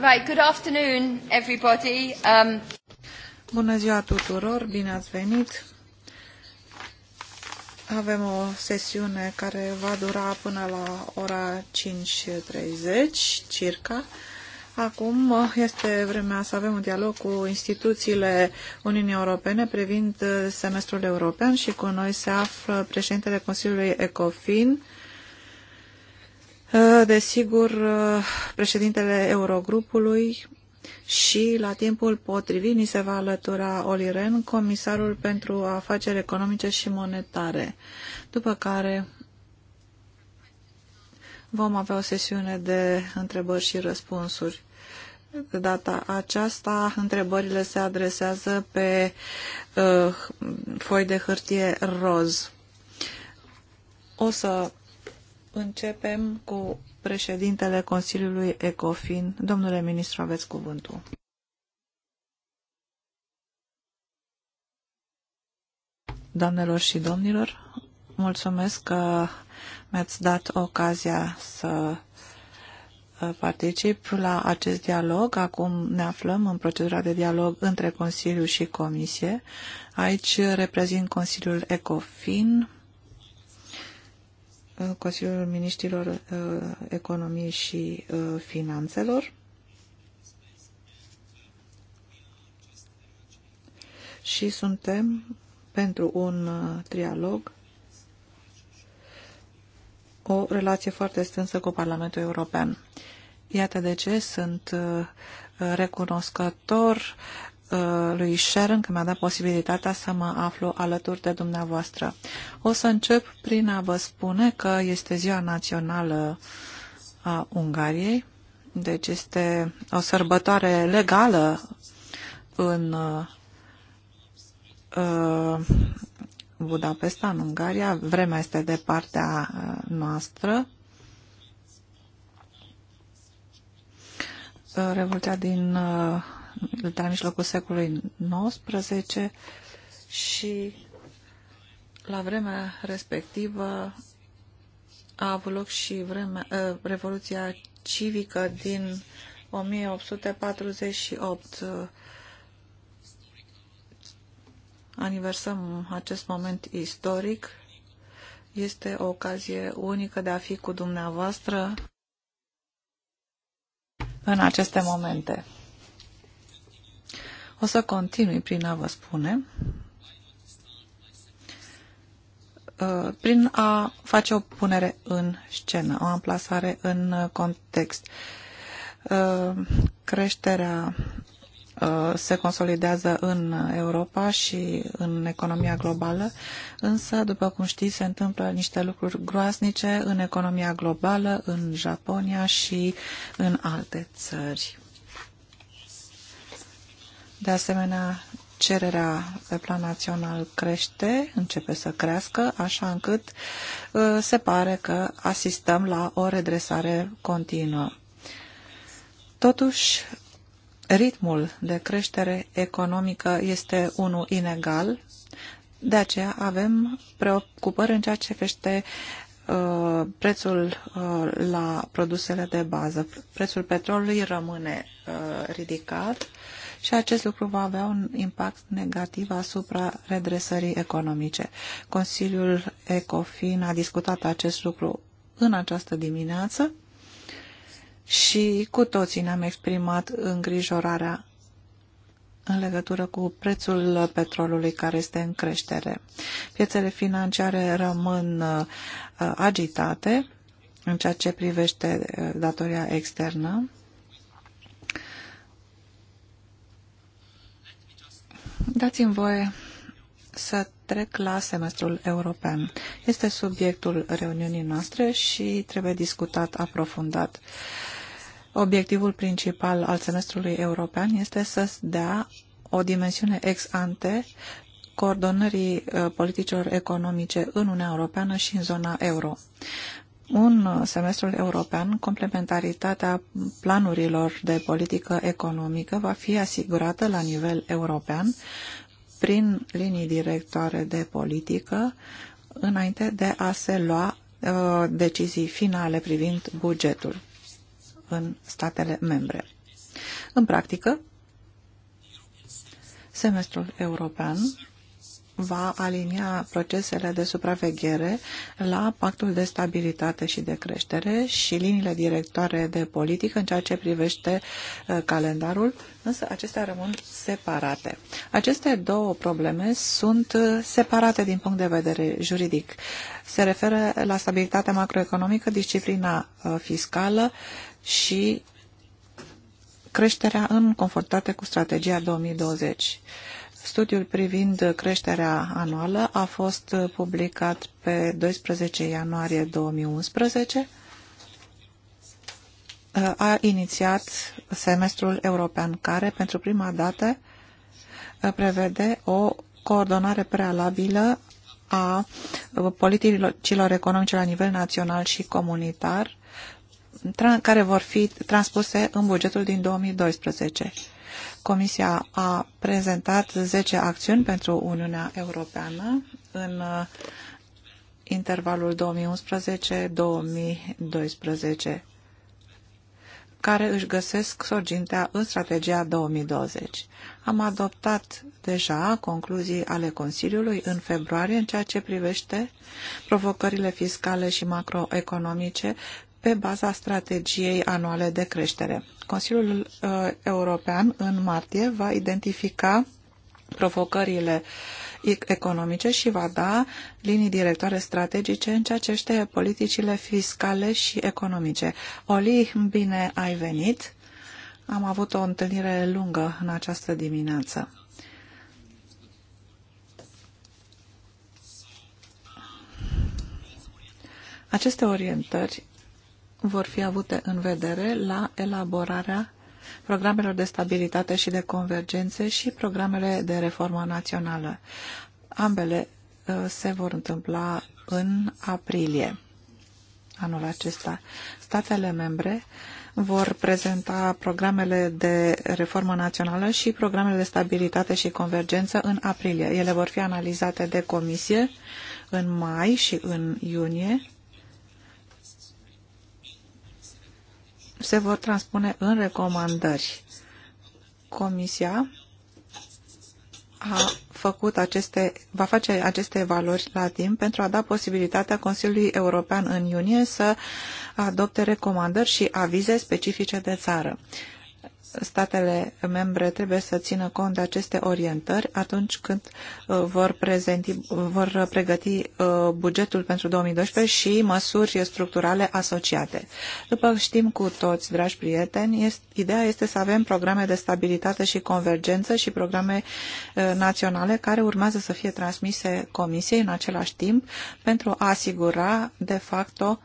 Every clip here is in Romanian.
Right, good afternoon, everybody. Um... Bună ziua tuturor, bine ați venit. Avem o sesiune care va dura până la ora 5.30, circa. Acum este vremea să avem un dialog cu instituțiile Uniunii Europene privind semestrul european și cu noi se află președintele Consiliului ECOFIN, Uh, desigur, uh, președintele Eurogrupului și la timpul potrivit ni se va alătura Oli Ren, comisarul pentru afaceri economice și monetare, după care vom avea o sesiune de întrebări și răspunsuri. De data aceasta, întrebările se adresează pe uh, foi de hârtie roz. O să Începem cu președintele Consiliului ECOFIN. Domnule ministru, aveți cuvântul. Doamnelor și domnilor, mulțumesc că mi-ați dat ocazia să uh, particip la acest dialog. Acum ne aflăm în procedura de dialog între Consiliu și Comisie. Aici reprezint Consiliul ECOFIN, Consiliul Ministrilor uh, Economiei și uh, Finanțelor. Și suntem pentru un uh, trialog o relație foarte strânsă cu Parlamentul European. Iată de ce sunt recunoscător Uh, lui Sharon că mi-a dat posibilitatea să mă aflu alături de dumneavoastră. O să încep prin a vă spune că este ziua națională a Ungariei, deci este o sărbătoare legală în uh, uh Budapesta, în Ungaria. Vremea este de partea uh, noastră. Revolta din uh, de la mijlocul secolului XIX și la vremea respectivă a avut loc și vremea, ă, Revoluția Civică din 1848. Aniversăm acest moment istoric. Este o ocazie unică de a fi cu dumneavoastră în aceste momente. O să continui prin a vă spune, uh, prin a face o punere în scenă, o amplasare în uh, context. Uh, creșterea se consolidează în Europa și în economia globală, însă, după cum știți, se întâmplă niște lucruri groaznice în economia globală, în Japonia și în alte țări. De asemenea, cererea pe plan național crește, începe să crească, așa încât uh, se pare că asistăm la o redresare continuă. Totuși, ritmul de creștere economică este unul inegal, de aceea avem preocupări în ceea ce crește uh, prețul uh, la produsele de bază. Prețul petrolului rămâne ridicat și acest lucru va avea un impact negativ asupra redresării economice. Consiliul ECOFIN a discutat acest lucru în această dimineață și cu toții ne-am exprimat îngrijorarea în legătură cu prețul petrolului care este în creștere. Piețele financiare rămân uh, agitate în ceea ce privește uh, datoria externă dați-mi voie să trec la semestrul european. Este subiectul reuniunii noastre și trebuie discutat aprofundat. Obiectivul principal al semestrului european este să dea o dimensiune ex ante coordonării uh, politicilor economice în Uniunea Europeană și în zona euro în semestrul european, complementaritatea planurilor de politică economică va fi asigurată la nivel european prin linii directoare de politică înainte de a se lua uh, decizii finale privind bugetul în statele membre. În practică, semestrul european va alinia procesele de supraveghere la pactul de stabilitate și de creștere și liniile directoare de politică în ceea ce privește uh, calendarul, însă acestea rămân separate. Aceste două probleme sunt uh, separate din punct de vedere juridic. Se referă la stabilitatea macroeconomică, disciplina uh, fiscală și creșterea în confortate cu strategia 2020. Studiul privind creșterea anuală a fost publicat pe 12 ianuarie 2011. A inițiat semestrul european care, pentru prima dată, prevede o coordonare prealabilă a politicilor economice la nivel național și comunitar, care vor fi transpuse în bugetul din 2012. Comisia a prezentat 10 acțiuni pentru Uniunea Europeană în uh, intervalul 2011-2012 care își găsesc sorgintea în strategia 2020. Am adoptat deja concluzii ale Consiliului în februarie în ceea ce privește provocările fiscale și macroeconomice pe baza strategiei anuale de creștere. Consiliul uh, European în martie va identifica provocările economice și va da linii directoare strategice în ceea ce este politicile fiscale și economice. Oli, bine ai venit! Am avut o întâlnire lungă în această dimineață. Aceste orientări vor fi avute în vedere la elaborarea programelor de stabilitate și de convergențe și programele de reformă națională. Ambele uh, se vor întâmpla în aprilie anul acesta. Statele membre vor prezenta programele de reformă națională și programele de stabilitate și convergență în aprilie. Ele vor fi analizate de comisie în mai și în iunie se vor transpune în recomandări. Comisia a făcut aceste, va face aceste valori la timp pentru a da posibilitatea Consiliului European în iunie să adopte recomandări și avize specifice de țară statele membre trebuie să țină cont de aceste orientări atunci când uh, vor, prezenti, vor pregăti uh, bugetul pentru 2012 și măsuri structurale asociate. După știm cu toți, dragi prieteni, este, ideea este să avem programe de stabilitate și convergență și programe uh, naționale care urmează să fie transmise Comisiei în același timp pentru a asigura, de facto,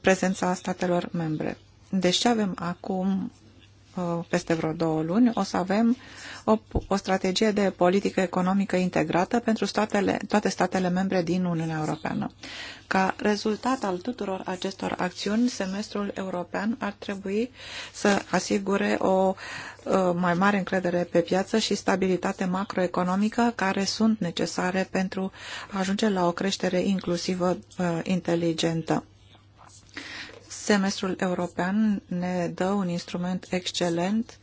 prezența statelor membre deși avem acum uh, peste vreo două luni, o să avem o, o strategie de politică economică integrată pentru statele, toate statele membre din Uniunea Europeană. Ca rezultat al tuturor acestor acțiuni, semestrul european ar trebui să asigure o uh, mai mare încredere pe piață și stabilitate macroeconomică care sunt necesare pentru a ajunge la o creștere inclusivă uh, inteligentă. Semestrul european ne dă un instrument excelent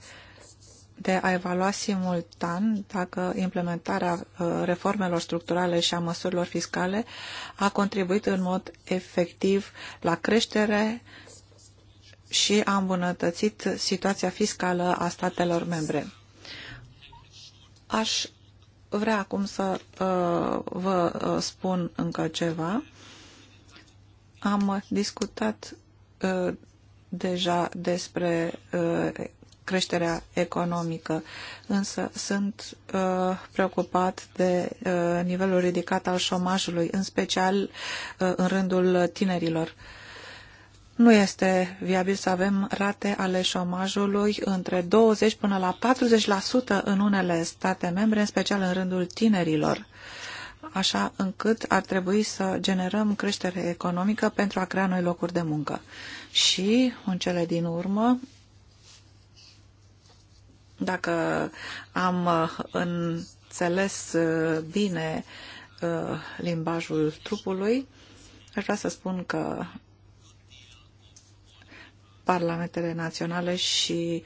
de a evalua simultan dacă implementarea uh, reformelor structurale și a măsurilor fiscale a contribuit în mod efectiv la creștere și a îmbunătățit situația fiscală a statelor membre. Aș vrea acum să uh, vă uh, spun încă ceva. Am discutat Uh, deja despre uh, creșterea economică, însă sunt uh, preocupat de uh, nivelul ridicat al șomajului, în special uh, în rândul tinerilor. Nu este viabil să avem rate ale șomajului între 20 până la 40% în unele state membre, în special în rândul tinerilor așa încât ar trebui să generăm creștere economică pentru a crea noi locuri de muncă. Și, în cele din urmă, dacă am uh, înțeles uh, bine uh, limbajul trupului, aș vrea să spun că parlamentele naționale și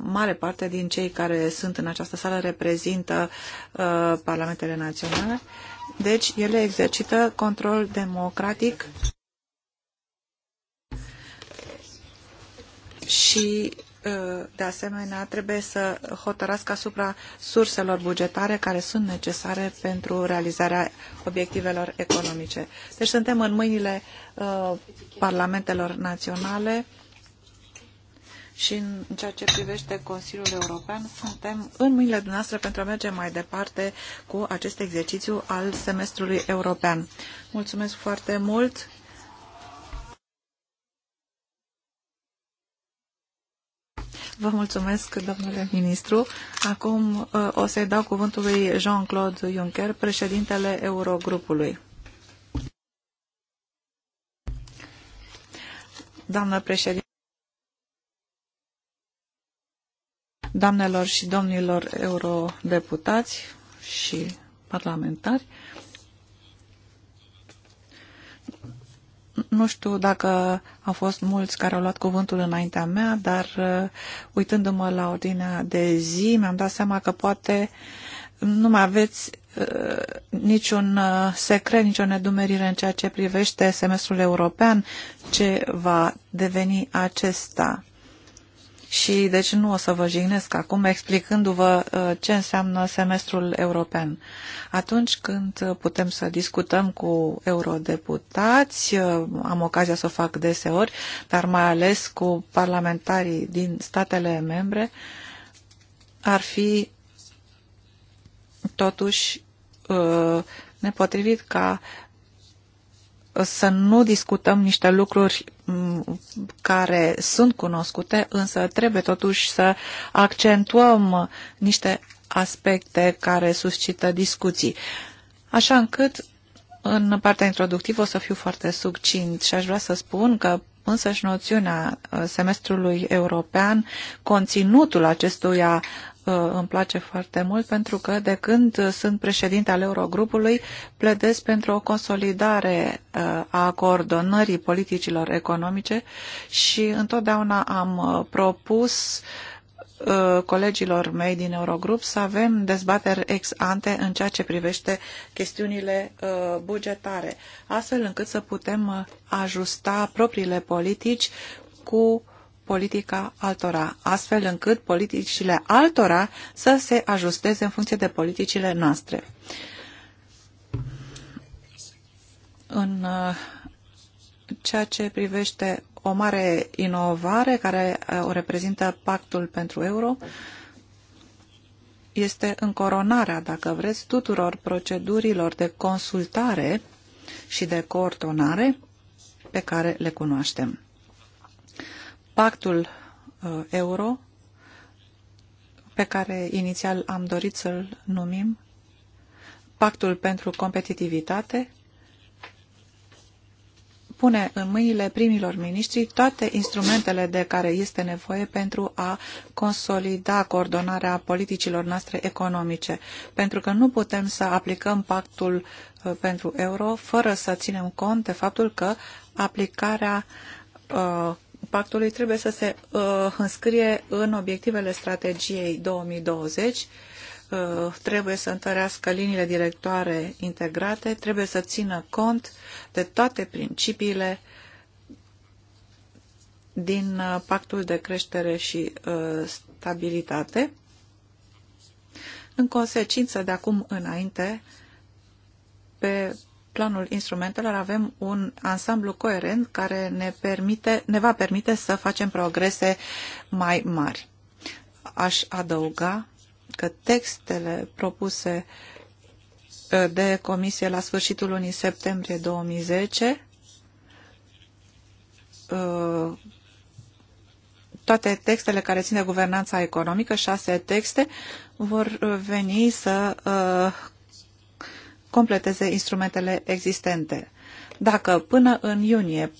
mare parte din cei care sunt în această sală reprezintă uh, parlamentele naționale. Deci ele exercită control democratic și uh, de asemenea trebuie să hotărască asupra surselor bugetare care sunt necesare pentru realizarea obiectivelor economice. Deci suntem în mâinile uh, parlamentelor naționale și în ceea ce privește Consiliul European, suntem în mâinile dumneavoastră pentru a merge mai departe cu acest exercițiu al semestrului european. Mulțumesc foarte mult! Vă mulțumesc, domnule ministru. Acum uh, o să-i dau cuvântul lui Jean-Claude Juncker, președintele Eurogrupului. Doamnă președinte, doamnelor și domnilor eurodeputați și parlamentari. Nu știu dacă au fost mulți care au luat cuvântul înaintea mea, dar uh, uitându-mă la ordinea de zi, mi-am dat seama că poate nu mai aveți uh, niciun uh, secret, nicio nedumerire în ceea ce privește semestrul european, ce va deveni acesta și deci nu o să vă jignesc acum explicându-vă uh, ce înseamnă semestrul european. Atunci când uh, putem să discutăm cu eurodeputați, uh, am ocazia să o fac deseori, dar mai ales cu parlamentarii din statele membre, ar fi totuși nepotrivit ca să nu discutăm niște lucruri care sunt cunoscute, însă trebuie totuși să accentuăm niște aspecte care suscită discuții. Așa încât în partea introductivă o să fiu foarte succint și aș vrea să spun că însăși noțiunea uh, semestrului european, conținutul acestuia Uh, îmi place foarte mult pentru că de când sunt președinte al Eurogrupului pledez pentru o consolidare uh, a coordonării politicilor economice și întotdeauna am uh, propus colegilor mei din Eurogrup să avem dezbateri ex ante în ceea ce privește chestiunile bugetare, astfel încât să putem ajusta propriile politici cu uh, politica altora, astfel încât politicile altora să se ajusteze în funcție de politicile noastre. În uh, ceea ce privește o mare inovare care uh, o reprezintă pactul pentru euro, este încoronarea, dacă vreți, tuturor procedurilor de consultare și de coordonare pe care le cunoaștem pactul uh, euro pe care inițial am dorit să-l numim Pactul pentru Competitivitate pune în mâinile primilor miniștri toate instrumentele de care este nevoie pentru a consolida coordonarea politicilor noastre economice, pentru că nu putem să aplicăm pactul uh, pentru euro fără să ținem cont de faptul că aplicarea uh, pactului trebuie să se uh, înscrie în obiectivele strategiei 2020, uh, trebuie să întărească liniile directoare integrate, trebuie să țină cont de toate principiile din uh, pactul de creștere și uh, stabilitate. În consecință, de acum înainte, pe planul instrumentelor avem un ansamblu coerent care ne, permite, ne va permite să facem progrese mai mari. Aș adăuga că textele propuse ă, de comisie la sfârșitul lunii septembrie 2010 ă, toate textele care țin de guvernanța economică, șase texte, vor ă, veni să completeze instrumentele existente. Dacă până în iunie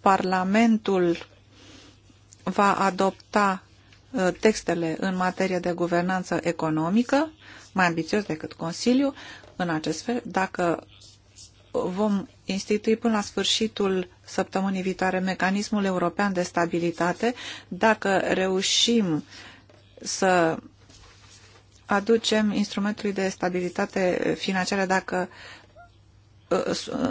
Parlamentul va adopta uh, textele în materie de guvernanță economică, mai ambițios decât Consiliu, în acest fel, dacă vom institui până la sfârșitul săptămânii viitoare mecanismul european de stabilitate, dacă reușim să aducem instrumentului de stabilitate financiară dacă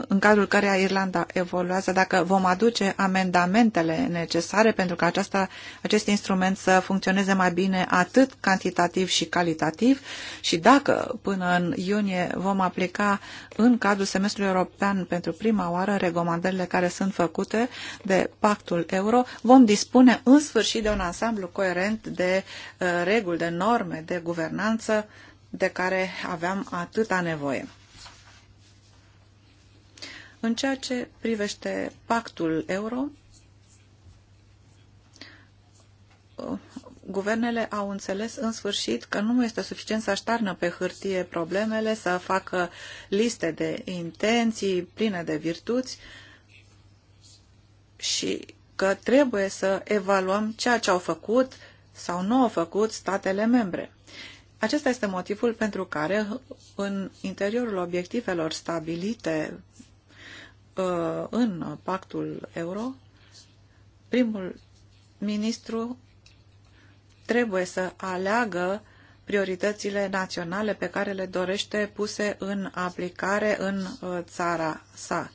în cadrul căreia Irlanda evoluează, dacă vom aduce amendamentele necesare pentru ca aceasta, acest instrument să funcționeze mai bine atât cantitativ și calitativ și dacă până în iunie vom aplica în cadrul semestrului european pentru prima oară recomandările care sunt făcute de pactul euro, vom dispune în sfârșit de un ansamblu coerent de uh, reguli, de norme, de guvernanță de care aveam atâta nevoie. În ceea ce privește pactul euro, guvernele au înțeles în sfârșit că nu este suficient să aștarnă pe hârtie problemele, să facă liste de intenții pline de virtuți și că trebuie să evaluăm ceea ce au făcut sau nu au făcut statele membre. Acesta este motivul pentru care în interiorul obiectivelor stabilite Uh, în pactul euro, primul ministru trebuie să aleagă prioritățile naționale pe care le dorește puse în aplicare în uh, țara sa.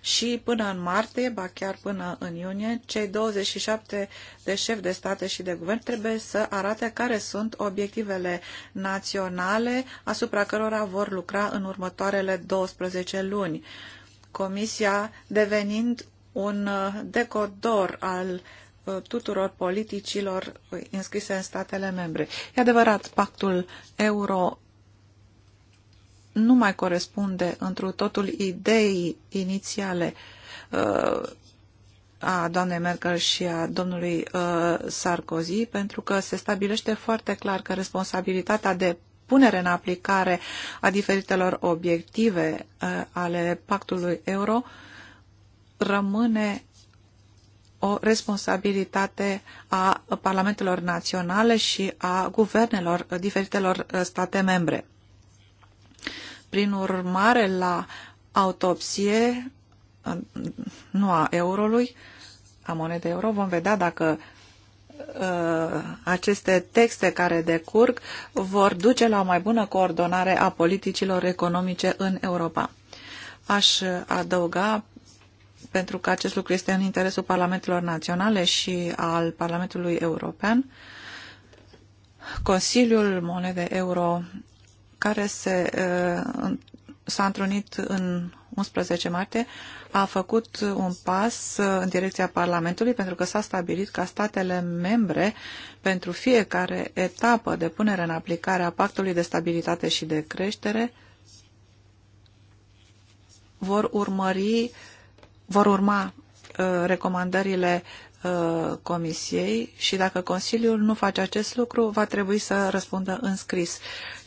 Și până în martie, ba chiar până în iunie, cei 27 de șefi de state și de guvern trebuie să arate care sunt obiectivele naționale asupra cărora vor lucra în următoarele 12 luni Comisia devenind un uh, decodor al uh, tuturor politicilor uh, înscrise în statele membre. E adevărat, pactul euro nu mai corespunde întru totul ideii inițiale a doamnei Merkel și a domnului Sarkozy, pentru că se stabilește foarte clar că responsabilitatea de punere în aplicare a diferitelor obiective uh, ale pactului euro rămâne o responsabilitate a parlamentelor naționale și a guvernelor diferitelor uh, state membre. Prin urmare, la autopsie uh, nu a eurului, a monedei euro, vom vedea dacă Uh, aceste texte care decurg vor duce la o mai bună coordonare a politicilor economice în Europa. Aș adăuga, pentru că acest lucru este în interesul Parlamentelor Naționale și al Parlamentului European, Consiliul Monede Euro, care se, uh, s-a întrunit în 11 martie, a făcut un pas uh, în direcția Parlamentului pentru că s-a stabilit ca statele membre pentru fiecare etapă de punere în aplicare a Pactului de Stabilitate și de Creștere vor urmări, vor urma uh, recomandările uh, Comisiei și dacă Consiliul nu face acest lucru, va trebui să răspundă în scris.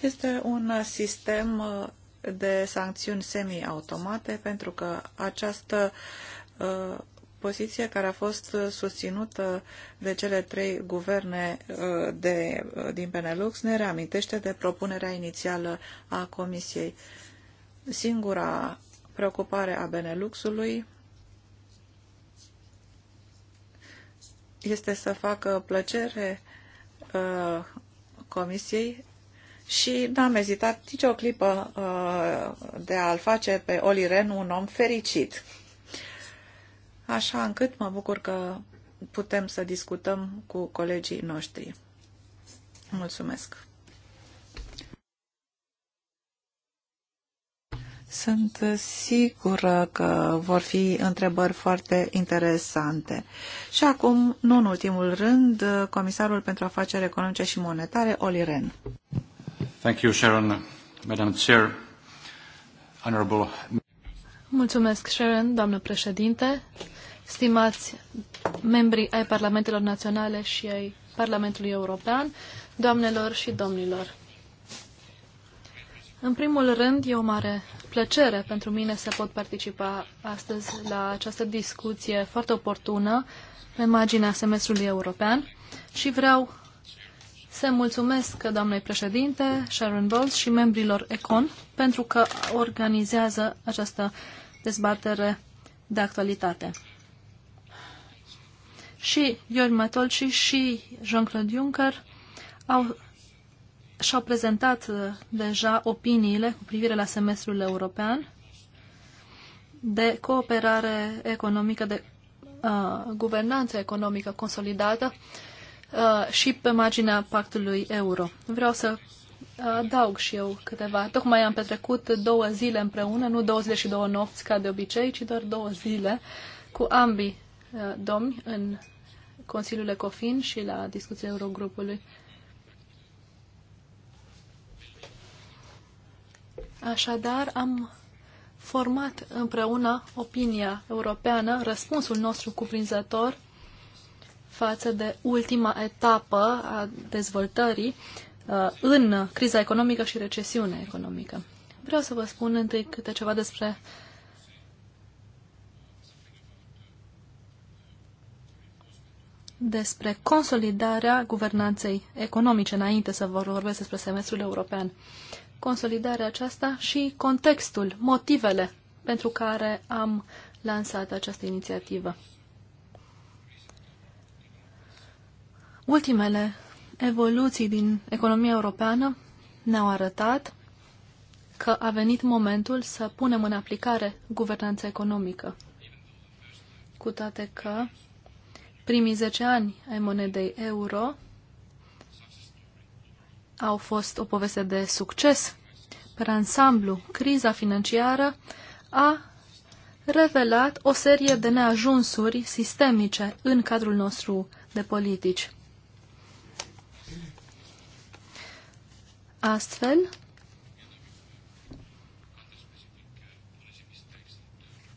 Este un sistem de sancțiuni semi-automate pentru că această uh, poziție care a fost susținută de cele trei guverne uh, de, uh, din Benelux ne reamintește de propunerea inițială a Comisiei. Singura preocupare a Beneluxului este să facă plăcere Comisiei și n-am ezitat nicio clipă uh, de a-l face pe Oli Ren un om fericit. Așa încât mă bucur că putem să discutăm cu colegii noștri. Mulțumesc! Sunt sigură că vor fi întrebări foarte interesante. Și acum, nu în ultimul rând, Comisarul pentru Afaceri Economice și Monetare, Oli Ren. Thank you, Sharon. Madam Chair, Honorable... Mulțumesc, Sharon, doamnă președinte, stimați membri ai Parlamentelor Naționale și ai Parlamentului European, doamnelor și domnilor. În primul rând, e o mare plăcere pentru mine să pot participa astăzi la această discuție foarte oportună pe marginea semestrului european și vreau să mulțumesc doamnei președinte Sharon Bowles și membrilor ECON pentru că organizează această dezbatere de actualitate. Și Iori Matolci și Jean-Claude Juncker au, și-au prezentat uh, deja opiniile cu privire la semestrul european de cooperare economică, de uh, guvernanță economică consolidată uh, Uh, și pe marginea pactului euro. Vreau să uh, adaug și eu câteva. Tocmai am petrecut două zile împreună, nu 22 nopți ca de obicei, ci doar două zile cu ambii uh, domni în Consiliul Ecofin și la discuția Eurogrupului. Așadar, am format împreună opinia europeană, răspunsul nostru cuprinzător față de ultima etapă a dezvoltării uh, în criza economică și recesiunea economică. Vreau să vă spun întâi câte ceva despre despre consolidarea guvernanței economice, înainte să vă vorbesc despre semestrul european. Consolidarea aceasta și contextul, motivele pentru care am lansat această inițiativă. Ultimele evoluții din economia europeană ne-au arătat că a venit momentul să punem în aplicare guvernanța economică. Cu toate că primii 10 ani ai monedei euro au fost o poveste de succes. Per ansamblu, criza financiară a revelat o serie de neajunsuri sistemice în cadrul nostru de politici. Astfel,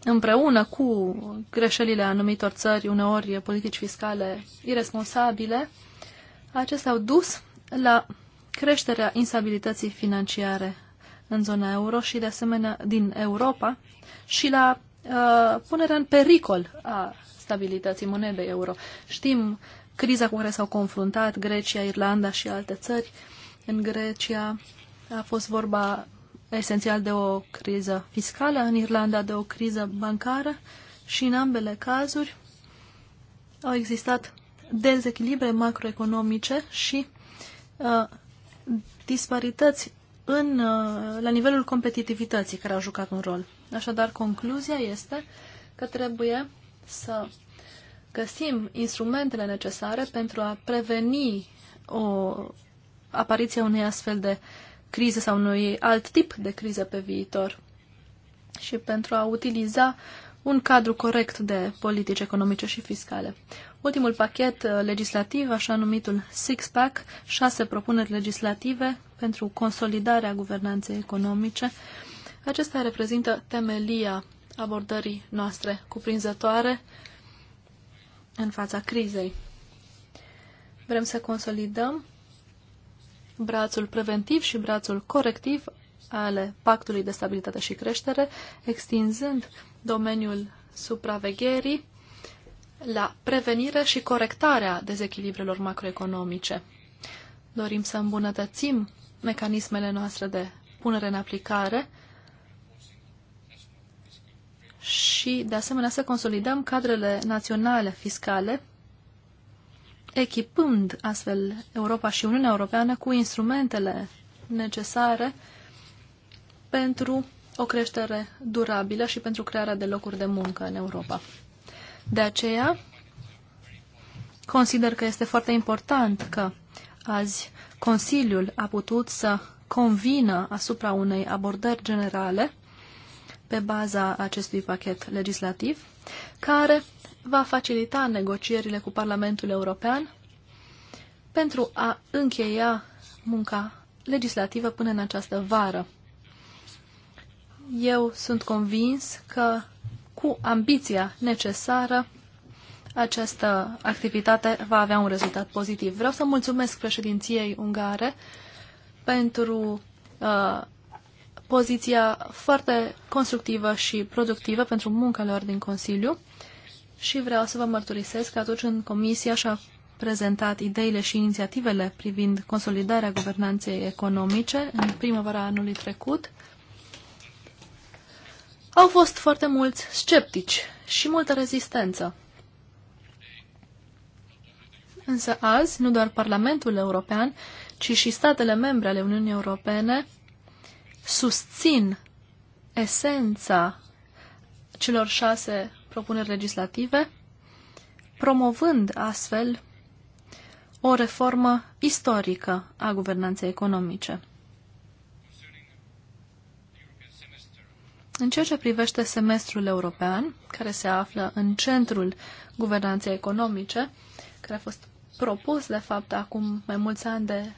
împreună cu greșelile anumitor țări, uneori politici fiscale irresponsabile, acestea au dus la creșterea instabilității financiare în zona euro și, de asemenea, din Europa și la uh, punerea în pericol a stabilității monedei euro. Știm criza cu care s-au confruntat Grecia, Irlanda și alte țări uh, în Grecia a fost vorba esențial de o criză fiscală, în Irlanda de o criză bancară și în ambele cazuri au existat dezechilibre macroeconomice și uh, disparități în, uh, la nivelul competitivității care au jucat un rol. Așadar, concluzia este că trebuie să găsim instrumentele necesare pentru a preveni o apariția unei astfel de crize sau unui alt tip de criză pe viitor și pentru a utiliza un cadru corect de politici economice și fiscale. Ultimul pachet uh, legislativ, așa numitul six-pack, șase propuneri legislative pentru consolidarea guvernanței economice, acesta reprezintă temelia abordării noastre cuprinzătoare în fața crizei. Vrem să consolidăm brațul preventiv și brațul corectiv ale Pactului de Stabilitate și Creștere, extinzând domeniul supravegherii la prevenire și corectarea dezechilibrelor macroeconomice. Dorim să îmbunătățim mecanismele noastre de punere în aplicare și, de asemenea, să consolidăm cadrele naționale fiscale echipând astfel Europa și Uniunea Europeană cu instrumentele necesare pentru o creștere durabilă și pentru crearea de locuri de muncă în Europa. De aceea, consider că este foarte important că azi Consiliul a putut să convină asupra unei abordări generale pe baza acestui pachet legislativ, care va facilita negocierile cu Parlamentul European pentru a încheia munca legislativă până în această vară. Eu sunt convins că cu ambiția necesară această activitate va avea un rezultat pozitiv. Vreau să mulțumesc președinției ungare pentru uh, poziția foarte constructivă și productivă pentru munca lor din Consiliu și vreau să vă mărturisesc că atunci când Comisia și-a prezentat ideile și inițiativele privind consolidarea guvernanței economice în primăvara anului trecut, au fost foarte mulți sceptici și multă rezistență. Însă azi, nu doar Parlamentul European, ci și statele membre ale Uniunii Europene susțin esența celor șase propuneri legislative, promovând astfel o reformă istorică a guvernanței economice. În ceea ce privește semestrul european, care se află în centrul guvernanței economice, care a fost propus, de fapt, acum mai mulți ani de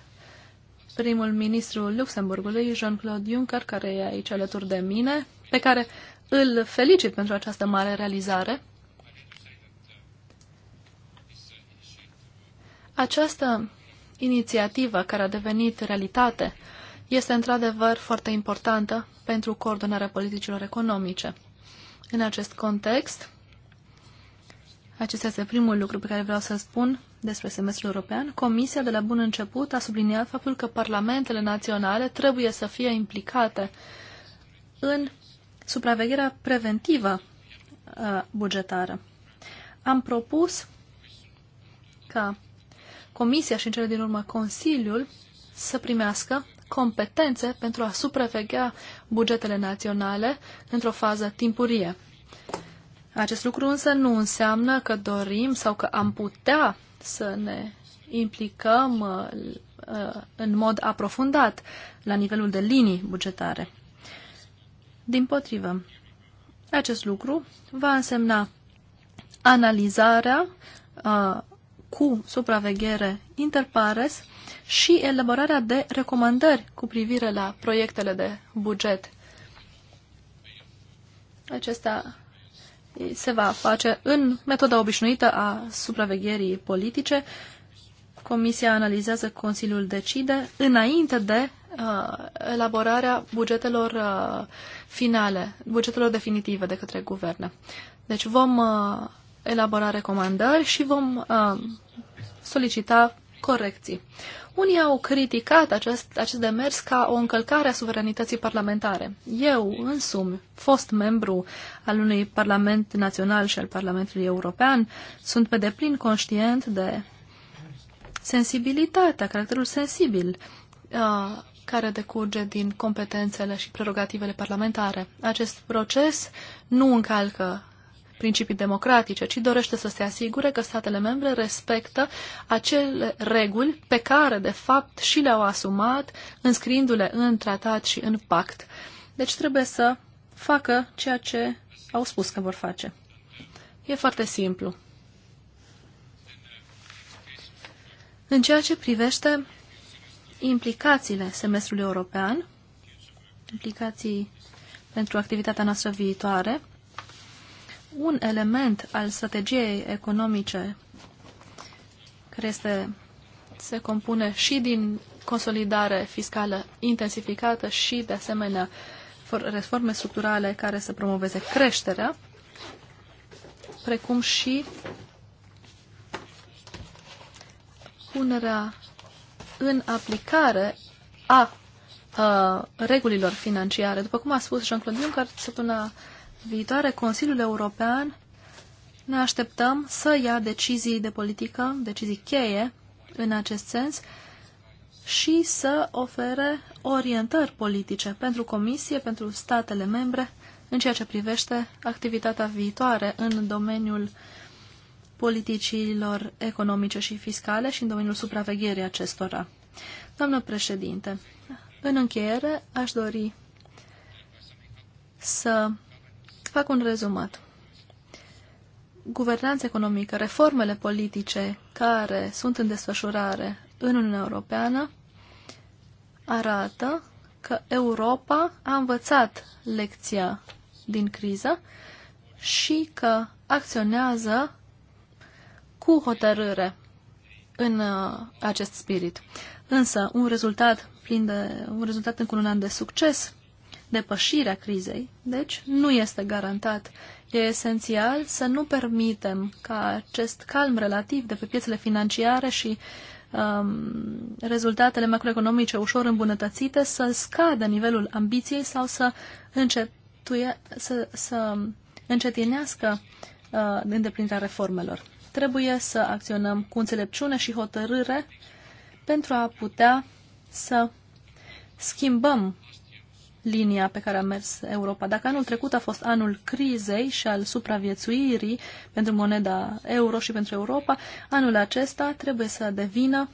primul ministru Luxemburgului, Jean-Claude Juncker, care e aici alături de mine, pe care îl felicit pentru această mare realizare. Această inițiativă care a devenit realitate este într-adevăr foarte importantă pentru coordonarea politicilor economice. În acest context, acesta este primul lucru pe care vreau să spun despre semestrul european. Comisia de la bun început a subliniat faptul că parlamentele naționale trebuie să fie implicate în supravegherea preventivă uh, bugetară. Am propus ca Comisia și în cele din urmă Consiliul să primească competențe pentru a supraveghea bugetele naționale într-o fază timpurie. Acest lucru însă nu înseamnă că dorim sau că am putea să ne implicăm uh, uh, în mod aprofundat la nivelul de linii bugetare. Din potrivă, acest lucru va însemna analizarea uh, cu supraveghere interpares și elaborarea de recomandări cu privire la proiectele de buget. Acesta se va face în metoda obișnuită a supravegherii politice. Comisia analizează, Consiliul decide, înainte de uh, elaborarea bugetelor uh, finale, bugetelor definitive de către guverne. Deci vom uh, elabora recomandări și vom uh, solicita corecții. Unii au criticat acest, acest demers ca o încălcare a suveranității parlamentare. Eu însumi, fost membru al unui parlament național și al Parlamentului European, sunt pe deplin conștient de sensibilitatea, caracterul sensibil uh, care decurge din competențele și prerogativele parlamentare. Acest proces nu încalcă principii democratice, ci dorește să se asigure că statele membre respectă acele reguli pe care, de fapt, și le-au asumat, înscriindu-le în tratat și în pact. Deci trebuie să facă ceea ce au spus că vor face. E foarte simplu. În ceea ce privește implicațiile semestrului european, implicații pentru activitatea noastră viitoare. Un element al strategiei economice care este, se compune și din consolidare fiscală intensificată și, de asemenea, reforme structurale care să promoveze creșterea, precum și punerea în aplicare a, a regulilor financiare. După cum a spus Jean-Claude Juncker, săptămâna viitoare, Consiliul European ne așteptăm să ia decizii de politică, decizii cheie în acest sens și să ofere orientări politice pentru Comisie, pentru statele membre, în ceea ce privește activitatea viitoare în domeniul uh, politicilor economice și fiscale și în domeniul supravegherii acestora. Doamnă președinte, în încheiere aș dori să fac un rezumat. Guvernanța economică, reformele politice care sunt în desfășurare în Uniunea Europeană arată că Europa a învățat lecția din criză și că acționează cu hotărâre în uh, acest spirit. Însă, un rezultat plin de, un rezultat încununat de succes, depășirea crizei, deci, nu este garantat. E esențial să nu permitem ca acest calm relativ de pe piețele financiare și um, rezultatele macroeconomice ușor îmbunătățite să scadă nivelul ambiției sau să, încetuie, să, să încetinească uh, îndeplinirea reformelor trebuie să acționăm cu înțelepciune și hotărâre pentru a putea să schimbăm linia pe care a mers Europa. Dacă anul trecut a fost anul crizei și al supraviețuirii pentru moneda euro și pentru Europa, anul acesta trebuie să devină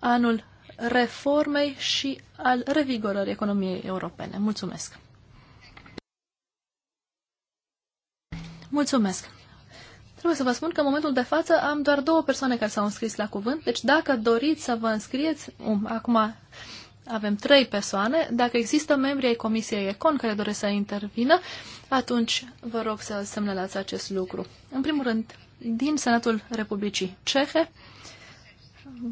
anul reformei și al revigorării economiei europene. Mulțumesc! Mulțumesc! Trebuie să vă spun că în momentul de față am doar două persoane care s-au înscris la cuvânt, deci dacă doriți să vă înscrieți, um, acum avem trei persoane, dacă există membri ai Comisiei Econ care doresc să intervină, atunci vă rog să semnalați acest lucru. În primul rând, din Senatul Republicii Cehe,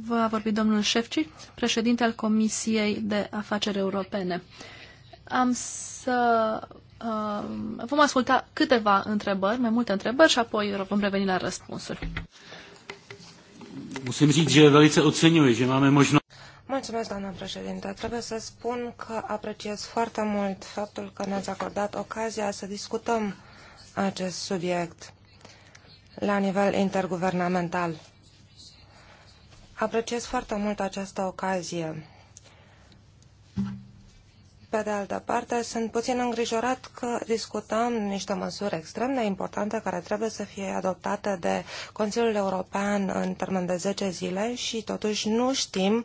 va vorbi domnul Șefci, președinte al Comisiei de Afaceri Europene. Am să Um, vom asculta câteva întrebări, mai multe întrebări și apoi vom reveni la răspunsuri. Musím říct, že velice oceňuji, že máme možnost. Mulțumesc, doamna președinte. Trebuie să spun că apreciez foarte mult faptul că ne-ați acordat ocazia să discutăm acest subiect la nivel interguvernamental. Apreciez foarte mult această ocazie pe de altă parte, sunt puțin îngrijorat că discutăm niște măsuri extrem de importante care trebuie să fie adoptate de Consiliul European în termen de 10 zile și totuși nu știm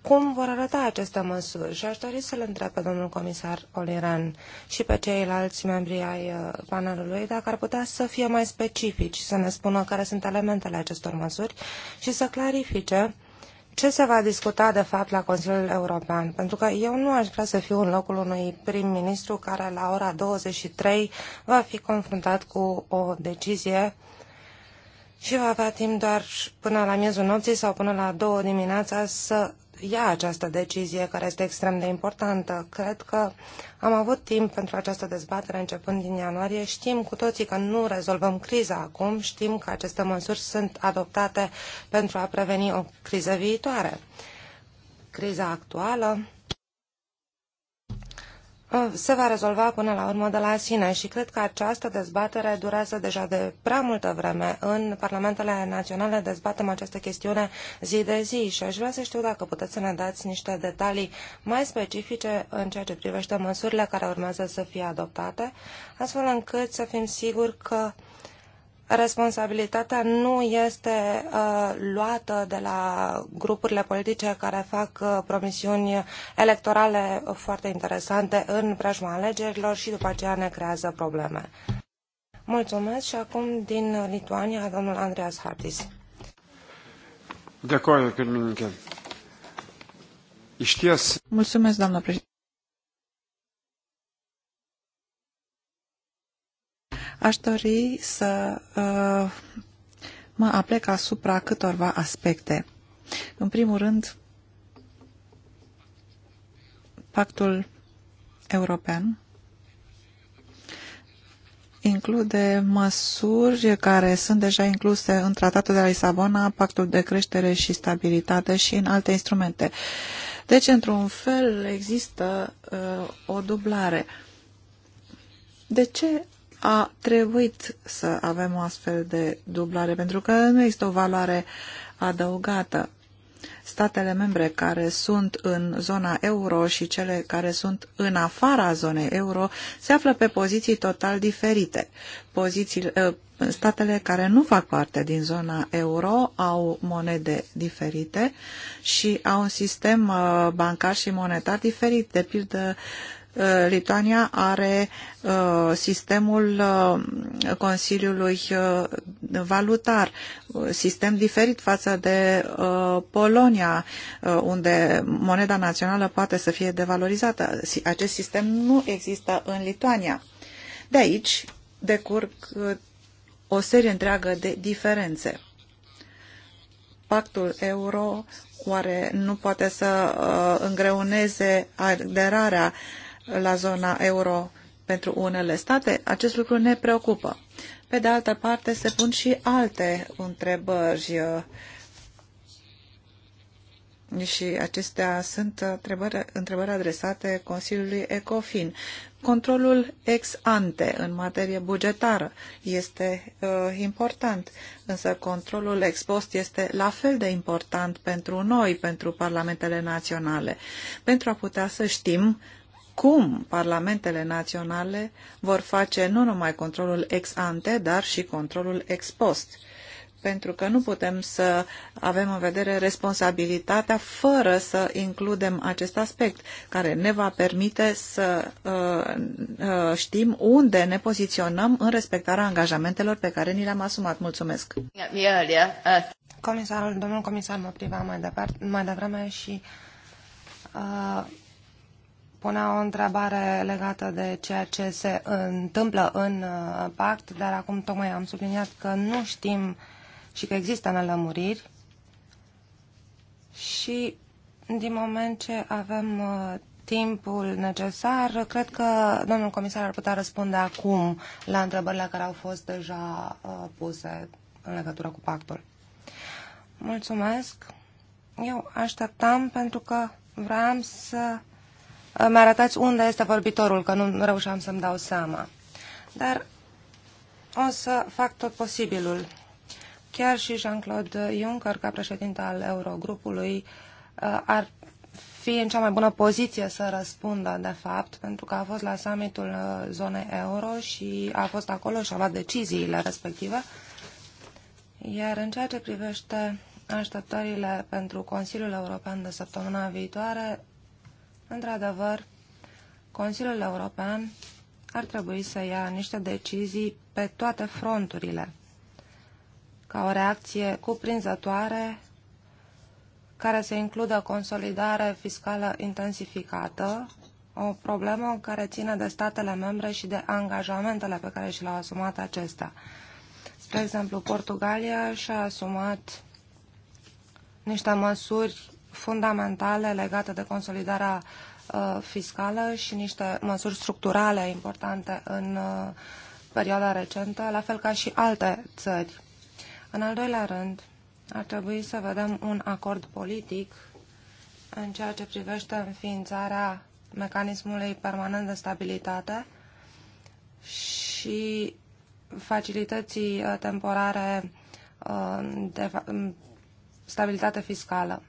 cum vor arăta aceste măsuri și aș dori să-l întreb pe domnul comisar Oliran și pe ceilalți membri ai uh, panelului dacă ar putea să fie mai specifici, să ne spună care sunt elementele acestor măsuri și să clarifice ce se va discuta de fapt la Consiliul European? Pentru că eu nu aș vrea să fiu în locul unui prim-ministru care la ora 23 va fi confruntat cu o decizie și va avea timp doar până la miezul nopții sau până la două dimineața să ia această decizie care este extrem de importantă. Cred că am avut timp pentru această dezbatere începând din ianuarie. Știm cu toții că nu rezolvăm criza acum, știm că aceste măsuri sunt adoptate pentru a preveni o criză viitoare. Criza actuală Uh, se va rezolva până la urmă de la sine și cred că această dezbatere durează deja de prea multă vreme. În parlamentele naționale dezbatem această chestiune zi de zi și aș vrea să știu dacă puteți să ne dați niște detalii mai specifice în ceea ce privește măsurile care urmează să fie adoptate, astfel încât să fim siguri că uh, responsabilitatea nu este uh, luată de la grupurile politice care fac uh, promisiuni electorale foarte interesante în preajma alegerilor și după aceea ne creează probleme. Mulțumesc și acum din Lituania, domnul Andreas Hartis. De acord, Mulțumesc, doamnă președinte. Aș dori să uh, mă aplec asupra câtorva aspecte. În primul rând, pactul european include măsuri care sunt deja incluse în Tratatul de la Lisabona, Pactul de Creștere și Stabilitate și în alte instrumente. Deci, într-un fel, există uh, o dublare. De ce a trebuit să avem o astfel de dublare, pentru că nu este o valoare adăugată. Statele membre care sunt în zona euro și cele care sunt în afara zonei euro se află pe poziții total diferite. Poziții, ă, statele care nu fac parte din zona euro au monede diferite și au un sistem ă, bancar și monetar diferit. De pildă, Uh, Lituania are uh, sistemul uh, Consiliului Valutar, sistem diferit față de Polonia, unde moneda națională poate să fie devalorizată. Acest sistem nu există în Lituania. De aici decurg o serie întreagă de diferențe. Pactul euro oare nu poate să îngreuneze aderarea uh, la zona euro pentru unele state, acest lucru ne preocupă. Pe de altă parte, se pun și alte întrebări uh, și acestea sunt întrebări, întrebări adresate Consiliului ECOFIN. Controlul ex ante în materie bugetară este uh, important, însă controlul ex post este la fel de important pentru noi, pentru parlamentele naționale, pentru a putea să știm uh, cum parlamentele naționale vor face nu numai controlul ex ante, dar și controlul ex post pentru că nu putem să avem în vedere responsabilitatea fără să includem acest aspect, care ne va permite să uh, uh știm unde ne poziționăm în respectarea angajamentelor pe care ni le-am asumat. Mulțumesc! Comisarul, domnul comisar mă priva mai, departe, mai devreme și uh, punea o întrebare legată de ceea ce se întâmplă în uh, pact, dar acum tocmai am subliniat că nu știm și că există nelămuriri și din moment ce avem uh, timpul necesar, cred că domnul comisar ar putea răspunde acum la întrebările care au fost deja uh, puse în legătură cu pactul. Mulțumesc! Eu așteptam pentru că vreau să mi arătați unde este vorbitorul, că nu reușeam să-mi dau seama. Dar o să fac tot posibilul. Chiar și Jean-Claude Juncker, ca președinte al Eurogrupului, uh, ar fi în cea mai bună poziție să răspundă, de fapt, pentru că a fost la summitul uh, zonei euro și a fost acolo și a luat deciziile respective. Iar în ceea ce privește așteptările pentru Consiliul European de săptămâna viitoare, într-adevăr, Consiliul European ar trebui să ia niște decizii pe toate fronturile, ca o reacție cuprinzătoare care să includă consolidare fiscală intensificată, o problemă care ține de statele membre și de angajamentele pe care și le-au asumat acestea. Spre exemplu, Portugalia și-a asumat niște măsuri fundamentale legate de consolidarea uh, fiscală și niște măsuri structurale importante în uh, perioada recentă, la fel ca și alte țări. În al doilea rând, ar trebui să vedem un acord politic în ceea ce privește înființarea mecanismului permanent de stabilitate și facilității uh, temporare de stabilitate fiscală.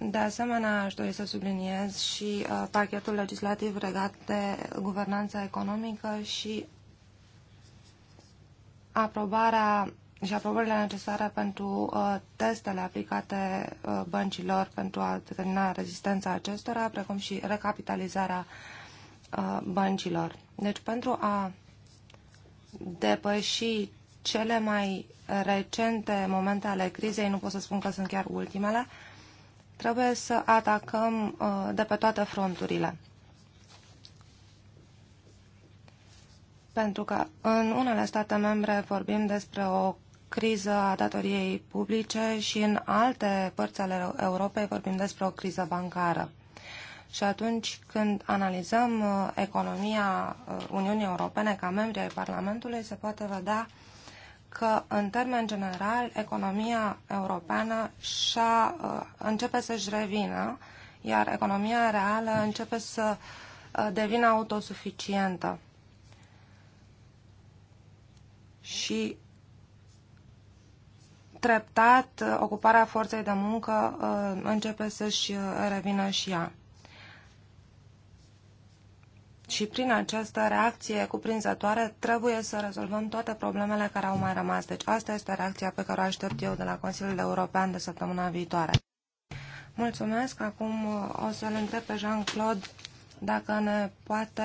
De asemenea, aș dori să subliniez și uh, pachetul legislativ legat de guvernanța economică și aprobarea și aprobările necesare pentru uh, testele aplicate uh, băncilor pentru a determina rezistența acestora, precum și recapitalizarea uh, băncilor. Deci, pentru a depăși cele mai recente momente ale crizei, nu pot să spun că sunt chiar ultimele, uh, Trebuie să atacăm uh, de pe toate fronturile. Pentru că în unele state membre vorbim despre o criză a datoriei publice și în alte părți ale Europei vorbim despre o criză bancară. Și atunci când analizăm uh, economia uh, Uniunii Europene ca membri ai Parlamentului, se poate vedea că, în termen general, economia europeană a uh, începe să-și revină, iar economia reală începe să uh, devină autosuficientă. Și treptat, uh, ocuparea forței de muncă începe să-și revină și ea. Și prin această reacție cuprinzătoare trebuie să rezolvăm toate problemele care au mai rămas. Deci asta este reacția pe care o aștept eu de la Consiliul European de săptămâna viitoare. Mulțumesc. Acum uh, o să-l întreb pe Jean-Claude dacă ne poate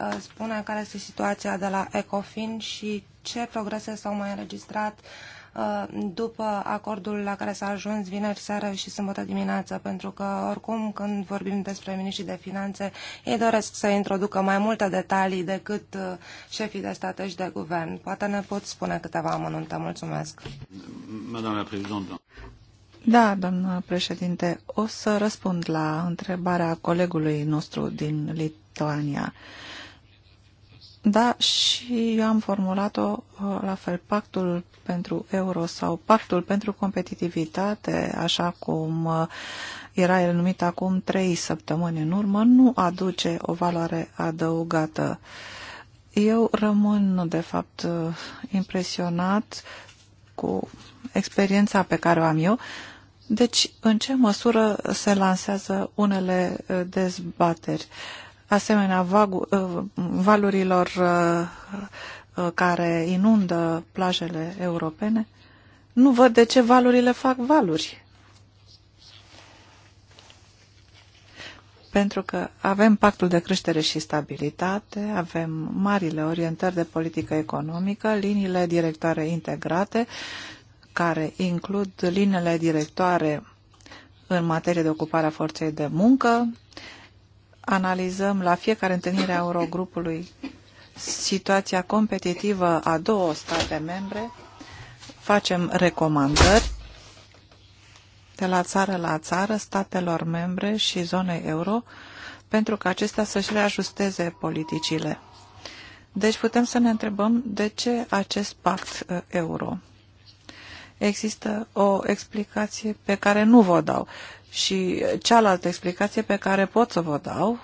uh, spune care este situația de la Ecofin și ce progrese s-au mai înregistrat Uh, după acordul la care s-a ajuns vineri seară și sâmbătă dimineață, pentru că oricum când vorbim despre miniștrii de finanțe, ei doresc să introducă mai multe detalii decât uh, șefii de stat și de guvern. Poate ne pot spune câteva amănunte. Mulțumesc. Madame la da, doamnă președinte, o să răspund la întrebarea colegului nostru din Lituania. Uh, da, și eu am formulat-o uh, la fel, pactul pentru euro sau pactul pentru competitivitate, așa cum uh, era el numit acum trei săptămâni în urmă, nu aduce o valoare adăugată. Eu rămân, de fapt, uh, impresionat cu experiența pe care o am eu. Deci, în ce măsură se lansează unele dezbateri? Uh, asemenea uh, valurilor uh, uh, care inundă plajele europene, nu văd de ce valurile fac valuri. Pentru că avem pactul de creștere și stabilitate, avem marile orientări de politică economică, liniile directoare integrate, care includ liniile directoare în materie de ocupare a forței de muncă, analizăm la fiecare întâlnire a Eurogrupului situația competitivă a două state membre, facem recomandări de la țară la țară statelor membre și zonei euro pentru ca acestea să-și reajusteze politicile. Deci putem să ne întrebăm de ce acest pact uh, euro. Există o explicație pe care nu vă dau și cealaltă explicație pe care pot să vă dau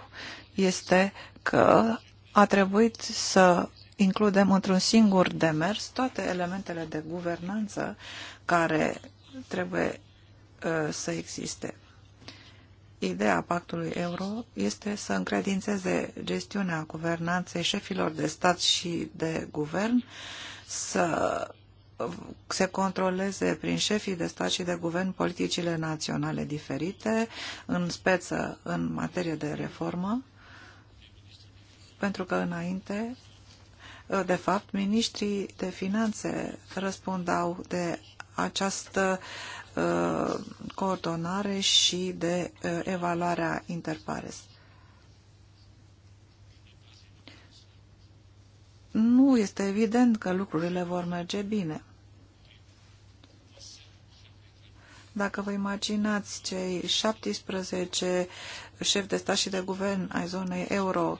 este că a trebuit să includem într-un singur demers toate elementele de guvernanță care trebuie uh, să existe. Ideea pactului euro este să încredințeze gestiunea guvernanței șefilor de stat și de guvern, să se controleze prin șefii de stat și de guvern politicile naționale diferite, în speță în materie de reformă, pentru că înainte, de fapt, ministrii de finanțe răspundau de această uh, coordonare și de uh, evaluarea interpares. Nu este evident că lucrurile vor merge bine. Dacă vă imaginați cei 17 șefi de stat și de guvern ai zonei euro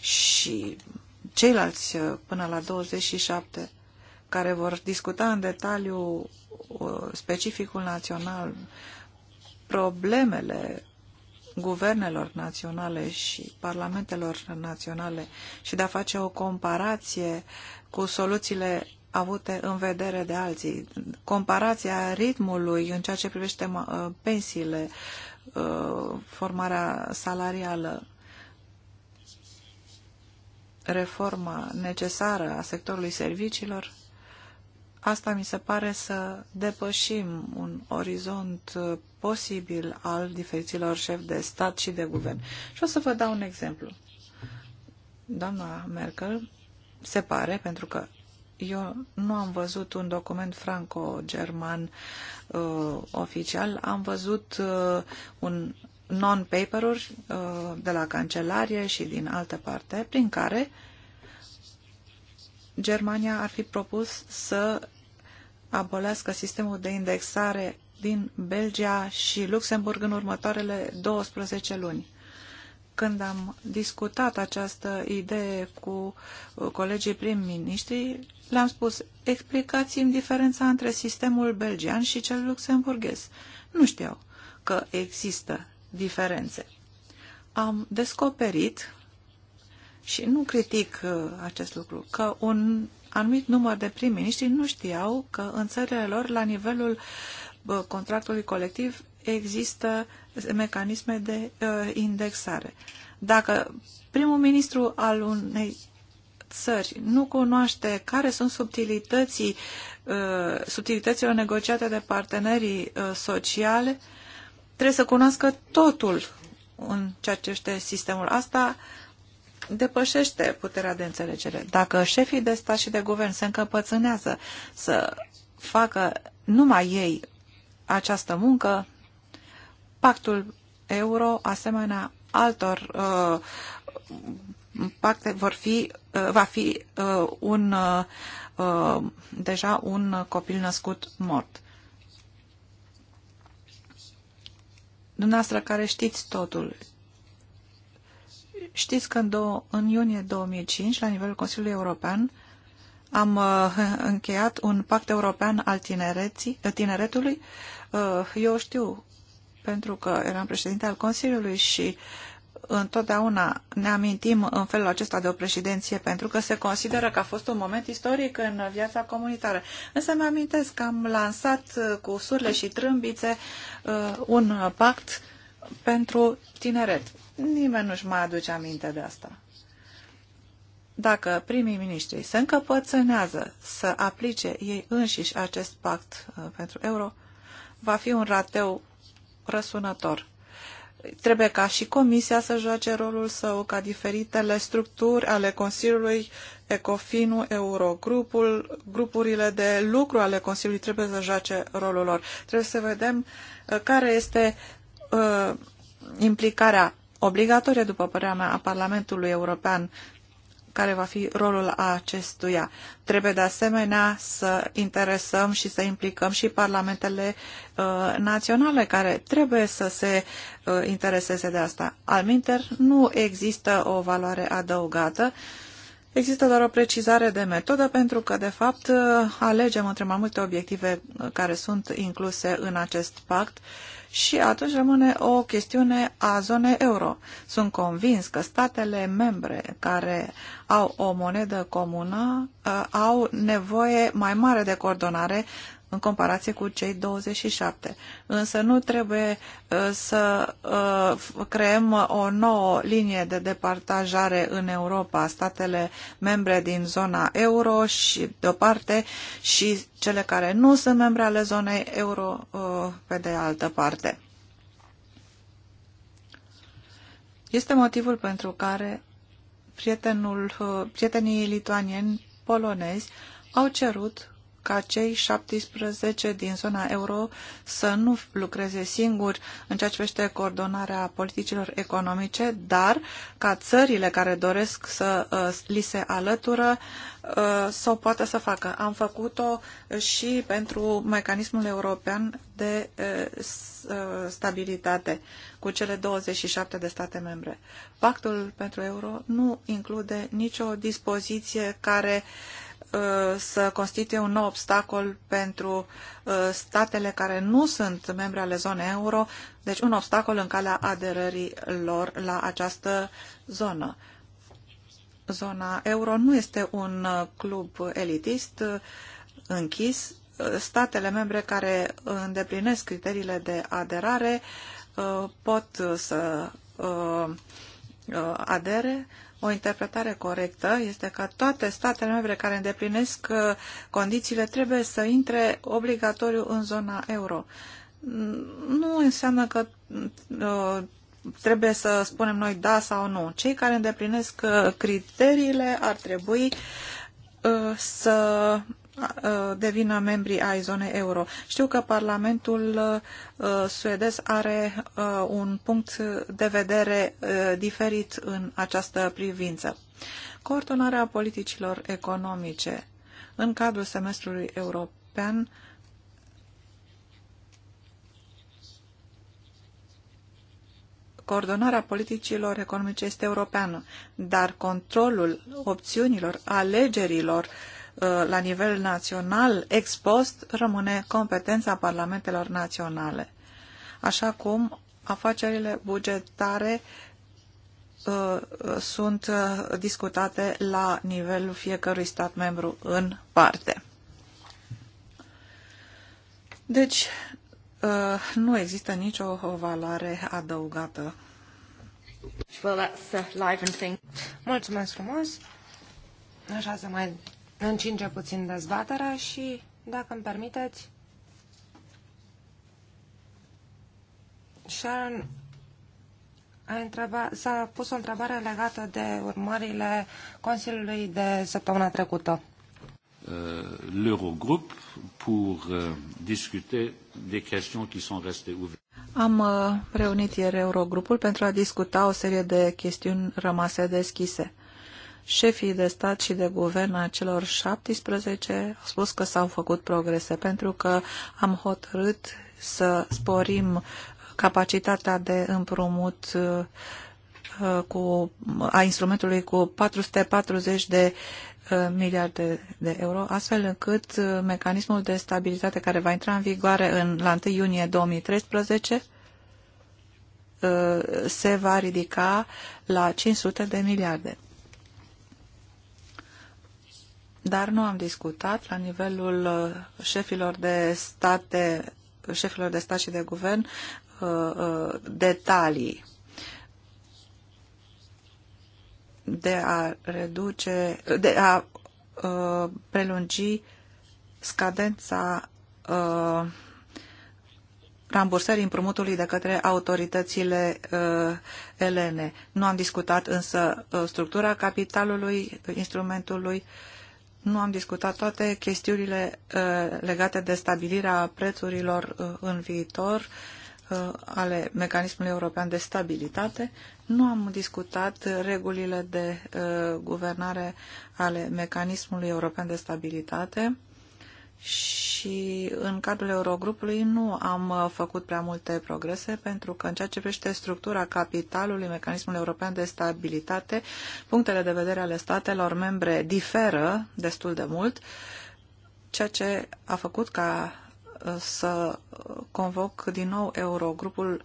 și ceilalți uh, până la 27 care vor discuta în detaliu uh, specificul național, problemele guvernelor naționale și parlamentelor naționale și de a face o comparație cu soluțiile avute în vedere de alții. Comparația ritmului în ceea ce privește uh, pensiile, uh, formarea salarială, reforma necesară a sectorului serviciilor, asta mi se pare să depășim un orizont uh, posibil al diferiților șefi de stat și de guvern. Și o să vă dau un exemplu. Doamna Merkel se pare, pentru că eu nu am văzut un document franco-german uh, oficial, am văzut uh, un non-paper-uri uh, de la cancelarie și din altă parte, prin care Germania ar fi propus să abolească sistemul de indexare din Belgia și Luxemburg în următoarele 12 luni. Când am discutat această idee cu uh, colegii prim-ministri, le-am spus, explicați-mi diferența între sistemul belgian și cel luxemburghez. Nu știau că există diferențe. Am descoperit, și nu critic uh, acest lucru, că un anumit număr de prim-ministri nu știau că în țările lor, la nivelul uh, contractului colectiv, există mecanisme de uh, indexare. Dacă primul ministru al unei țări nu cunoaște care sunt subtilității, uh, subtilitățile negociate de partenerii uh, sociale, trebuie să cunoască totul în ceea ce este sistemul. Asta depășește puterea de înțelegere. Dacă șefii de stat și de guvern se încăpățânează să facă numai ei această muncă, Pactul euro, asemenea altor uh, pacte, vor fi, uh, va fi uh, un, uh, uh, deja un copil născut mort. Dumneavoastră care știți totul, știți că în, două, în iunie 2005, la nivelul Consiliului European, am uh, încheiat un pact european al tinereții, tineretului. Uh, eu știu pentru că eram președinte al Consiliului și uh, întotdeauna ne amintim în felul acesta de o președinție pentru că se consideră că a fost un moment istoric în viața comunitară. Însă mă amintesc că am lansat uh, cu surle și trâmbițe uh, un pact pentru tineret. Nimeni nu-și mai aduce aminte de asta. Dacă primii miniștri se încăpățânează să aplice ei înșiși acest pact pentru euro, va fi un rateu răsunător. Trebuie ca și Comisia să joace rolul său, ca diferitele structuri ale Consiliului, Ecofinu, Eurogrupul, grupurile de lucru ale Consiliului trebuie să joace rolul lor. Trebuie să vedem uh, care este uh, implicarea obligatorie, după părerea mea, a Parlamentului European care va fi rolul acestuia. Trebuie de asemenea să interesăm și să implicăm și parlamentele uh, naționale care trebuie să se uh, intereseze de asta. Alminter, nu există o valoare adăugată, există doar o precizare de metodă pentru că, de fapt, uh, alegem între mai multe obiective uh, care sunt incluse în acest pact și atunci rămâne o chestiune a zonei euro. Sunt convins că statele membre care au o monedă comună uh, au nevoie mai mare de coordonare în comparație cu cei 27. Însă nu trebuie uh, să uh, creăm o nouă linie de departajare în Europa, statele membre din zona euro și de o parte și cele care nu sunt membre ale zonei euro uh, pe de altă parte. Este motivul pentru care prietenul, prietenii lituanieni polonezi au cerut ca cei 17 din zona euro să nu lucreze singuri în ceea ce privește coordonarea politicilor economice, dar ca țările care doresc să uh, li se alătură uh, să o poată să facă. Am făcut-o și pentru mecanismul european de uh, stabilitate cu cele 27 de state membre. Pactul pentru euro nu include nicio dispoziție care uh, Uh, să constituie un nou obstacol pentru uh, statele care nu sunt membre ale zonei euro, deci un obstacol în calea aderării lor la această zonă. Zona euro nu este un uh, club elitist închis. Statele membre care îndeplinesc criteriile de aderare pot să Uh, adere, o interpretare corectă este că toate statele membre care îndeplinesc uh, condițiile trebuie să intre obligatoriu în zona euro. Nu înseamnă că uh, trebuie să spunem noi da sau nu. Cei care îndeplinesc criteriile ar trebui să devină membri ai zonei euro. Știu că Parlamentul suedez are un punct de vedere diferit în această privință. Coordonarea politicilor economice în cadrul semestrului european coordonarea politicilor economice este europeană, dar controlul opțiunilor, alegerilor uh, Uh, la nivel național, ex post, rămâne competența parlamentelor naționale. Așa cum afacerile bugetare uh, sunt uh, discutate la nivelul fiecărui stat membru în parte. Deci, nu există nicio valoare adăugată. Well, that's a live thing. Mulțumesc frumos! Așa se mai încinge puțin dezbaterea și, dacă îmi permiteți, Sharon s-a pus o întrebare legată de urmările Consiliului de săptămâna trecută. Uh, L'Eurogroup pour uh, discuter des questions qui sont restées ouvertes. Am uh, reunit ieri Eurogrupul pentru a discuta o serie de chestiuni rămase deschise. Șefii de stat și de guvern a celor 17 au spus că s-au făcut progrese pentru că am hotărât să sporim capacitatea de împrumut uh, cu, a instrumentului cu 440 de uh, miliarde de euro, astfel încât uh, mecanismul de stabilitate care va intra în vigoare în, la 1 iunie 2013 se va ridica la 500 de miliarde dar nu am discutat la nivelul uh, șefilor de state, șefilor de stat și de guvern uh, uh, detalii de a reduce, de a prelungi scadența rambursării împrumutului de către autoritățile uh, elene. Nu am discutat însă structura capitalului, instrumentului nu am discutat toate chestiunile uh, legate de stabilirea prețurilor uh, în viitor uh, ale mecanismului european de stabilitate. Nu am discutat regulile de guvernare ale mecanismului european de stabilitate și în cadrul Eurogrupului nu am uh, făcut prea multe progrese pentru că în ceea ce privește structura capitalului, mecanismul european de stabilitate, punctele de vedere ale statelor membre diferă destul de mult, ceea ce a făcut ca uh, să uh, convoc din nou Eurogrupul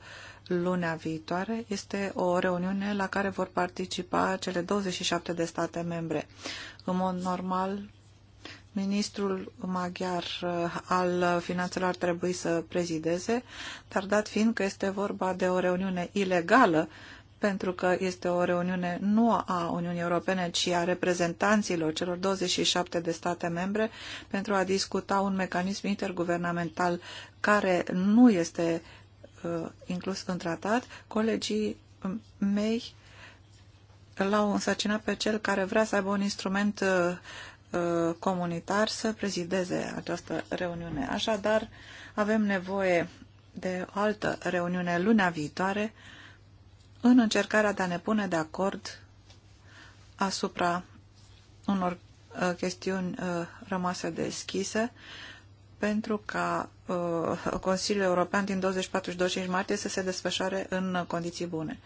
lunea viitoare. Este o reuniune la care vor participa cele 27 de state membre. În mod normal, Ministrul maghiar uh, al finanțelor ar trebui să prezideze, dar dat fiind că este vorba de o reuniune ilegală, pentru că este o reuniune nu a Uniunii Europene, ci a reprezentanților celor 27 de state membre pentru a discuta un mecanism interguvernamental care nu este uh, inclus în tratat, colegii um, mei l-au însăcinat pe cel care vrea să aibă un instrument uh, Uh, comunitar să prezideze această reuniune. Așadar, avem nevoie de o altă reuniune luna viitoare în încercarea de a ne pune de acord asupra unor uh, chestiuni uh, rămase deschise pentru ca Consiliul European din 24 și 25 martie să se desfășoare în condiții bune.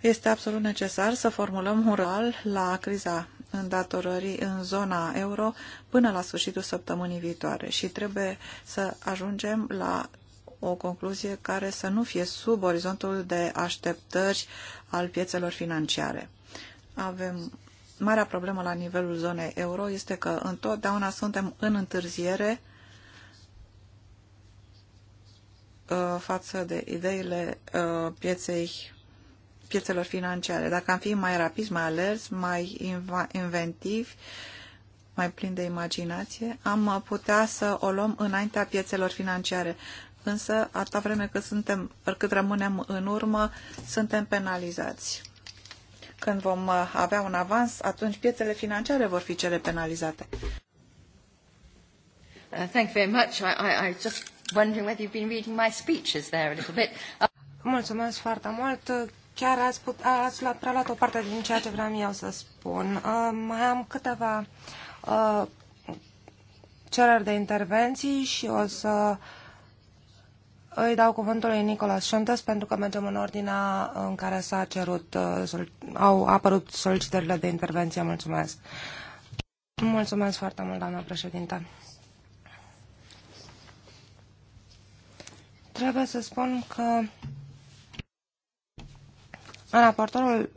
Este absolut necesar să formulăm un la criza îndatorării în zona euro până la sfârșitul săptămânii viitoare și trebuie să ajungem la o concluzie care să nu fie sub orizontul de așteptări al piețelor financiare. Avem marea problemă la nivelul zonei euro este că întotdeauna suntem în întârziere uh, față de ideile uh, pieței piețelor financiare. Dacă am fi mai rapizi, mai alerți, mai inventivi, mai plin de imaginație, am putea să o luăm înaintea piețelor financiare. Însă, atâta vreme cât, suntem, cât rămânem în urmă, suntem penalizați. Când vom avea un avans, atunci piețele financiare vor fi cele penalizate. Uh, thank very much. I, I, just wondering whether you've been reading my speeches there a little bit. Uh, Mulțumesc foarte mult. Chiar ați, put, ați luat, luat o parte din ceea ce vreau eu să spun. Uh, mai am câteva uh, cereri de intervenții și o să îi dau cuvântul lui Nicolas Șontes pentru că mergem în ordinea în care s-a cerut, uh, au apărut solicitările de intervenție. Mulțumesc. Mulțumesc foarte mult, doamna președinte. Trebuie să spun că Raportorul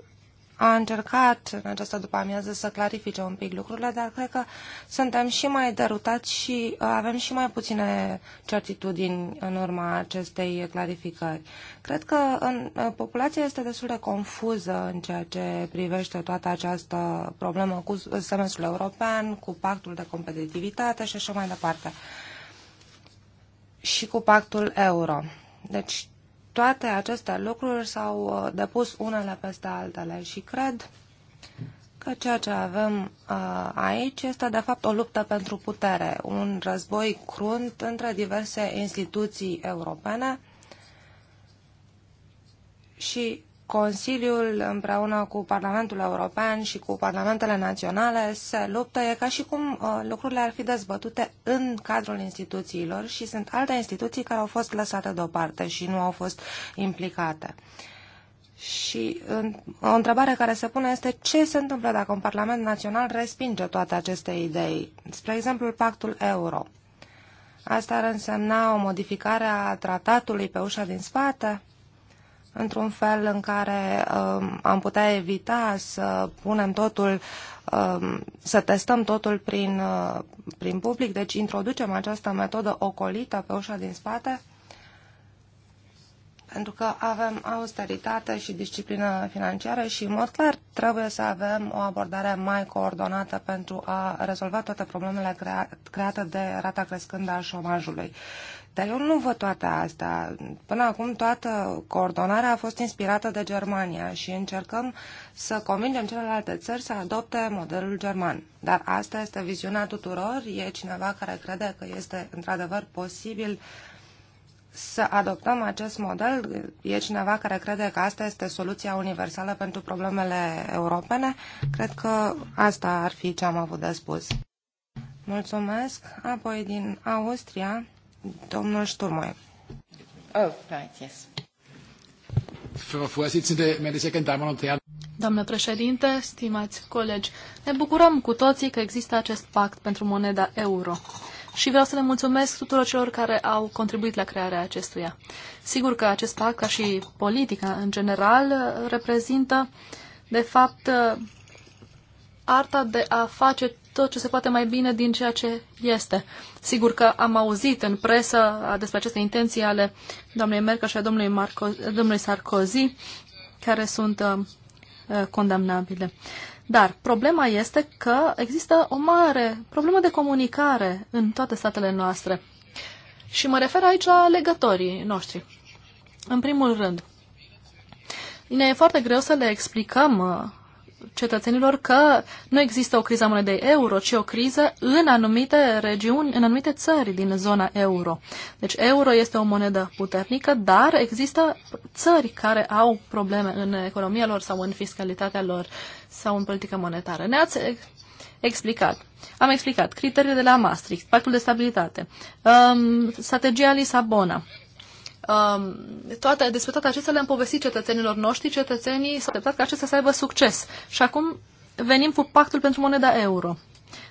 a încercat în această după-amiază să clarifice un pic lucrurile, dar cred că suntem și mai derutați și uh, avem și mai puține certitudini în urma acestei clarificări. Cred că în, uh, populația este destul de confuză în ceea ce privește toată această problemă cu semestrul european, cu pactul de competitivitate și așa mai departe. Și cu pactul euro. Deci toate aceste lucruri s-au uh, depus unele peste altele și cred că ceea ce avem uh, aici este de fapt o luptă pentru putere, un război crunt între diverse instituții europene și Consiliul împreună cu Parlamentul European și cu Parlamentele Naționale se luptă, e ca și cum uh, lucrurile ar fi dezbătute în cadrul instituțiilor și sunt alte instituții care au fost lăsate deoparte și nu au fost implicate. Și o întrebare care se pune este ce se întâmplă dacă un Parlament Național respinge toate aceste idei, spre exemplu pactul euro. Asta ar însemna o modificare a tratatului pe ușa din spate? într-un fel în care uh, am putea evita să punem totul, uh, să testăm totul prin, uh, prin public, deci introducem această metodă ocolită pe ușa din spate, pentru că avem austeritate și disciplină financiară și, în mod clar, trebuie să avem o abordare mai coordonată pentru a rezolva toate problemele crea create de rata crescândă a șomajului. Uh, dar eu nu văd toate asta. Până acum toată coordonarea a fost inspirată de Germania și încercăm să convingem celelalte țări să adopte modelul german. Dar asta este viziunea tuturor. E cineva care crede că este într-adevăr posibil să adoptăm acest model? E cineva care crede că asta este soluția universală pentru problemele europene? Cred că asta ar fi ce am avut de spus. Mulțumesc. Apoi din Austria, Domnul Oh, right, yes. Doamnă președinte, stimați colegi, ne bucurăm cu toții că există acest pact pentru moneda euro. Și vreau să le mulțumesc tuturor celor care au contribuit la crearea acestuia. Sigur că acest pact, ca și politica în general, reprezintă, de fapt, arta de a face tot ce se poate mai bine din ceea ce este. Sigur că am auzit în presă despre aceste intenții ale doamnei Merkel și a domnului, Marco, domnului Sarkozy, care sunt uh, uh, condamnabile. Dar problema este că există o mare problemă de comunicare în toate statele noastre. Și mă refer aici la legătorii noștri. În primul rând, ne e foarte greu să le explicăm uh, cetățenilor că nu există o criză a monedei euro, ci o criză în anumite regiuni, în anumite țări din zona euro. Deci euro este o monedă puternică, dar există țări care au probleme în economia lor sau în fiscalitatea lor sau în politică monetară. Ne-ați explicat. Am explicat criteriile de la Maastricht, pactul de stabilitate, um, strategia Lisabona, Um, toate, despre toate acestea le-am povestit cetățenilor noștri, cetățenii s-au așteptat ca acestea să aibă succes. Și acum venim cu pactul pentru moneda euro.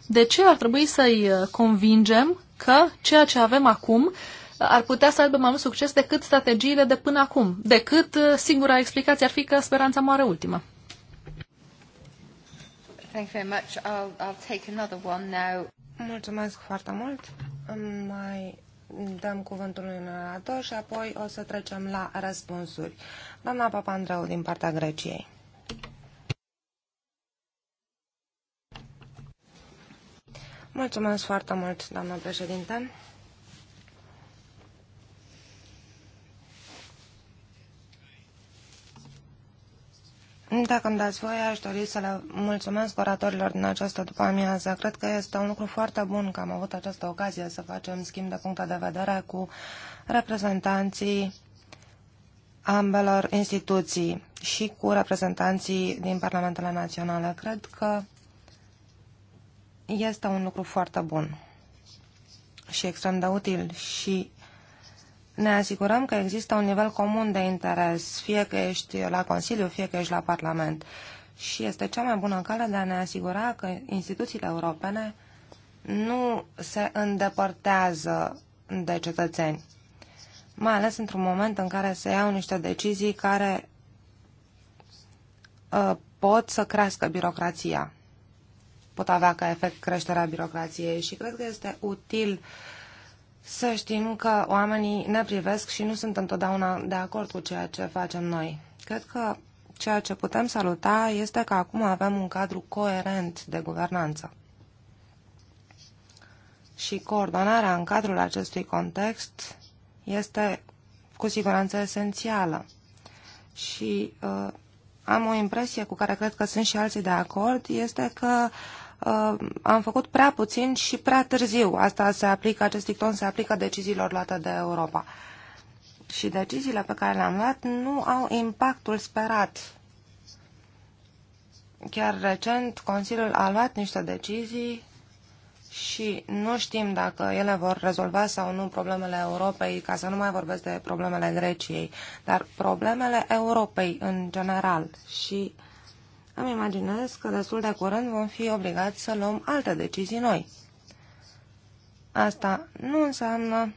De ce ar trebui să-i uh, convingem că ceea ce avem acum uh, ar putea să aibă mai mult succes decât strategiile de până acum, decât uh, singura explicație ar fi că speranța moare ultima. Thank you very much. I'll, I'll take another one now. Mulțumesc foarte mult. mai dăm cuvântul unui narrator și apoi o să trecem la răspunsuri. Doamna Papandreou din partea Greciei. Mulțumesc foarte mult, doamnă președinte. Dacă îmi dați voie, aș dori să le mulțumesc oratorilor din această după amiază. Cred că este un lucru foarte bun că am avut această ocazie să facem schimb de puncte de vedere cu reprezentanții ambelor instituții și cu reprezentanții din Parlamentele Naționale. Cred că este un lucru foarte bun și extrem de util și ne asigurăm că există un nivel comun de interes, fie că ești la Consiliu, fie că ești la Parlament. Și este cea mai bună cale de a ne asigura că instituțiile europene nu se îndepărtează de cetățeni, mai ales într-un moment în care se iau niște decizii care uh, pot să crească birocrația, pot avea ca efect creșterea birocrației și cred că este util uh, să știm că oamenii ne privesc și nu sunt întotdeauna de acord cu ceea ce facem noi. Cred că ceea ce putem saluta este că acum avem un cadru coerent de guvernanță. Și coordonarea în cadrul acestui context este cu siguranță esențială. Și uh, am o impresie cu care cred că sunt și alții de acord, este că uh, uh, am făcut prea puțin și prea târziu. Asta se aplică, acest dicton se aplică deciziilor luate de Europa. Și deciziile pe care le-am luat nu au impactul sperat. Chiar recent, Consiliul a luat niște decizii și nu știm dacă ele vor rezolva sau nu problemele Europei, ca să nu mai vorbesc de problemele Greciei, dar problemele Europei în general și uh, îmi imaginez că destul de curând vom fi obligați să luăm alte decizii noi. Asta nu înseamnă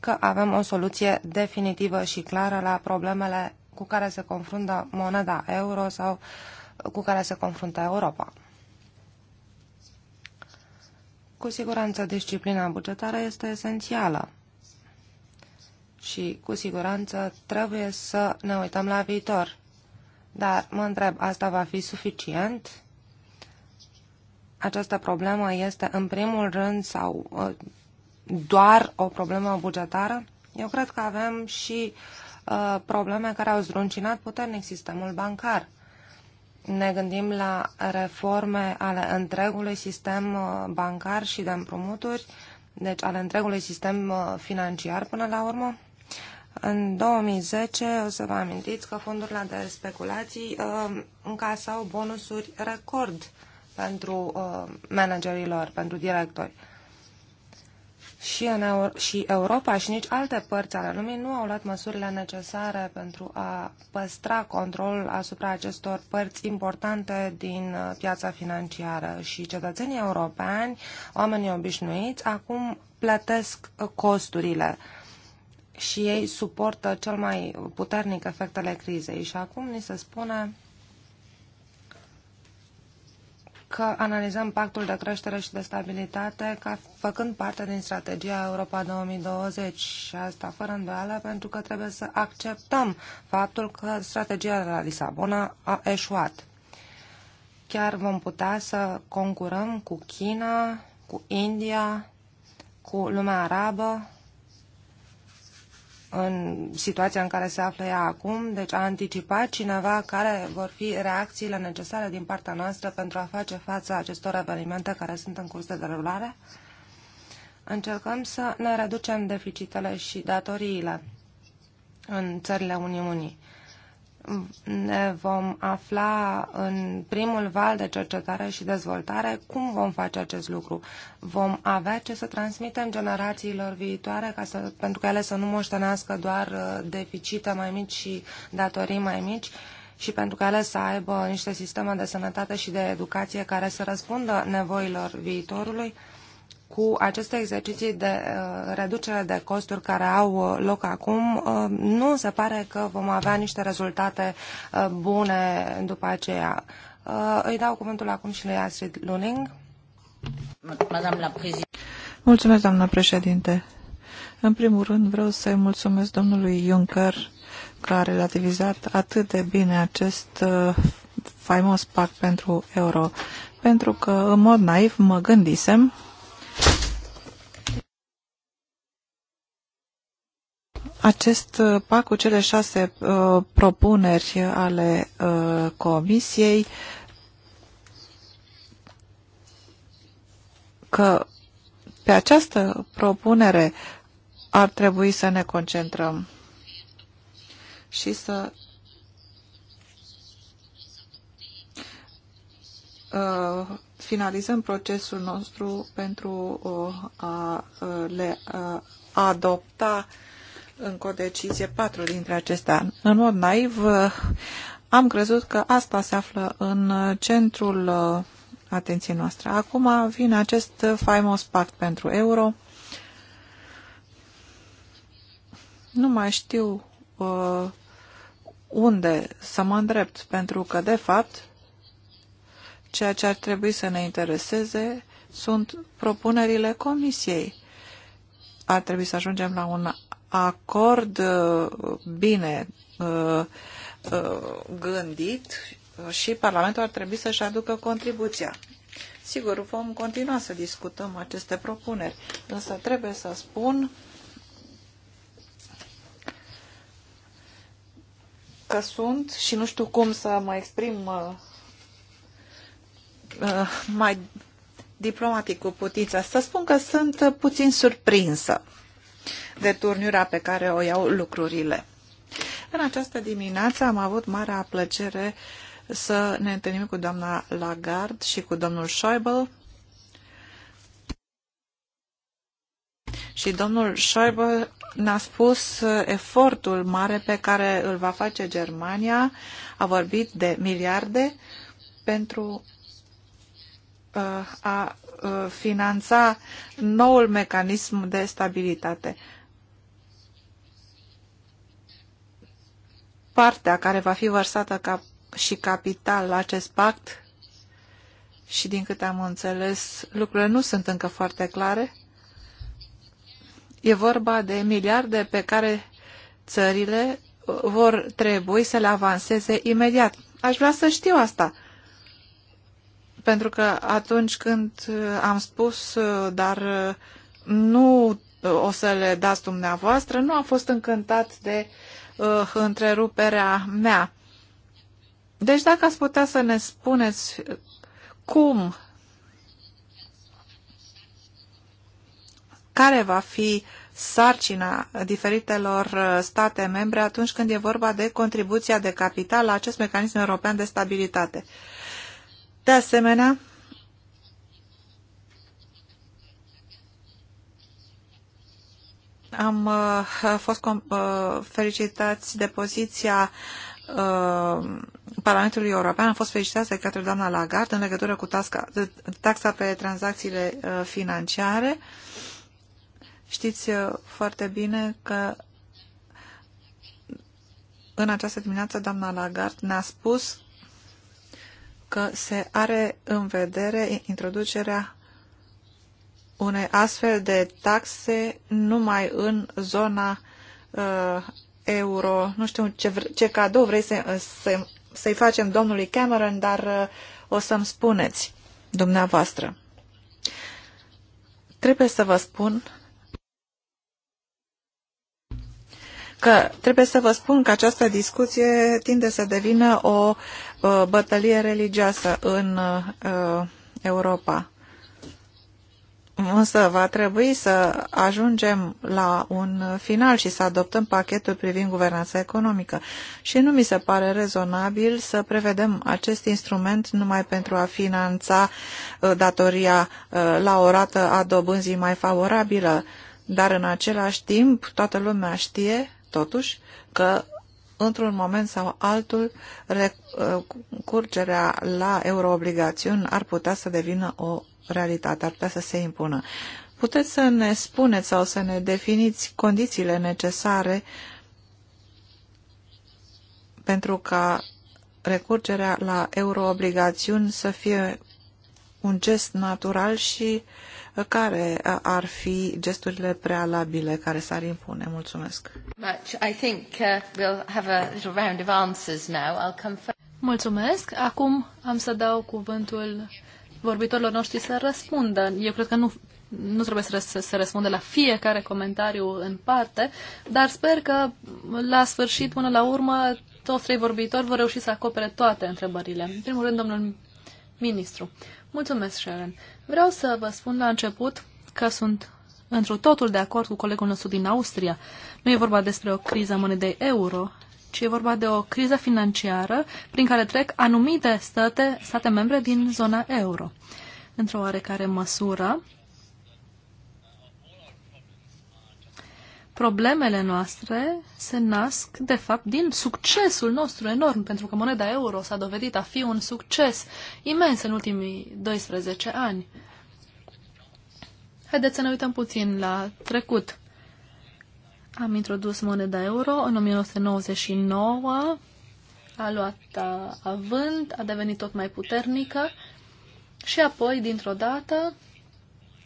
că avem o soluție definitivă și clară la problemele cu care se confruntă moneda euro sau cu care se confruntă Europa. Cu siguranță, disciplina bugetară este esențială și, cu siguranță, trebuie să ne uităm la viitor dar mă întreb, asta va fi suficient? Această problemă este în primul rând sau uh, doar o problemă bugetară? Eu cred că avem și uh, probleme care au zdruncinat puternic sistemul bancar. Ne gândim la reforme ale întregului sistem uh, bancar și de împrumuturi, deci ale întregului sistem financiar până la urmă? În 2010, o să vă amintiți că fondurile de speculații uh, încasau bonusuri record pentru uh, managerilor, pentru directori. Și, în Euro- și Europa și nici alte părți ale lumii nu au luat măsurile necesare pentru a păstra controlul asupra acestor părți importante din uh, piața financiară. Și cetățenii europeni, oamenii obișnuiți, acum plătesc uh, costurile uh, și ei suportă cel mai puternic efectele crizei. Și acum ni se spune că analizăm pactul de creștere și de stabilitate ca făcând parte din strategia Europa 2020 și asta fără îndoială pentru că trebuie să acceptăm faptul că strategia de la Lisabona a eșuat. Chiar vom putea să concurăm cu China, cu India, cu lumea arabă, în situația în care se află ea acum, deci a anticipat cineva care vor fi reacțiile necesare din partea noastră pentru a face față acestor evenimente care sunt în curs de derulare? Încercăm să ne reducem deficitele și datoriile în țările Uniunii ne vom afla în primul val de cercetare și dezvoltare, cum vom face acest lucru? Vom avea ce să transmitem generațiilor viitoare ca să, pentru că ele să nu moștenească doar uh, deficite mai mici și datorii mai mici și pentru că ele să aibă niște sisteme de sănătate și de educație care să răspundă nevoilor viitorului? cu aceste exerciții de uh, reducere de costuri care au uh, loc acum, uh, nu se pare că vom avea niște rezultate uh, bune după aceea. Uh, îi dau cuvântul acum și lui Astrid Luning. Mulțumesc, doamna președinte. În primul rând vreau să-i mulțumesc domnului Juncker că a relativizat atât de bine acest uh, faimos pact pentru euro, pentru că în mod naiv mă gândisem acest uh, pac cu cele șase uh, propuneri ale uh, Comisiei că pe această propunere ar trebui să ne concentrăm și să uh, finalizăm procesul nostru pentru uh, a uh, le uh, adopta în codecizie patru dintre acestea. În mod naiv, am crezut că asta se află în centrul atenției noastre. Acum vine acest faimos pact pentru euro. Nu mai știu uh, unde să mă îndrept, pentru că, de fapt, Ceea ce ar trebui să ne intereseze sunt propunerile Comisiei. Ar trebui să ajungem la un acord uh, bine uh, uh, gândit și Parlamentul ar trebui să-și aducă contribuția. Sigur, vom continua să discutăm aceste propuneri, însă trebuie să spun că sunt și nu știu cum să mă exprim Uh, mai diplomatic cu putință, să spun că sunt puțin surprinsă de turnura pe care o iau lucrurile. În această dimineață am avut marea plăcere să ne întâlnim cu doamna Lagarde și cu domnul Schäuble. Și domnul Schäuble ne-a spus efortul mare pe care îl va face Germania, a vorbit de miliarde pentru Uh, a uh, finanța noul mecanism de stabilitate. Partea care va fi vărsată ca și capital la acest pact și din câte am înțeles, lucrurile nu sunt încă foarte clare. E vorba de miliarde pe care țările vor trebui să le avanseze imediat. Aș vrea să știu asta. Pentru că atunci când uh, am spus, uh, dar uh, nu o să le dați dumneavoastră, nu a fost încântat de uh, întreruperea mea. Deci dacă ați putea să ne spuneți cum, care va fi sarcina diferitelor state membre atunci când e vorba de contribuția de capital la acest mecanism european de stabilitate. Uh, de asemenea, am uh, fost uh, felicitați de poziția uh, Parlamentului European. Am fost felicitați de către doamna Lagarde în legătură cu tasca, taxa pe tranzacțiile uh, financiare. Știți uh, foarte bine că în această dimineață doamna Lagarde ne-a spus că se are în vedere introducerea unei astfel de taxe numai în zona uh, euro. Nu știu ce, ce cadou vrei să, să, să-i facem domnului Cameron, dar uh, o să-mi spuneți dumneavoastră. Trebuie să vă spun că trebuie să vă spun că această discuție tinde să devină o Uh, bătălie religioasă în uh, Europa. Însă va trebui să ajungem la un final și să adoptăm pachetul privind guvernanța economică. Și nu mi se pare rezonabil să prevedem acest instrument numai pentru a finanța uh, datoria la o rată a dobânzii mai favorabilă, dar în același timp toată lumea știe, totuși, că într-un moment sau altul, recurgerea uh, la euroobligațiuni ar putea să devină o realitate, ar putea să se impună. Puteți să ne spuneți sau să ne definiți condițiile necesare pentru ca recurgerea la euroobligațiuni să fie un gest natural și uh, care uh, ar fi gesturile prealabile care s-ar impune? Mulțumesc. Mulțumesc. Acum am să dau cuvântul vorbitorilor noștri să răspundă. Eu cred că nu, nu trebuie să, să, să răspundă la fiecare comentariu în parte, dar sper că la sfârșit, până la urmă, toți trei vorbitori vor reuși să acopere toate întrebările. În primul rând, domnul ministru. Mulțumesc, Sharon. Vreau să vă spun la început că sunt întru totul de acord cu colegul nostru din Austria. Nu e vorba despre o criză monedei euro, ci e vorba de o criză financiară prin care trec anumite state, state membre din zona euro. Într-o oarecare măsură, problemele noastre se nasc, de fapt, din succesul nostru enorm, pentru că moneda euro s-a dovedit a fi un succes imens în ultimii 12 ani. Haideți să ne uităm puțin la trecut. Am introdus moneda euro în 1999, a luat avânt, a devenit tot mai puternică și apoi, dintr-o dată,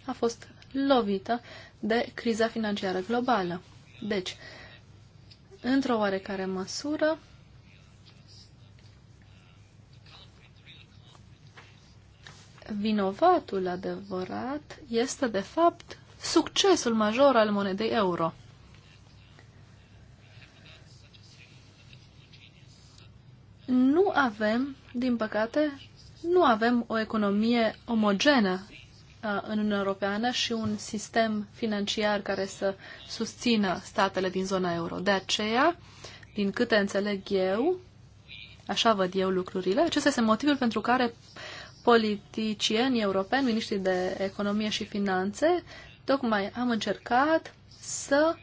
a fost lovită de criza financiară globală. Deci, într-o oarecare măsură, vinovatul adevărat este, de fapt, succesul major al monedei euro. Nu avem, din păcate, nu avem o economie omogenă în Uniunea Europeană și un sistem financiar care să susțină statele din zona euro. De aceea, din câte înțeleg eu, așa văd eu lucrurile, acesta este motivul pentru care politicieni europeni, miniștrii de economie și finanțe, tocmai am încercat să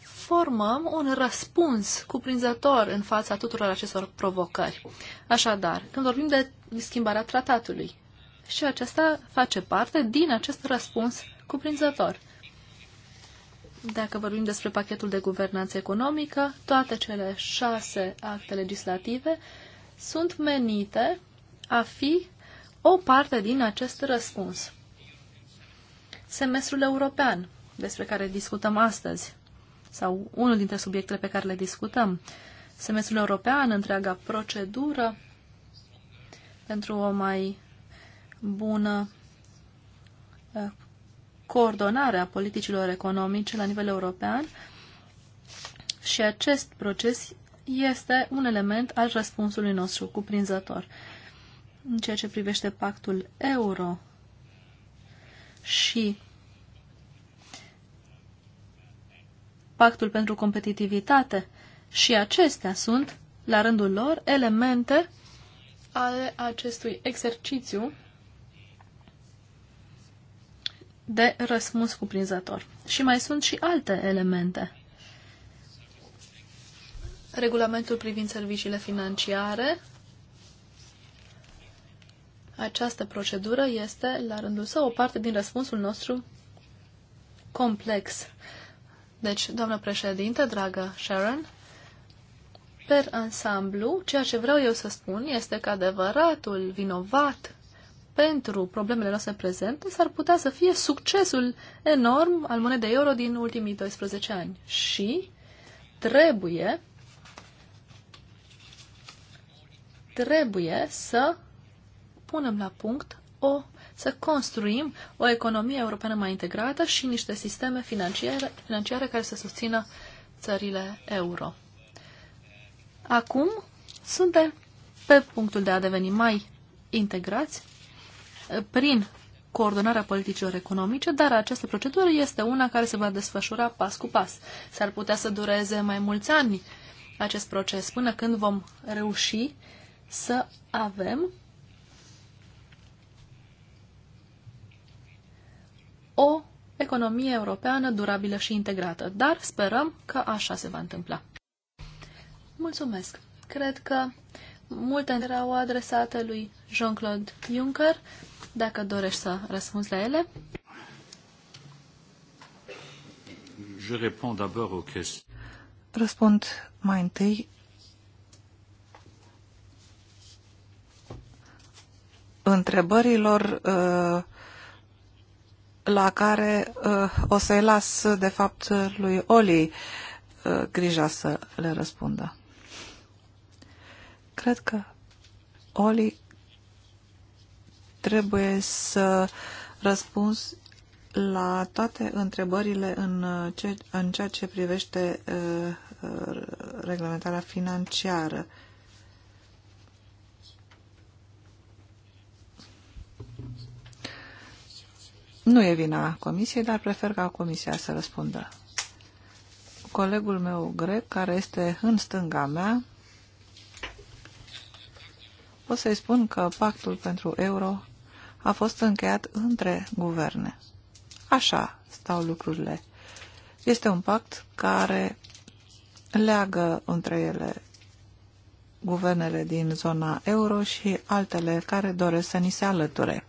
formăm un răspuns cuprinzător în fața tuturor acestor provocări. Așadar, când vorbim de schimbarea tratatului, și acesta face parte din acest răspuns cuprinzător. Dacă vorbim despre pachetul de guvernanță economică, toate cele șase acte legislative sunt menite a fi o parte din acest răspuns. Semestrul european, despre care discutăm astăzi, sau unul dintre subiectele pe care le discutăm, semestrul european, întreaga procedură pentru o mai bună eh, coordonare a politicilor economice la nivel european și acest proces este un element al răspunsului nostru cuprinzător. În ceea ce privește pactul euro și pactul pentru competitivitate, și acestea sunt, la rândul lor, elemente ale acestui exercițiu de răspuns cuprinzător. Și mai sunt și alte elemente. Regulamentul privind serviciile financiare. Această procedură este, la rândul său, o parte din răspunsul nostru complex. Deci, doamnă președinte, dragă Sharon, per ansamblu, ceea ce vreau eu să spun este că adevăratul vinovat pentru problemele noastre prezente s-ar putea să fie succesul enorm al monedei euro din ultimii 12 ani. Și trebuie trebuie să punem la punct o să construim o economie europeană mai integrată și niște sisteme financiare, financiare care să susțină țările euro. Acum suntem pe punctul de a deveni mai integrați prin coordonarea politicilor economice, dar această procedură este una care se va desfășura pas cu pas. S-ar putea să dureze mai mulți ani acest proces până când vom reuși să avem o economie europeană durabilă și integrată, dar sperăm că așa se va întâmpla. Mulțumesc! Cred că multe erau adresate lui Jean-Claude Juncker dacă dorești să răspunzi la ele. Je réponds d'abord aux questions. Răspund mai întâi întrebărilor uh, la care uh, o să-i las, de fapt, lui Oli uh, grija să le răspundă. Cred că Oli trebuie să răspunzi la toate întrebările în, ce, în ceea ce privește uh, uh, reglementarea financiară. Nu e vina comisiei, dar prefer ca comisia să răspundă. Colegul meu grec, care este în stânga mea, pot să-i spun că pactul pentru euro a fost încheiat între guverne. Așa stau lucrurile. Este un pact care leagă între ele guvernele din zona euro și altele care doresc să ni se alăture.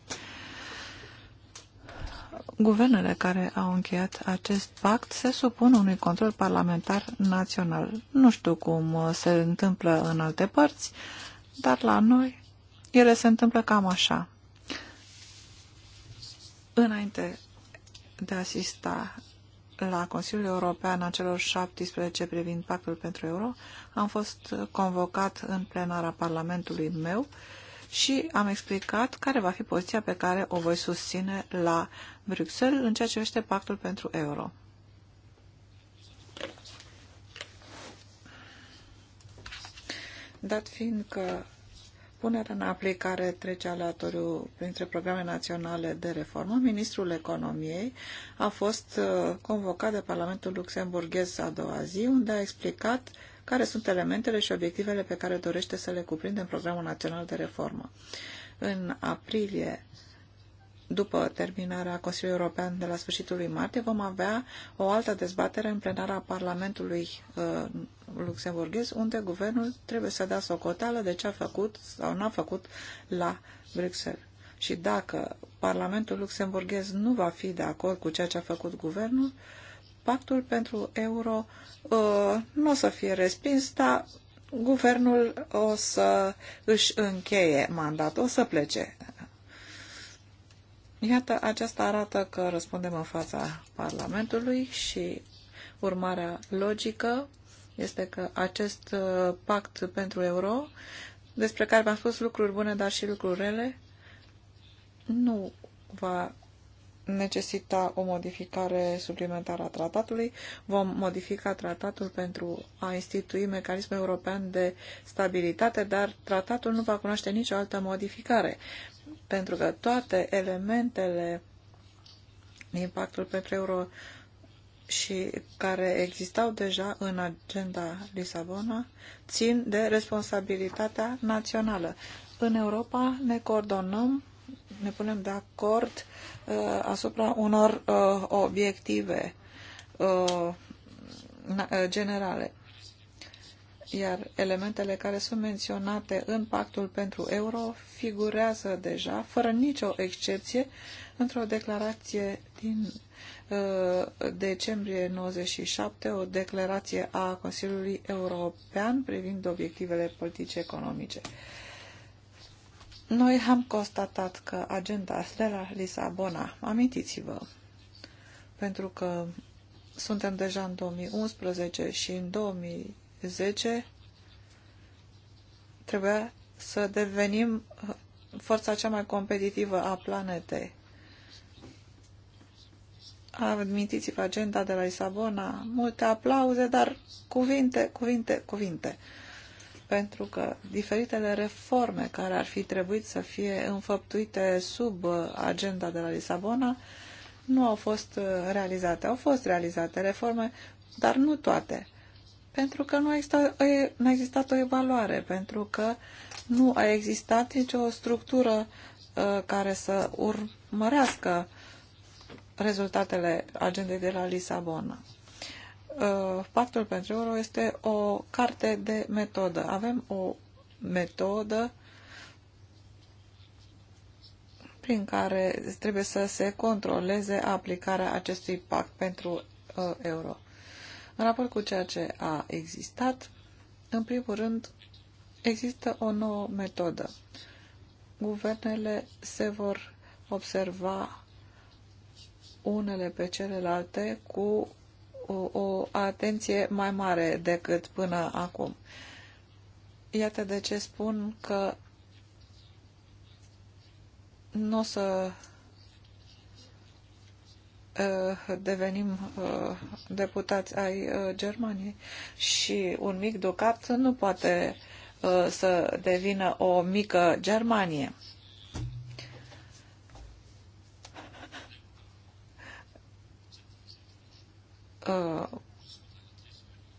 Guvernele care au încheiat acest pact se supun unui control parlamentar național. Nu știu cum se întâmplă în alte părți, dar la noi ele se întâmplă cam așa. Înainte de a asista la Consiliul European a celor 17 privind pactul pentru euro, am fost convocat în plenara Parlamentului meu și am explicat care va fi poziția pe care o voi susține la Bruxelles în ceea ce este pactul pentru euro. Dat fiind că punerea în aplicare trece aleatoriu printre programe naționale de reformă, ministrul economiei a fost uh, convocat de Parlamentul luxemburghez a doua zi, unde a explicat care sunt elementele și obiectivele pe care dorește să le cuprinde în programul național de reformă. În aprilie după terminarea Consiliului European de la sfârșitul lui martie, vom avea o altă dezbatere în plenara Parlamentului uh, luxemburghez, unde guvernul trebuie să dea socoteală de ce a făcut sau n-a făcut la Bruxelles. Și dacă Parlamentul luxemburghez nu va fi de acord cu ceea ce a făcut guvernul, pactul pentru euro uh, nu o să fie respins, dar guvernul o să își încheie mandatul, o să plece Iată, aceasta arată că răspundem în fața Parlamentului și urmarea logică este că acest uh, pact pentru euro, despre care v-am spus lucruri bune, dar și lucruri rele, nu va necesita o modificare suplimentară a tratatului. Vom modifica tratatul pentru a institui mecanismul european de stabilitate, dar tratatul nu va cunoaște nicio altă modificare pentru că toate elementele impactul pentru euro și care existau deja în agenda Lisabona țin de responsabilitatea națională. În Europa ne coordonăm, ne punem de acord uh, asupra unor uh, obiective uh, uh generale iar elementele care sunt menționate în pactul pentru euro figurează deja, fără nicio excepție, într-o declarație din uh, decembrie 97, o declarație a Consiliului European privind obiectivele politice economice. Noi am constatat că agenda de la Lisabona, amintiți-vă, pentru că suntem deja în 2011 și în 2000 10 trebuia să devenim uh, forța cea mai competitivă a planetei. Admitiți-vă agenda de la Lisabona, multe aplauze, dar cuvinte, cuvinte, cuvinte. Pentru că diferitele reforme care ar fi trebuit să fie înfăptuite sub uh, agenda de la Lisabona nu au fost uh, realizate. Au fost realizate reforme, dar nu toate. Pentru că nu a, existat, nu a existat o evaluare, pentru că nu a existat nicio structură uh, care să urmărească rezultatele agendei de la Lisabona. Uh, Pactul pentru euro este o carte de metodă. Avem o metodă prin care trebuie să se controleze aplicarea acestui pact pentru uh, euro. În raport cu ceea ce a existat, în primul rând, există o nouă metodă. Guvernele se vor observa unele pe celelalte cu o, o atenție mai mare decât până acum. Iată de ce spun că nu o să Eh, devenim eh, deputați ai eh, Germaniei și un mic ducat nu poate să devină o mică Germanie.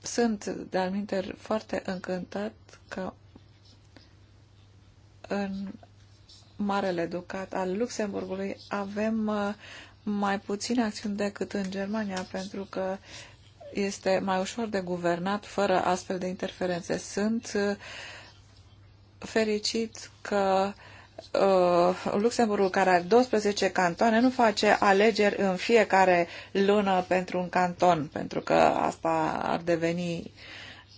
Sunt, de-al foarte încântat că în Marele Ducat al Luxemburgului avem mai puține acțiuni decât în Germania, pentru că este mai ușor de guvernat fără astfel de interferențe. Sunt uh, fericit că uh, Luxemburgul, care are 12 cantoane, nu face alegeri în fiecare lună pentru un canton, pentru că asta ar deveni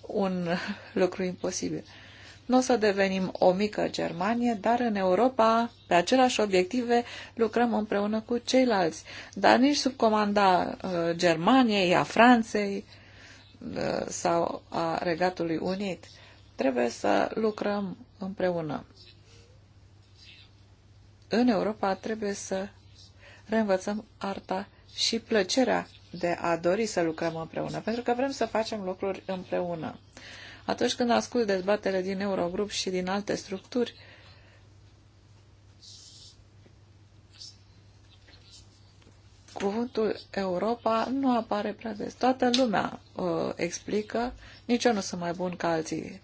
un lucru imposibil. Nu o să devenim o mică Germanie, dar în Europa, pe aceleași obiective, lucrăm împreună cu ceilalți. Dar nici sub comanda uh, Germaniei, a Franței uh, sau a Regatului Unit. Trebuie să lucrăm împreună. În Europa trebuie să reînvățăm arta și plăcerea de a dori să lucrăm împreună, pentru că vrem să facem lucruri împreună. Uh, atunci când ascult dezbatere din Eurogrup și din alte structuri, cuvântul Europa nu apare prea des. Toată lumea uh, explică, nici eu nu sunt mai bun ca alții.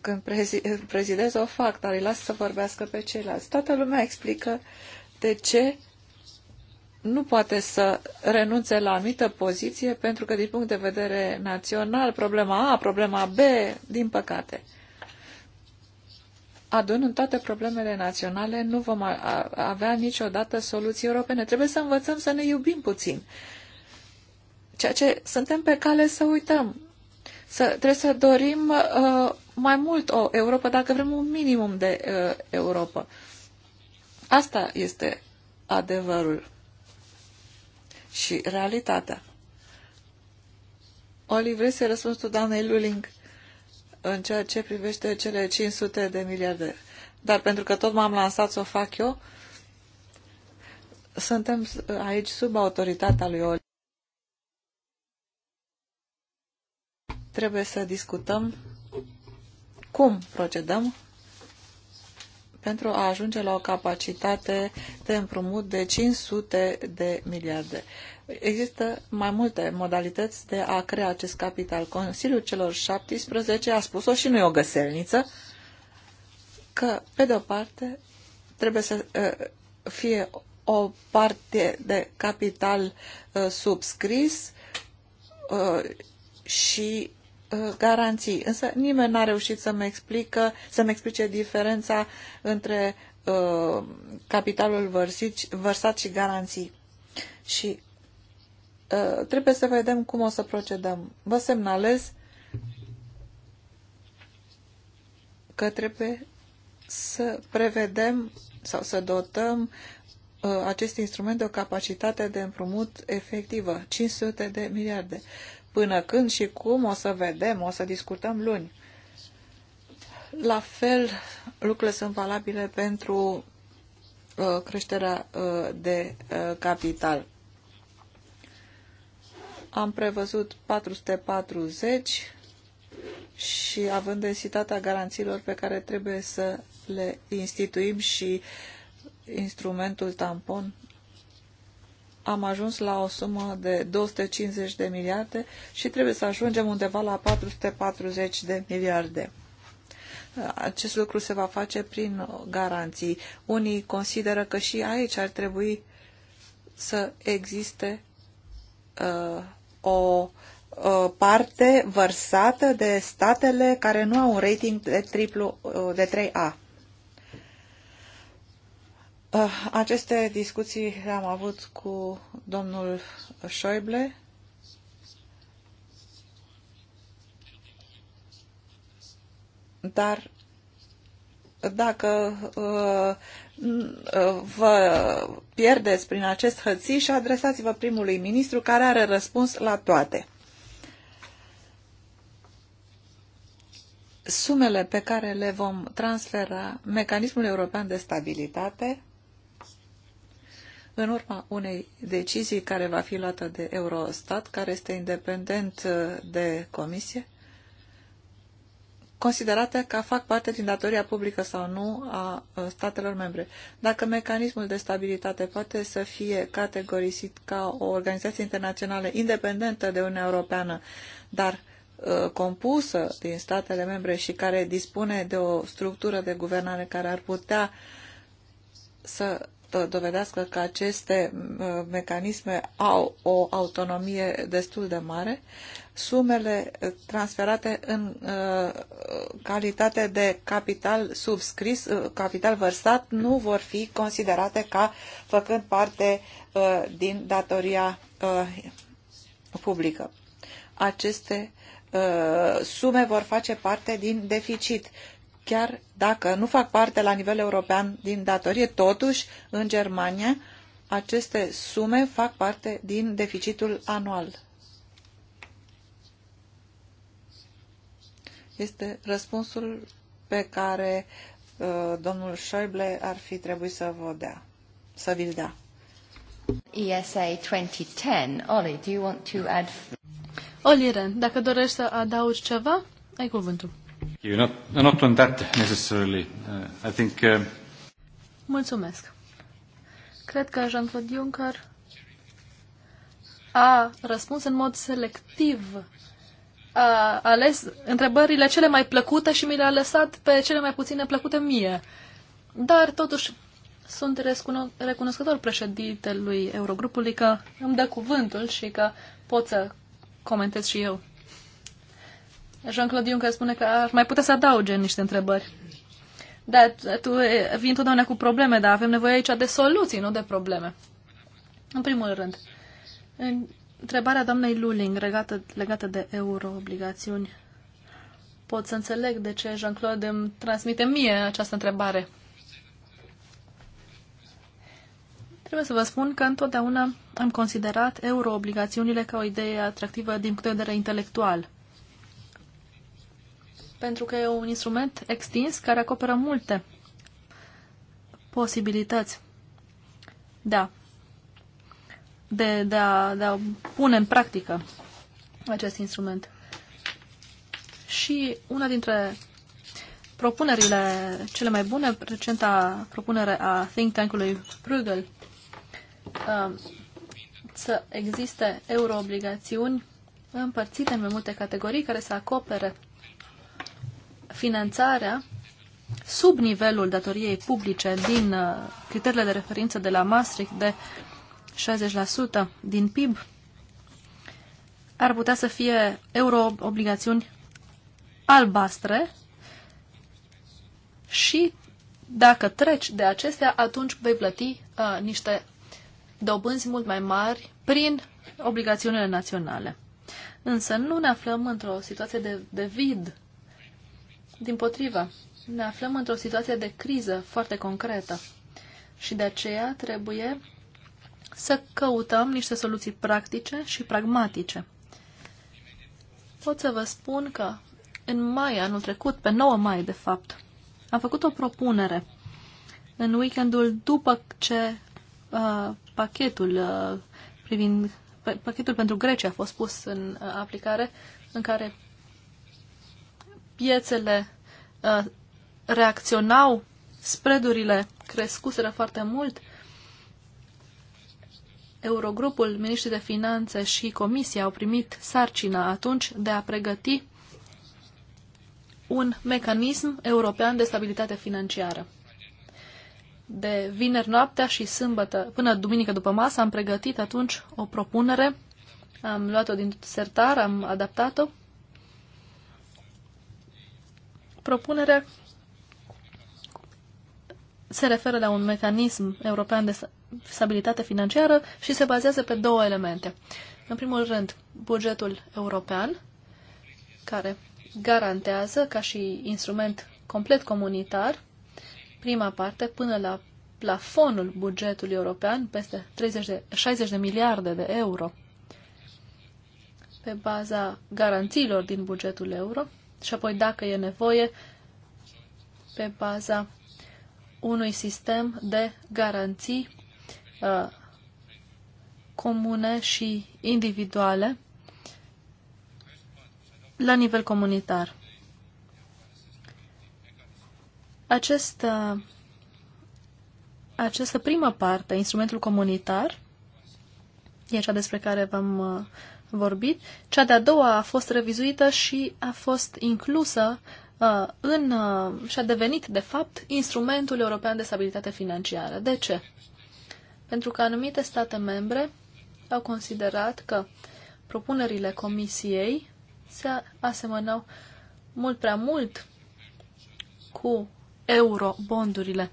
Când prezi, prezidez o fac, dar îi las să vorbească pe ceilalți. Toată lumea explică de ce nu poate să renunțe la anumită poziție pentru că din punct de vedere național, problema A, problema B, din păcate. Adunând toate problemele naționale, nu vom avea niciodată soluții europene. Trebuie să învățăm să ne iubim puțin. Ceea ce suntem pe cale să uităm. Să, trebuie să dorim uh, mai mult o Europa, dacă vrem un minimum de uh, Europa. Asta este adevărul și realitatea. Oli, vrei să răspunzi tu, doamnei Luling, în ceea ce privește cele 500 de miliarde? Dar pentru că tot m-am lansat să o fac eu, suntem aici sub autoritatea lui Oli. Trebuie să discutăm cum procedăm pentru a ajunge la o capacitate de împrumut de 500 de miliarde. Există mai multe modalități de a crea acest capital. Consiliul celor 17 a spus-o și nu e o găselniță, că, pe de-o parte, trebuie să uh, fie o parte de capital uh, subscris uh, și Uh, garanții. Însă nimeni n-a reușit să-mi explică, să-mi explice diferența între uh, capitalul vărsit, vărsat și garanții. Și uh, trebuie să vedem cum o să procedăm. Vă semnalez că trebuie să prevedem sau să dotăm acest instrument de o capacitate de împrumut efectivă, 500 de miliarde. Până când și cum o să vedem, o să discutăm luni. La fel, lucrurile sunt valabile pentru uh, creșterea uh, de uh, capital. Am prevăzut 440 și având densitatea garanțiilor pe care trebuie să le instituim și instrumentul tampon am ajuns la o sumă de 250 de miliarde și trebuie să ajungem undeva la 440 de miliarde. Acest lucru se va face prin garanții. Unii consideră că și aici ar trebui să existe uh, o uh, parte vărsată de statele care nu au un rating de, triplu, uh, de 3A. Ah, aceste discuții le-am avut cu domnul Schäuble. Dar dacă uh, uh, vă pierdeți prin acest hățiș, adresați-vă primului ministru care are răspuns la toate. Sumele pe care le vom transfera mecanismul european de stabilitate în urma unei decizii care va fi luată de Eurostat, care este independent uh, de comisie, considerate ca fac parte din datoria publică sau nu a uh, statelor membre. Dacă mecanismul de stabilitate poate să fie categorisit ca o organizație internațională independentă de Uniunea Europeană, dar uh, compusă din statele membre și care dispune de o structură de guvernare care ar putea să dovedească că aceste mecanisme au o autonomie destul de mare, sumele transferate în uh, calitate de capital subscris, uh, capital vărsat, nu vor fi considerate ca făcând parte uh, din datoria publică. Aceste sume vor face parte din deficit chiar dacă nu fac parte la nivel european din datorie, totuși, în Germania, aceste sume fac parte din deficitul anual. Este răspunsul pe care uh, domnul Schäuble ar fi trebuit să vă dea, să vi-l dea. ESA 2010. Oli, do you want to add... Oliren, dacă dorești să adaugi ceva, ai cuvântul. You not, not on that necessarily. Uh, I think, uh... Mulțumesc. Cred că Jean-Claude Juncker a răspuns în mod selectiv a ales întrebările cele mai plăcute și mi le-a lăsat pe cele mai puține plăcute mie. Dar totuși sunt recunoscător președintelui Eurogrupului că îmi dă cuvântul și că pot să comentez și eu. Jean-Claude Juncker spune că ar mai putea să adauge niște întrebări. Da, tu vii întotdeauna cu probleme, dar avem nevoie aici de soluții, nu de probleme. În primul rând, întrebarea doamnei Luling legată, legată de euroobligațiuni. Pot să înțeleg de ce Jean-Claude îmi transmite mie această întrebare. Trebuie să vă spun că întotdeauna am considerat euroobligațiunile ca o idee atractivă din punct de vedere intelectual pentru că e un instrument extins care acoperă multe posibilități. Da. De, de, a, de a pune în practică acest instrument. Și una dintre propunerile cele mai bune, recenta propunere a think tank-ului Bruegel, um, să existe euroobligațiuni împărțite în mai multe categorii care să acopere finanțarea sub nivelul datoriei publice din uh, criteriile de referință de la Maastricht de 60% din PIB ar putea să fie euroobligațiuni albastre și dacă treci de acestea, atunci vei plăti uh, niște dobânzi mult mai mari prin obligațiunile naționale. Însă nu ne aflăm într-o situație de, de vid din potrivă, ne aflăm într-o situație de criză foarte concretă și de aceea trebuie să căutăm niște soluții practice și pragmatice. Pot să vă spun că în mai anul trecut, pe 9 mai de fapt, am făcut o propunere în weekendul după ce uh, pachetul uh, privind pachetul pentru Grecia a fost pus în uh, aplicare, în care piețele uh, reacționau, spreadurile crescuseră foarte mult, Eurogrupul, Ministrii de Finanțe și Comisia au primit sarcina atunci de a pregăti un mecanism european de stabilitate financiară. De vineri noaptea și sâmbătă, până duminică după masă, am pregătit atunci o propunere, am luat-o din sertar, am adaptat-o Propunerea se referă la un mecanism european de stabilitate financiară și se bazează pe două elemente. În primul rând, bugetul european, care garantează ca și instrument complet comunitar, prima parte, până la plafonul bugetului european, peste 30 de, 60 de miliarde de euro, pe baza garanțiilor din bugetul euro, și apoi, dacă e nevoie, pe baza unui sistem de garanții uh, comune și individuale la nivel comunitar. Acest, uh, această primă parte, instrumentul comunitar, e cea despre care v-am uh, vorbit. Cea de-a doua a fost revizuită și a fost inclusă uh, în, uh, și a devenit, de fapt, instrumentul european de stabilitate financiară. De ce? Pentru că anumite state membre au considerat că propunerile comisiei se asemănau mult prea mult cu eurobondurile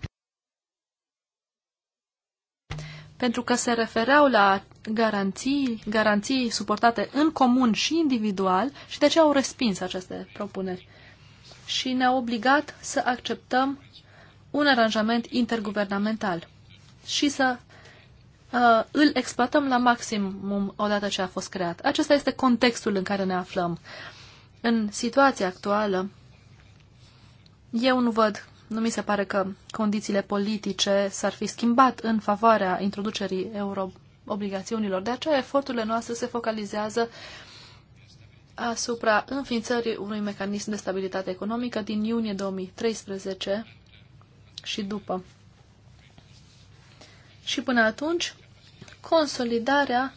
pentru că se refereau la garanții, garanții suportate în comun și individual și de ce au respins aceste propuneri. Și ne-au obligat să acceptăm un aranjament interguvernamental și să uh, îl exploatăm la maximum odată ce a fost creat. Acesta este contextul în care ne aflăm. În situația actuală, eu nu văd nu mi se pare că condițiile politice s-ar fi schimbat în favoarea introducerii euro obligațiunilor, De aceea, eforturile noastre se focalizează asupra înființării unui mecanism de stabilitate economică din iunie 2013 și după. Și până atunci, consolidarea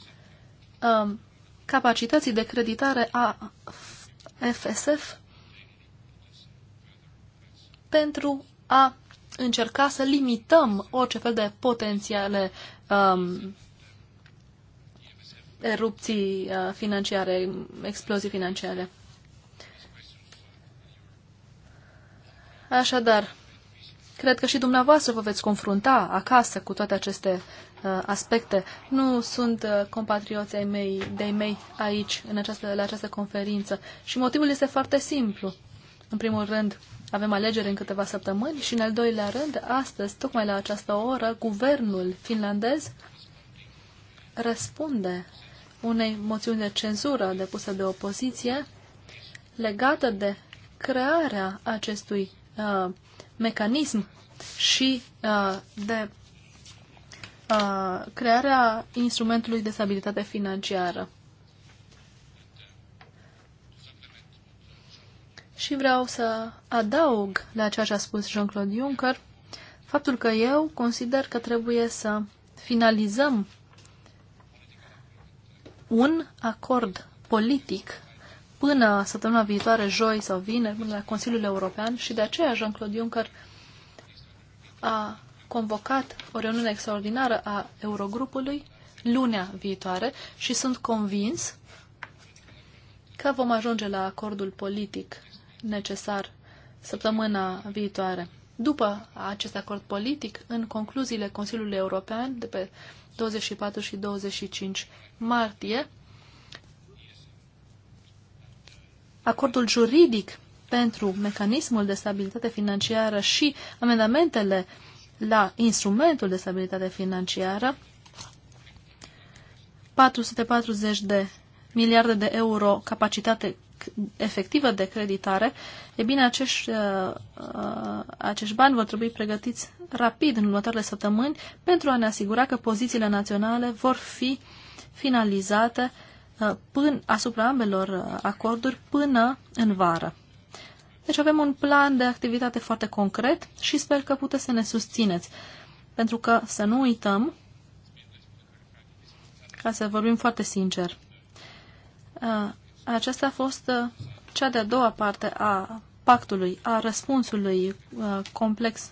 um, capacității de creditare a FSF pentru a încerca să limităm orice fel de potențiale um, erupții uh, financiare, explozii financiare. Așadar, cred că și dumneavoastră vă veți confrunta acasă cu toate aceste uh, aspecte. Nu sunt uh, compatrioții ai mei, de-ai mei aici, în această, la această conferință. Și motivul este foarte simplu. În primul rând, uh, avem alegeri în câteva săptămâni și, în al doilea rând, astăzi, tocmai la această oră, guvernul finlandez răspunde unei moțiuni de cenzură depusă de opoziție legată de crearea acestui uh, mecanism și uh, de uh, crearea instrumentului de stabilitate financiară. Și vreau să adaug la ceea ce a spus Jean-Claude Juncker faptul că eu consider că trebuie să finalizăm un acord politic până săptămâna viitoare, joi sau vineri, până la Consiliul European și de aceea Jean-Claude Juncker a convocat o reuniune extraordinară a Eurogrupului lunea viitoare și sunt convins că vom ajunge la acordul politic necesar săptămâna viitoare. După acest acord politic, în concluziile Consiliului European de pe 24 și 25 martie, acordul juridic pentru mecanismul de stabilitate financiară și amendamentele la instrumentul de stabilitate financiară, 440 de miliarde de euro capacitate efectivă de creditare, e bine, acești, uh, uh, acești bani vor trebui pregătiți rapid în următoarele săptămâni pentru a ne asigura că pozițiile naționale vor fi finalizate uh, până, asupra ambelor acorduri până în vară. Deci avem un plan de activitate foarte concret și sper că puteți să ne susțineți. Pentru că, să nu uităm, ca să vorbim foarte sincer, aceasta a fost uh, cea de-a doua parte a pactului, a răspunsului uh, complex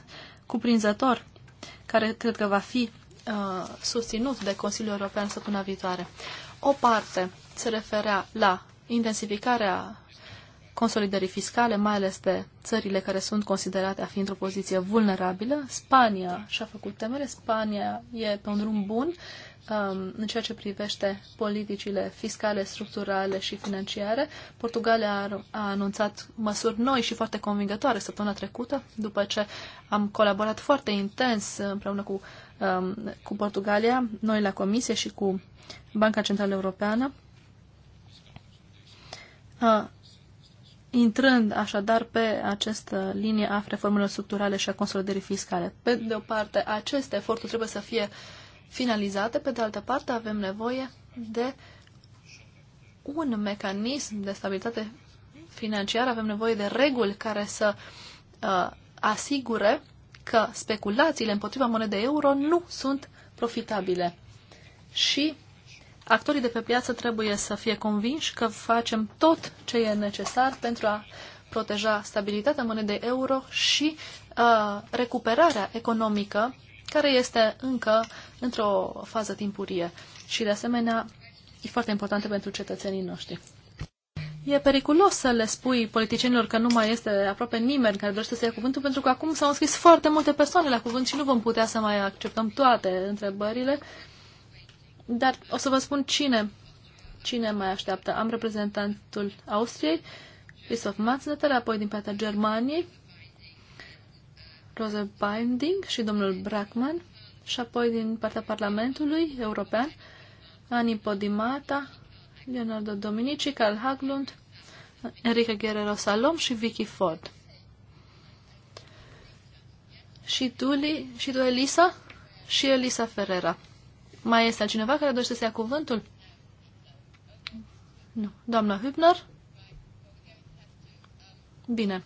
cuprinzător, care cred că va fi uh, susținut de Consiliul European săptămâna viitoare. O parte se referea la intensificarea consolidării fiscale, mai ales de țările care sunt considerate a fi într-o poziție vulnerabilă. Spania și-a făcut temele, Spania e pe un drum bun, Um, în ceea ce privește politicile fiscale, structurale și financiare. Portugalia a anunțat măsuri noi și foarte convingătoare săptămâna trecută, după ce am colaborat foarte intens împreună cu, um, cu Portugalia, noi la Comisie și cu Banca Centrală Europeană. Intrând așadar pe această linie a reformelor structurale și a consolidării fiscale. Pe de o parte, aceste eforturi trebuie să fie uh, finalizate, pe de altă parte avem nevoie de un mecanism de stabilitate financiară, avem nevoie de reguli care să uh, asigure că speculațiile împotriva monedei euro nu sunt profitabile. Și actorii de pe piață trebuie să fie convinși că facem tot ce e necesar pentru a proteja stabilitatea monedei euro și uh, recuperarea economică, care este încă într-o fază timpurie și, de asemenea, e foarte importantă pentru cetățenii noștri. E periculos să le spui politicienilor că nu mai este aproape nimeni care dorește să ia cuvântul, pentru că acum s-au înscris foarte multe persoane la cuvânt și nu vom putea să mai acceptăm toate întrebările. Dar o să vă spun cine, cine mai așteaptă. Am reprezentantul Austriei, Christoph Matzneter, apoi din partea Germaniei, Rose Binding și domnul Brackman și apoi din partea Parlamentului European, Ani Podimata, Leonardo Dominici, Carl Haglund, Enrique Guerrero Salom și Vicky Ford. Și tu, Li, și tu Elisa și Elisa Ferrera. Mai este cineva care dorește să ia cuvântul? Nu. Doamna Hübner? Bine.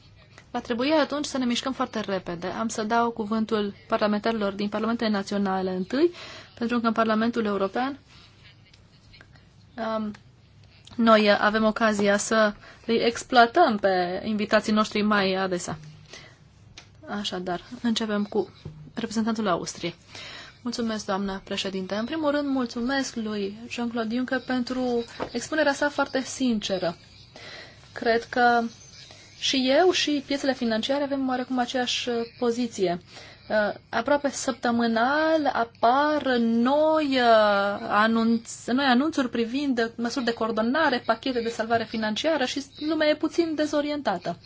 Va trebui atunci să ne mișcăm foarte repede. Am să dau cuvântul parlamentarilor din Parlamentele Naționale întâi, pentru că în Parlamentul European um, noi avem ocazia să îi exploatăm pe invitații noștri mai adesea. Așadar, începem cu reprezentantul Austriei. Mulțumesc, doamna președinte. În primul rând, mulțumesc lui Jean-Claude Juncker pentru expunerea sa foarte sinceră. Cred că și eu și piețele financiare avem oarecum aceeași uh, poziție. Uh, aproape săptămânal apar noi, uh, anunț, noi anunțuri privind măsuri de coordonare, pachete de salvare financiară și lumea e puțin dezorientată.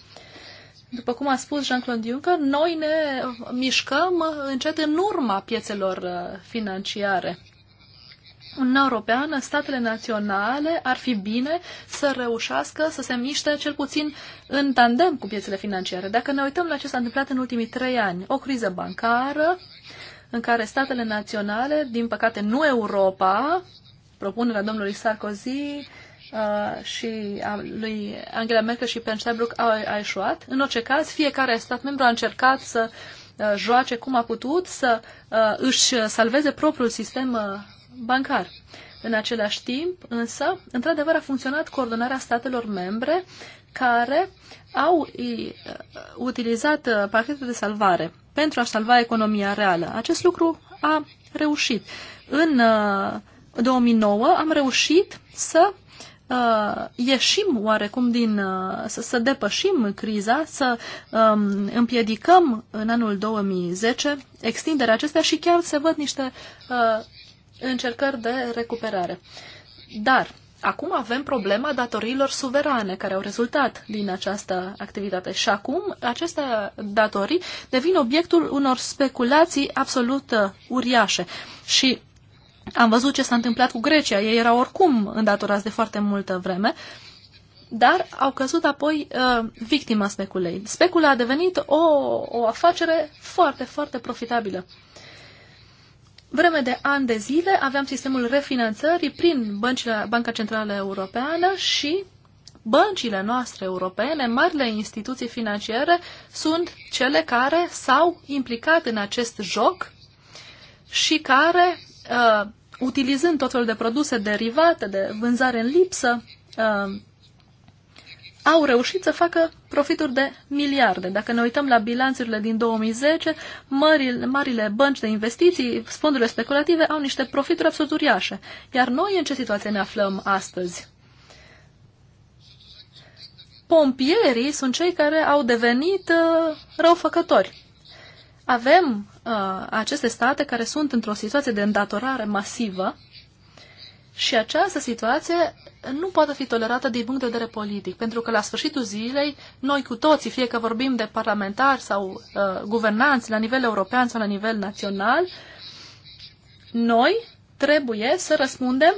După cum a spus Jean-Claude Juncker, noi ne mișcăm încet în urma piețelor financiare. Uniunea Europeană, statele naționale ar fi bine să reușească să se miște cel puțin în tandem cu piețele financiare. Dacă ne uităm la ce s-a întâmplat în ultimii trei ani, o criză bancară în care statele naționale, din păcate nu Europa, propunerea domnului Sarkozy, uh, și a lui Angela Merkel și Ben Steinbrück au, eșuat. În orice caz, fiecare stat membru a încercat să uh, joace cum a putut, să uh, își salveze propriul sistem uh, bancar. În același timp, însă, într-adevăr a funcționat coordonarea statelor membre care au uh, utilizat uh, pachetul de salvare pentru a salva economia reală. Acest lucru a reușit. În 2009 uh, am reușit să ieșim oarecum din, să, să depășim criza, să um, împiedicăm în anul 2010 extinderea acestea și chiar se văd niște uh, încercări de recuperare. Dar acum avem problema datoriilor suverane care au rezultat din această activitate și acum aceste datorii devin obiectul unor speculații absolut uh, uriașe și am văzut ce s-a întâmplat cu Grecia. Ei erau oricum îndatorați de foarte multă vreme, dar au căzut apoi uh, victima speculei. Specula a devenit o, o afacere foarte, foarte profitabilă. Vreme de ani de zile aveam sistemul refinanțării prin băncile, Banca Centrală Europeană și băncile noastre europene, marile instituții financiare, sunt cele care s-au implicat în acest joc și care, uh, utilizând tot felul de produse derivate, de vânzare în lipsă, uh, au reușit să facă profituri de miliarde. Dacă ne uităm la bilanțurile din 2010, marile, marile bănci de investiții, fondurile speculative au niște profituri absolut uriașe. Iar noi în ce situație ne aflăm astăzi? Pompierii sunt cei care au devenit uh, răufăcători. Avem uh, aceste state care sunt într-o situație de îndatorare masivă și această situație nu poate fi tolerată din punct de vedere politic, pentru că la sfârșitul zilei, noi cu toții, fie că vorbim de parlamentari sau uh, guvernanți la nivel european sau la nivel național, noi trebuie să răspundem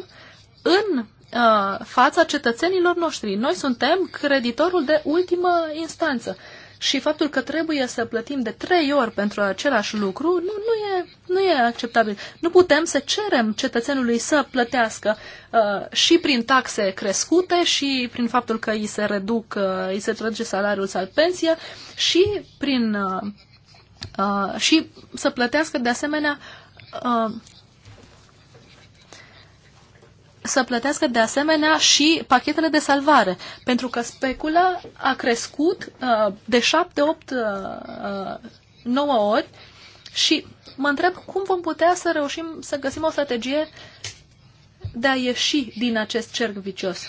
în uh, fața cetățenilor noștri. Noi suntem creditorul de ultimă instanță. Uh, și faptul că trebuie să plătim de trei ori pentru același lucru nu, nu, e, nu e acceptabil. Nu putem să cerem cetățenului să plătească uh, și prin taxe crescute și prin faptul că îi se reduc, uh, îi se trage salariul sau pensia și prin uh, uh, și să plătească de asemenea uh, să plătească de asemenea și pachetele de salvare, pentru că specula a crescut uh, de 7, 8, uh, 9 uh, ori și mă întreb cum vom putea să reușim să găsim o strategie de a ieși din acest cerc vicios.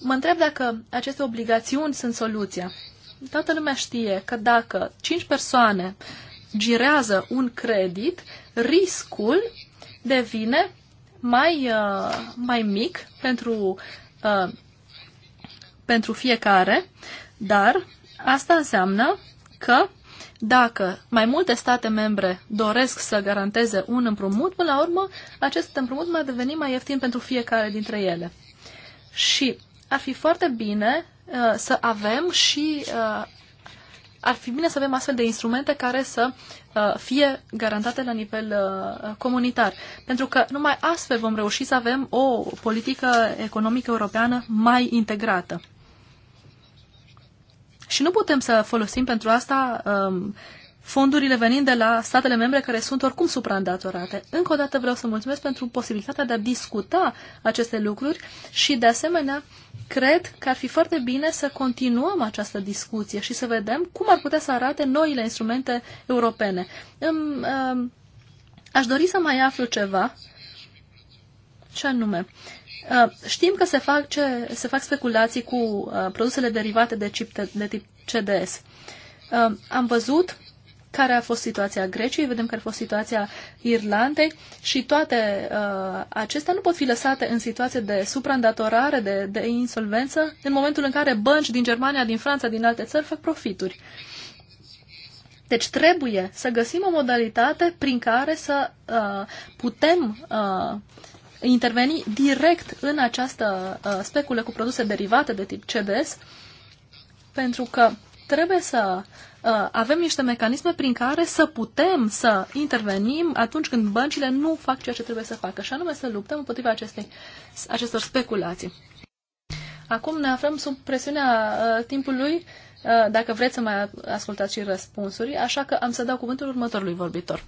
Mă întreb dacă aceste obligațiuni sunt soluția. Toată lumea știe că dacă 5 persoane girează un credit, riscul devine mai, uh, mai mic pentru, uh, pentru fiecare, dar asta înseamnă că dacă mai multe state membre doresc să garanteze un împrumut, până la urmă, acest împrumut va deveni mai ieftin pentru fiecare dintre ele. Și ar fi foarte bine uh, să avem și uh, ar fi bine să avem astfel de instrumente care să uh, fie garantate la nivel uh, comunitar. Pentru că numai astfel vom reuși să avem o politică economică europeană mai integrată. Și nu putem să folosim pentru asta um, fondurile venind de la statele membre care sunt oricum supraîndatorate. Încă o dată vreau să mulțumesc pentru posibilitatea de a discuta aceste lucruri și, de asemenea, cred că ar fi foarte bine să continuăm această discuție și să vedem cum ar putea să arate noile instrumente europene. Um, aș dori să mai aflu ceva, Ce anume, uh, știm că se fac, ce, se fac speculații cu uh, produsele derivate de, chip, de tip CDS. Uh, am văzut care a fost situația Greciei, vedem care a fost situația Irlandei și toate uh, acestea nu pot fi lăsate în situație de supraîndatorare, de, de insolvență, în momentul în care bănci din Germania, din Franța, din alte țări fac profituri. Deci trebuie să găsim o modalitate prin care să uh, putem uh, interveni direct în această uh, speculă cu produse derivate de tip CDS, pentru că trebuie să uh, Uh, avem niște mecanisme prin care să putem să intervenim atunci când băncile nu fac ceea ce trebuie să facă, și anume să luptăm împotriva acestei, acestor speculații. Acum ne aflăm sub presiunea uh, timpului, uh, dacă vreți să mai ascultați și răspunsuri, așa că am să dau cuvântul următorului vorbitor.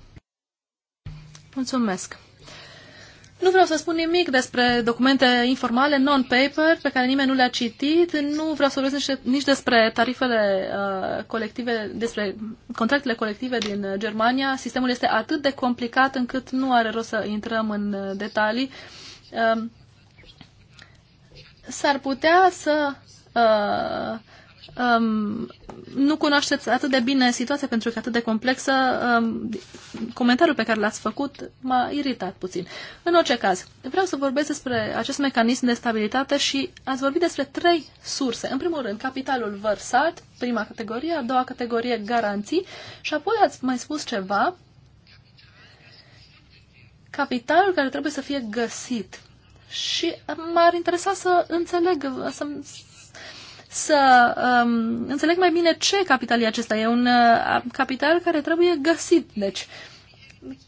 Mulțumesc! Nu vreau să spun nimic despre documente informale, non-paper, pe care nimeni nu le-a citit. Nu vreau să vorbesc nici, despre tarifele uh, colective, despre contractele colective din Germania. Sistemul este atât de complicat încât nu are rost să intrăm în uh, detalii. Uh, s-ar putea să uh, um, nu cunoașteți atât de bine situația pentru că atât de complexă. Um, comentariul pe care l-ați făcut m-a iritat puțin. În orice caz, vreau să vorbesc despre acest mecanism de stabilitate și ați vorbit despre trei surse. În primul rând, capitalul vărsat, prima categorie, a doua categorie, garanții și apoi ați mai spus ceva capitalul care trebuie să fie găsit. Și m-ar interesa să înțeleg, să, să um, înțeleg mai bine ce capital e acesta. E un uh, capital care trebuie găsit. Deci,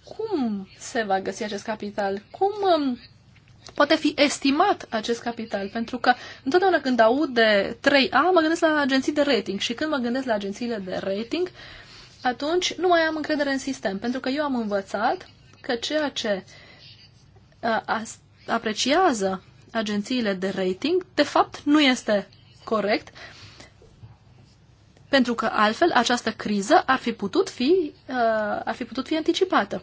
cum se va găsi acest capital? Cum um, poate fi estimat acest capital? Pentru că întotdeauna când aud de 3A, mă gândesc la agenții de rating. Și când mă gândesc la agențiile de rating, atunci nu mai am încredere în sistem. Pentru că eu am învățat că ceea ce uh, apreciază agențiile de rating, de fapt, nu este corect, pentru că altfel această criză ar fi putut fi, uh, ar fi, putut fi anticipată.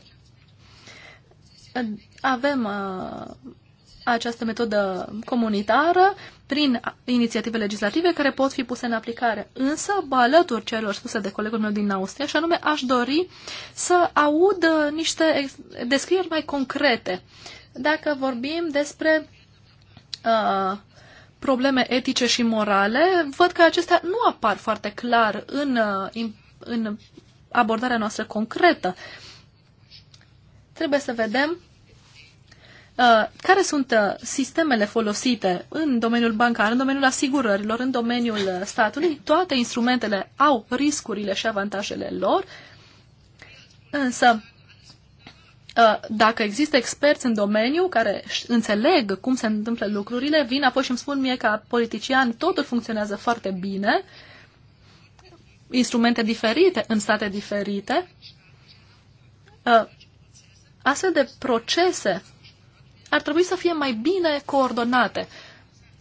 Avem uh, această metodă comunitară prin inițiative legislative care pot fi puse în aplicare. Însă, alături celor spuse de colegul meu din Austria, și anume aș dori să aud uh, niște descrieri mai concrete. Dacă vorbim despre uh, probleme etice și morale, văd că acestea nu apar foarte clar în, uh, în abordarea noastră concretă. Trebuie să vedem uh, care sunt uh, sistemele folosite în domeniul bancar, în domeniul asigurărilor, în domeniul statului. Toate instrumentele au riscurile și avantajele lor, însă Uh, dacă există experți în domeniu care înțeleg cum se întâmplă lucrurile, vin apoi și îmi spun mie ca politician totul funcționează foarte bine, instrumente diferite în state diferite. Uh, astfel de procese ar trebui să fie mai bine coordonate.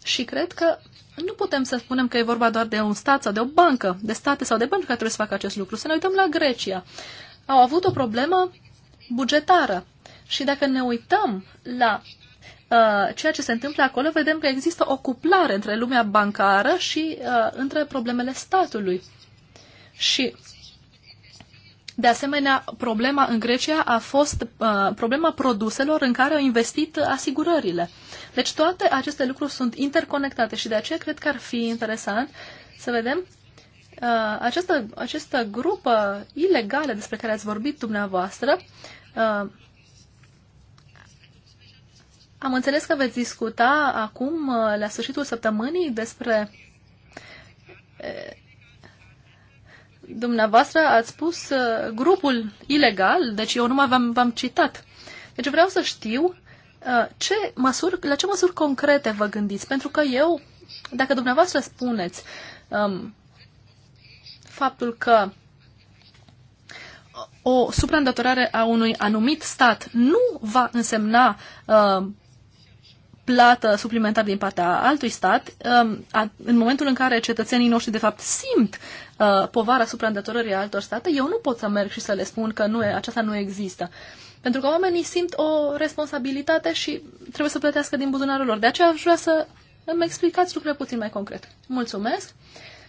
Și cred că nu putem să spunem că e vorba doar de un stat sau de o bancă, de state sau de bănci care trebuie să facă acest lucru. Să ne uităm la Grecia. Au avut o problemă bugetară. Și dacă ne uităm la uh, ceea ce se întâmplă acolo, vedem că există o cuplare între lumea bancară și uh, între problemele statului. Și de asemenea, problema în Grecia a fost uh, problema produselor în care au investit asigurările. Deci toate aceste lucruri sunt interconectate și de aceea cred că ar fi interesant să vedem Uh, această, această grupă ilegală despre care ați vorbit dumneavoastră, uh, am înțeles că veți discuta acum, uh, la sfârșitul săptămânii, despre dumneavoastră ați spus uh, grupul ilegal, deci eu numai v-am, v-am citat. Deci vreau să știu uh, ce măsuri, la ce măsuri concrete vă gândiți, pentru că eu, dacă dumneavoastră spuneți um, faptul că o supraîndătorare a unui anumit stat nu va însemna uh, plată suplimentară din partea altui stat, um, în momentul în care cetățenii noștri, de fapt, simt uh, povara supraîndătorării a altor state, eu nu pot să merg și să le spun că nu e, aceasta nu există. Pentru că oamenii simt o responsabilitate și trebuie să plătească din buzunarul lor. De aceea aș vrea să îmi explicați lucrurile puțin mai concret. Mulțumesc!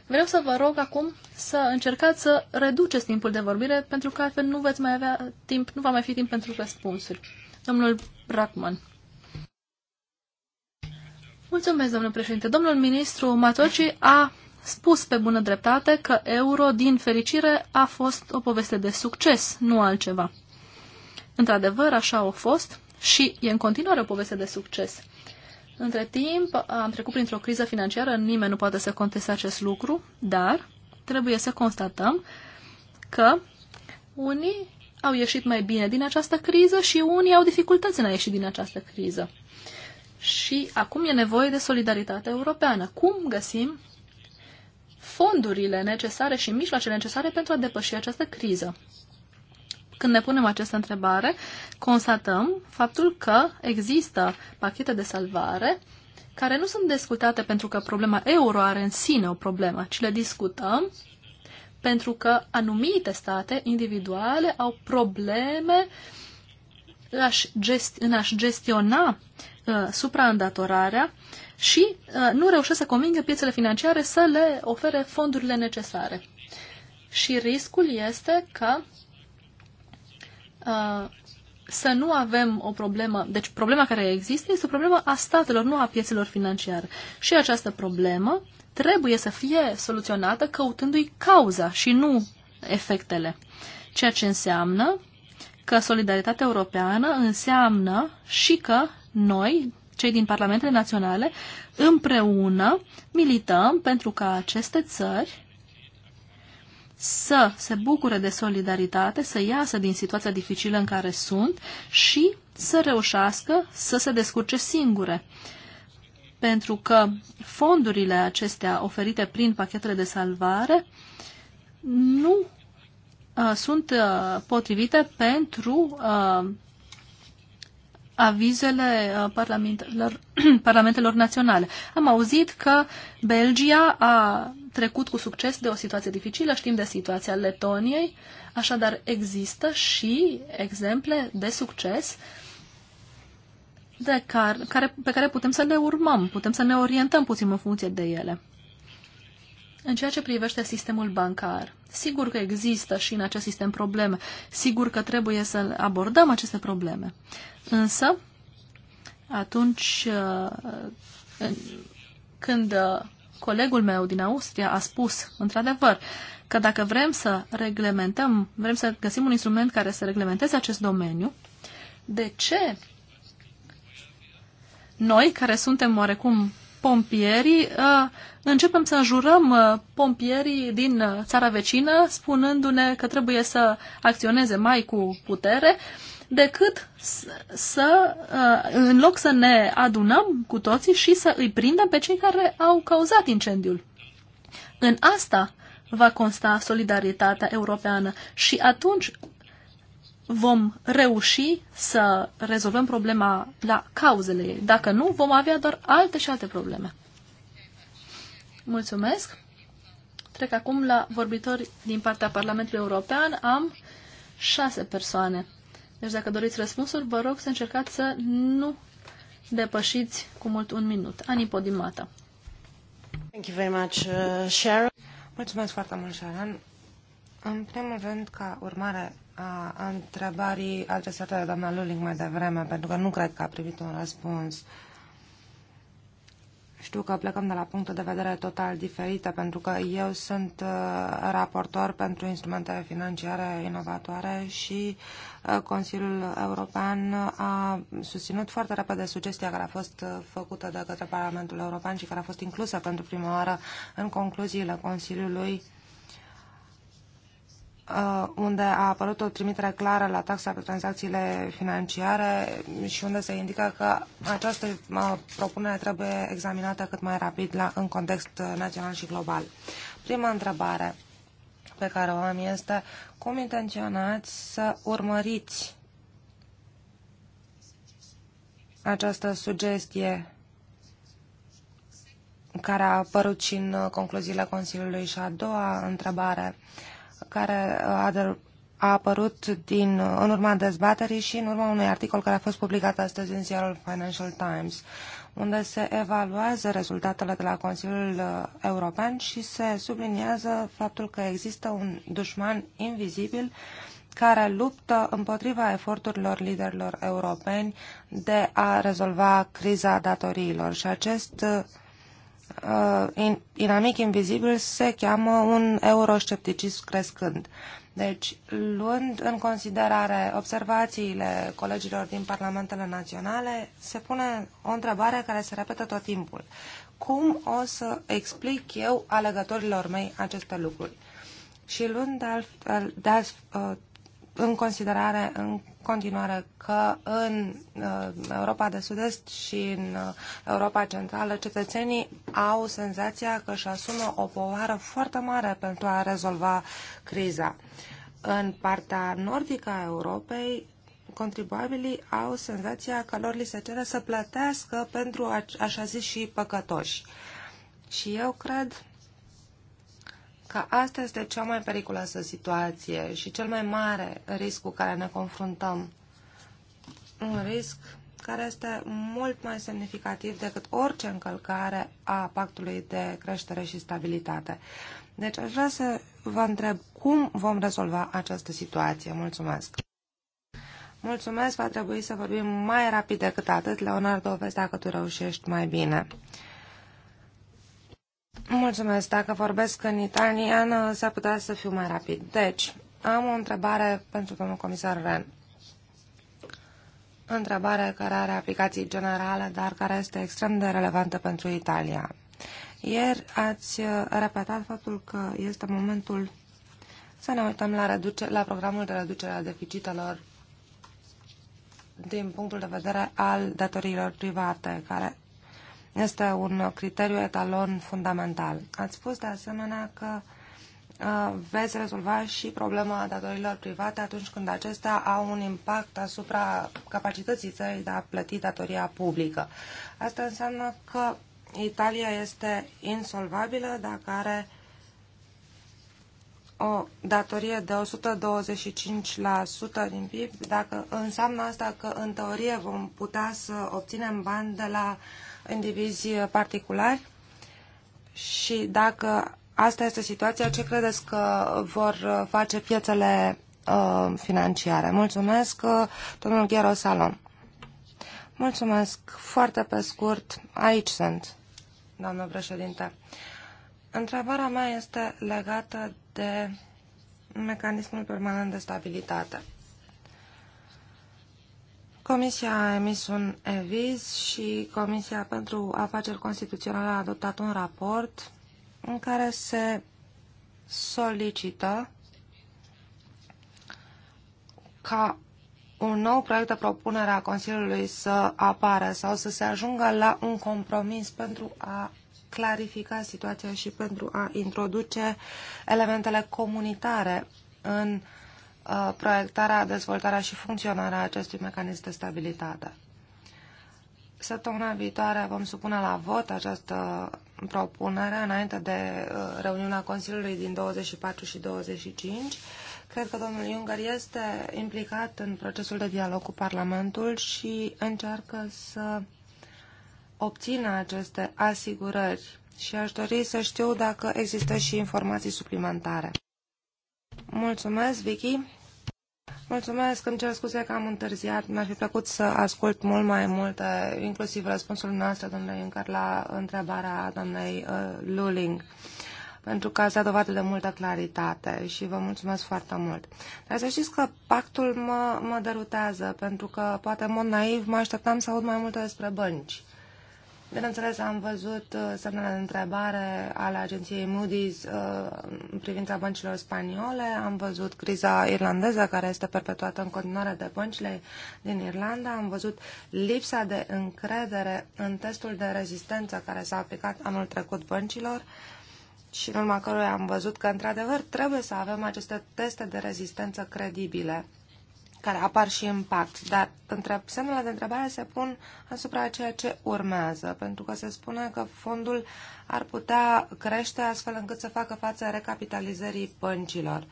Vreau să vă rog acum să încercați să reduceți timpul de vorbire, pentru că altfel nu veți mai avea timp, nu va mai fi timp pentru răspunsuri. Domnul Brackman. Mulțumesc, domnule președinte. Domnul ministru Matoci a spus pe bună dreptate că euro, din fericire, a fost o poveste de succes, nu altceva. Într-adevăr, așa a fost și e în continuare o poveste de succes. Între timp, am trecut printr-o criză financiară, nimeni nu poate să conteste acest lucru, dar trebuie să constatăm că unii au ieșit mai bine din această criză și unii au dificultăți în a ieși din această criză. Și acum e nevoie de solidaritate europeană. Cum găsim fondurile necesare și mijloacele necesare pentru a depăși această criză? când ne punem această întrebare, constatăm faptul că există pachete de salvare care nu sunt discutate pentru că problema euro are în sine o problemă, ci le discutăm pentru că anumite state individuale au probleme în a-și gestiona uh, supraîndatorarea și uh, nu reușesc să convingă piețele financiare să le ofere fondurile necesare. Și riscul este că Uh, să nu avem o problemă, deci problema care există este o problemă a statelor, nu a piețelor financiare. Și această problemă trebuie să fie soluționată căutându-i cauza și nu efectele. Ceea ce înseamnă că solidaritatea europeană înseamnă și că noi, cei din parlamentele naționale, împreună milităm pentru ca aceste țări să se bucure de solidaritate, să iasă din situația dificilă în care sunt și să reușească să se descurce singure. Pentru că fondurile acestea oferite prin pachetele de salvare nu uh, sunt uh, potrivite pentru uh, avizele uh, parlamentelor, parlamentelor naționale. Am auzit că Belgia a trecut cu succes de o situație dificilă, știm de situația Letoniei, așadar există și exemple de succes de care, care, pe care putem să le urmăm, putem să ne orientăm puțin în funcție de ele. În ceea ce privește sistemul bancar, sigur că există și în acest sistem probleme, sigur că trebuie să abordăm aceste probleme, însă atunci uh, când uh, colegul meu din Austria a spus, într-adevăr, că dacă vrem să reglementăm, vrem să găsim un instrument care să reglementeze acest domeniu, de ce noi, care suntem oarecum pompierii, uh, începem să înjurăm uh, pompierii din uh, țara vecină, spunându-ne că trebuie să acționeze mai cu putere, decât să, uh, în loc să ne adunăm cu toții și să îi prindem pe cei care au cauzat incendiul. În asta va consta solidaritatea europeană și atunci vom reuși să rezolvăm problema la cauzele ei. Dacă nu, vom avea doar alte și alte probleme. Mulțumesc. Trec acum la vorbitori din partea Parlamentului European. Am șase persoane deci dacă doriți răspunsuri, vă rog să încercați să nu depășiți cu mult un minut. Ani Podimata. Thank you very much, uh, Sharon. Mulțumesc foarte mult, Sharon. În primul rând, ca urmare a întrebării adresate de doamna Luling mai devreme, pentru că nu cred că a primit un răspuns uh, știu că plecăm de la puncte de vedere total diferite, pentru că eu sunt uh, raportor pentru instrumentele financiare inovatoare și uh, Consiliul European a susținut foarte repede sugestia care a fost uh, făcută de către Parlamentul European și care a fost inclusă pentru prima oară în concluziile Consiliului Uh, unde a apărut o trimitere clară la taxa pe tranzacțiile financiare și unde se indică că această uh, propunere trebuie examinată cât mai rapid la, în context național și global. Prima întrebare pe care o am este cum intenționați să urmăriți această sugestie care a apărut și în uh, concluziile Consiliului și a doua întrebare uh, care uh, a, a apărut din, uh, în urma dezbaterii și în urma unui articol care a fost publicat astăzi în ziarul Financial Times, unde se evaluează rezultatele de la Consiliul uh, European și se subliniază faptul că există un dușman invizibil care luptă împotriva eforturilor liderilor europeni de a rezolva criza datoriilor. Și acest uh, uh, inamic invizibil se cheamă un euroscepticism crescând. Deci, luând în considerare observațiile colegilor din parlamentele naționale, se pune o întrebare care se repetă tot timpul. Cum o să explic eu alegătorilor mei aceste lucruri? Și luând de, alt, de uh, în considerare în continuare că în uh, Europa de Sud-Est și în uh, Europa Centrală cetățenii au senzația că își asumă o povară foarte mare pentru a rezolva criza. În partea nordică a Europei, contribuabilii au senzația că lor li se cere să plătească pentru așa zis și păcătoși. Și eu cred că asta este cea mai periculoasă situație și cel mai mare risc cu care ne confruntăm. Un risc care este mult mai semnificativ decât orice încălcare a pactului de creștere și stabilitate. Deci aș vrea să vă întreb cum vom rezolva această situație. Mulțumesc! Mulțumesc, va trebui să vorbim mai rapid decât atât. Leonardo, vezi dacă tu reușești mai bine. Mulțumesc. Dacă vorbesc în italiană, s-ar putea să fiu mai rapid. Deci, am o întrebare pentru domnul comisar Ren. Întrebare care are aplicații generale, dar care este extrem de relevantă pentru Italia. Ieri ați uh, repetat faptul că este momentul să ne uităm la, reduce, la programul de reducere a deficitelor din punctul de vedere al datoriilor private, care este un criteriu etalon fundamental. Ați spus de asemenea că uh, veți rezolva și problema datorilor private atunci când acestea au un impact asupra capacității țării de a plăti datoria publică. Asta înseamnă că Italia este insolvabilă dacă are o datorie de 125% din PIB, dacă înseamnă asta că în teorie vom putea să obținem bani de la uh, în divizi particulari și dacă asta este situația, ce credeți că vor face piețele uh, financiare? Mulțumesc, uh, domnul Ghero Salon. Mulțumesc. Foarte pe scurt, aici sunt, doamnă președinte. Întrebarea mea este legată de mecanismul permanent de stabilitate. Comisia a emis un eviz și Comisia pentru Afaceri Constituționale a adoptat un raport în care se solicită ca un nou proiect de propunere a Consiliului să apară sau să se ajungă la un compromis pentru a clarifica situația și pentru a introduce elementele comunitare în uh, Uh, proiectarea, dezvoltarea și funcționarea acestui mecanism de stabilitate. Săptămâna viitoare vom supune la vot această propunere înainte de uh, reuniunea Consiliului din 24 și 25. Cred că domnul Juncker este implicat în procesul de dialog cu Parlamentul și încearcă să obțină aceste asigurări și aș dori să știu dacă există și informații suplimentare. Mulțumesc, Vicky. Mulțumesc, îmi cer scuze că am întârziat. Mi-ar fi plăcut să ascult mult mai multe, inclusiv răspunsul noastră, domnule Juncker, la întrebarea doamnei uh, Luling, pentru că ați dat dovadă de multă claritate și vă mulțumesc foarte mult. Dar să știți că pactul mă, mă derutează, pentru că poate în mod naiv mă așteptam să aud mai multe despre bănci. Bineînțeles, am văzut uh, semnele de întrebare ale agenției Moody's uh, în privința băncilor spaniole, am văzut criza irlandeză care este perpetuată în continuare de băncile din Irlanda, am văzut lipsa de încredere în testul de rezistență care s-a aplicat anul trecut băncilor și în urma căruia am văzut că, într-adevăr, trebuie să avem aceste teste de rezistență credibile care apar și în pact, dar între, semnele de întrebare se pun asupra ceea ce urmează, pentru că se spune că fondul ar putea crește astfel încât să facă față recapitalizării băncilor.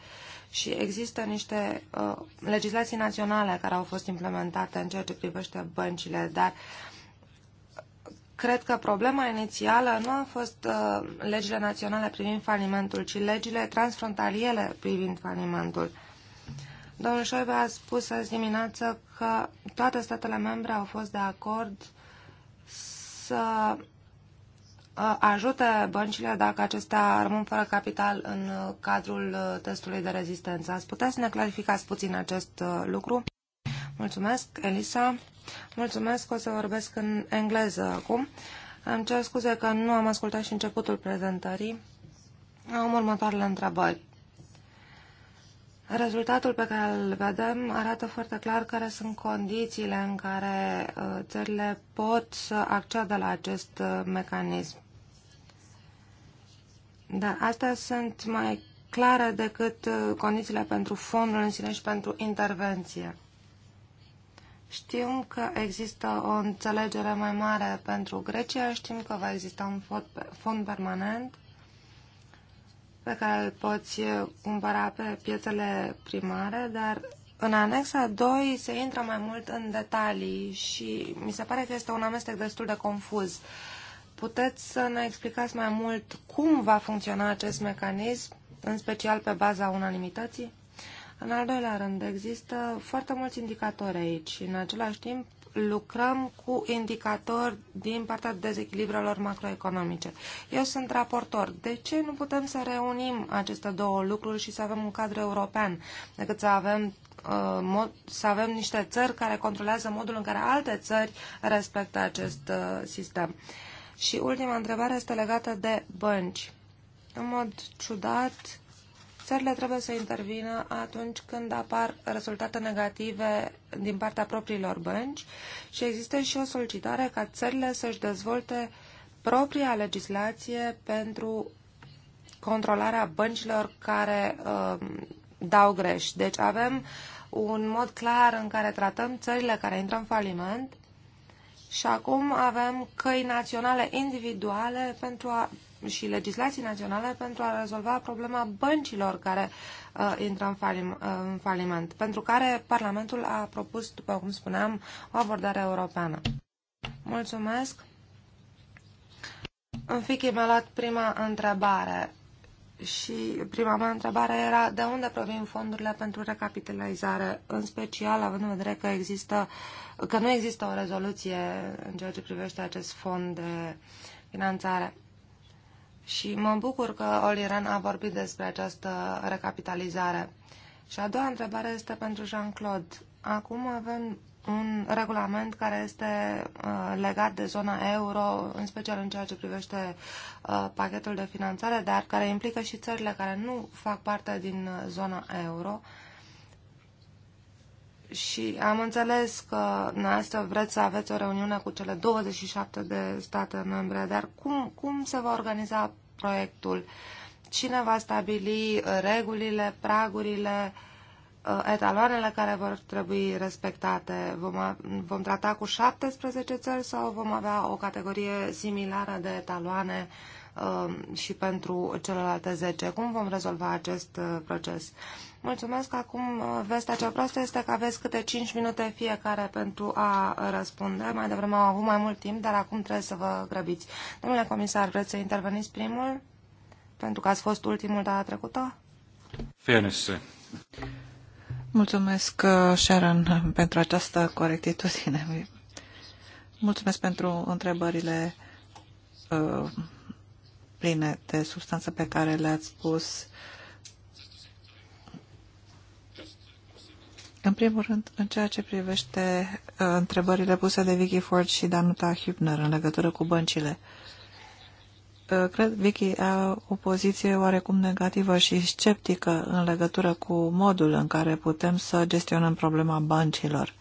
Și există niște uh, legislații naționale care au fost implementate în ceea ce privește băncile, dar cred că problema inițială nu a fost uh, legile naționale privind falimentul, ci legile transfrontaliere privind falimentul. Uh, Domnul Șoibe a spus azi dimineață că toate statele membre au fost de acord să uh, ajute băncile dacă acestea rămân fără capital în uh, cadrul uh, testului de rezistență. Ați putea să ne clarificați puțin acest lucru? Mulțumesc, Elisa. Mulțumesc, o să vorbesc în engleză acum. Îmi cer scuze că nu am ascultat și începutul prezentării. Am următoarele întrebări. Rezultatul pe care îl vedem arată foarte clar care sunt condițiile în care uh, țările pot să acceadă la acest uh, mecanism. Dar astea sunt mai clare decât uh, condițiile pentru fondul în sine și pentru intervenție. Știm că există o înțelegere mai mare pentru Grecia, știm că va exista un fond permanent pe care îl poți cumpăra pe piețele primare, dar în anexa 2 se intră mai mult în detalii și mi se pare că este un amestec destul de confuz. Puteți să ne explicați mai mult cum va funcționa acest mecanism, în special pe baza unanimității? În al doilea rând, există foarte mulți indicatori aici și în același timp lucrăm cu indicatori din partea dezechilibrelor macroeconomice. Eu sunt raportor. De ce nu putem să reunim aceste două lucruri și să avem un cadru european, decât să avem uh, mod, să avem niște țări care controlează modul în care alte țări respectă acest uh, sistem. Și ultima întrebare este legată de bănci. În mod ciudat, țările trebuie să intervină atunci când apar rezultate negative din partea propriilor bănci și există și o solicitare ca țările să-și dezvolte propria legislație pentru controlarea băncilor care uh, dau greș. Deci avem un mod clar în care tratăm țările care intră în faliment și acum avem căi naționale individuale pentru a și legislații naționale pentru a rezolva problema băncilor care uh, intră în, falim, uh, în faliment, pentru care Parlamentul a propus, după cum spuneam, o abordare europeană. Mulțumesc! În fichi mi-a luat prima întrebare și prima mea întrebare era de unde provin fondurile pentru recapitalizare, în special având în vedere că, există, că nu există o rezoluție în ceea ce privește acest fond de finanțare. Și mă bucur că Oliren a vorbit despre această recapitalizare. Și a doua întrebare este pentru Jean-Claude. Acum avem un regulament care este uh, legat de zona euro, în special în ceea ce privește uh, pachetul de finanțare, dar care implică și țările care nu fac parte din uh, zona euro. Uh, și am înțeles că noastră vreți să aveți o reuniune cu cele 27 de state membre, dar cum, cum se va organiza proiectul? Cine va stabili uh, regulile, pragurile, uh, etaloanele care vor trebui respectate? Vom, vom trata cu 17 țări sau vom avea o categorie similară de etaloane uh, și pentru celelalte 10? Cum vom rezolva acest proces? Mulțumesc. Acum uh, vestea cea proastă este că aveți câte 5 minute fiecare pentru a uh, răspunde. Mai devreme am avut mai mult timp, dar acum trebuie să vă grăbiți. Domnule comisar, vreți să interveniți primul? Pentru că ați fost ultimul data trecută? Fairness. Mulțumesc, uh, Sharon, pentru această corectitudine. Mulțumesc pentru întrebările uh, pline de substanță pe care le-ați pus uh, În primul rând, în ceea ce privește uh, întrebările puse de Vicky Ford și Danuta Hübner în legătură cu băncile, uh, cred Vicky a o poziție oarecum negativă și sceptică în legătură cu modul în care putem să gestionăm problema băncilor.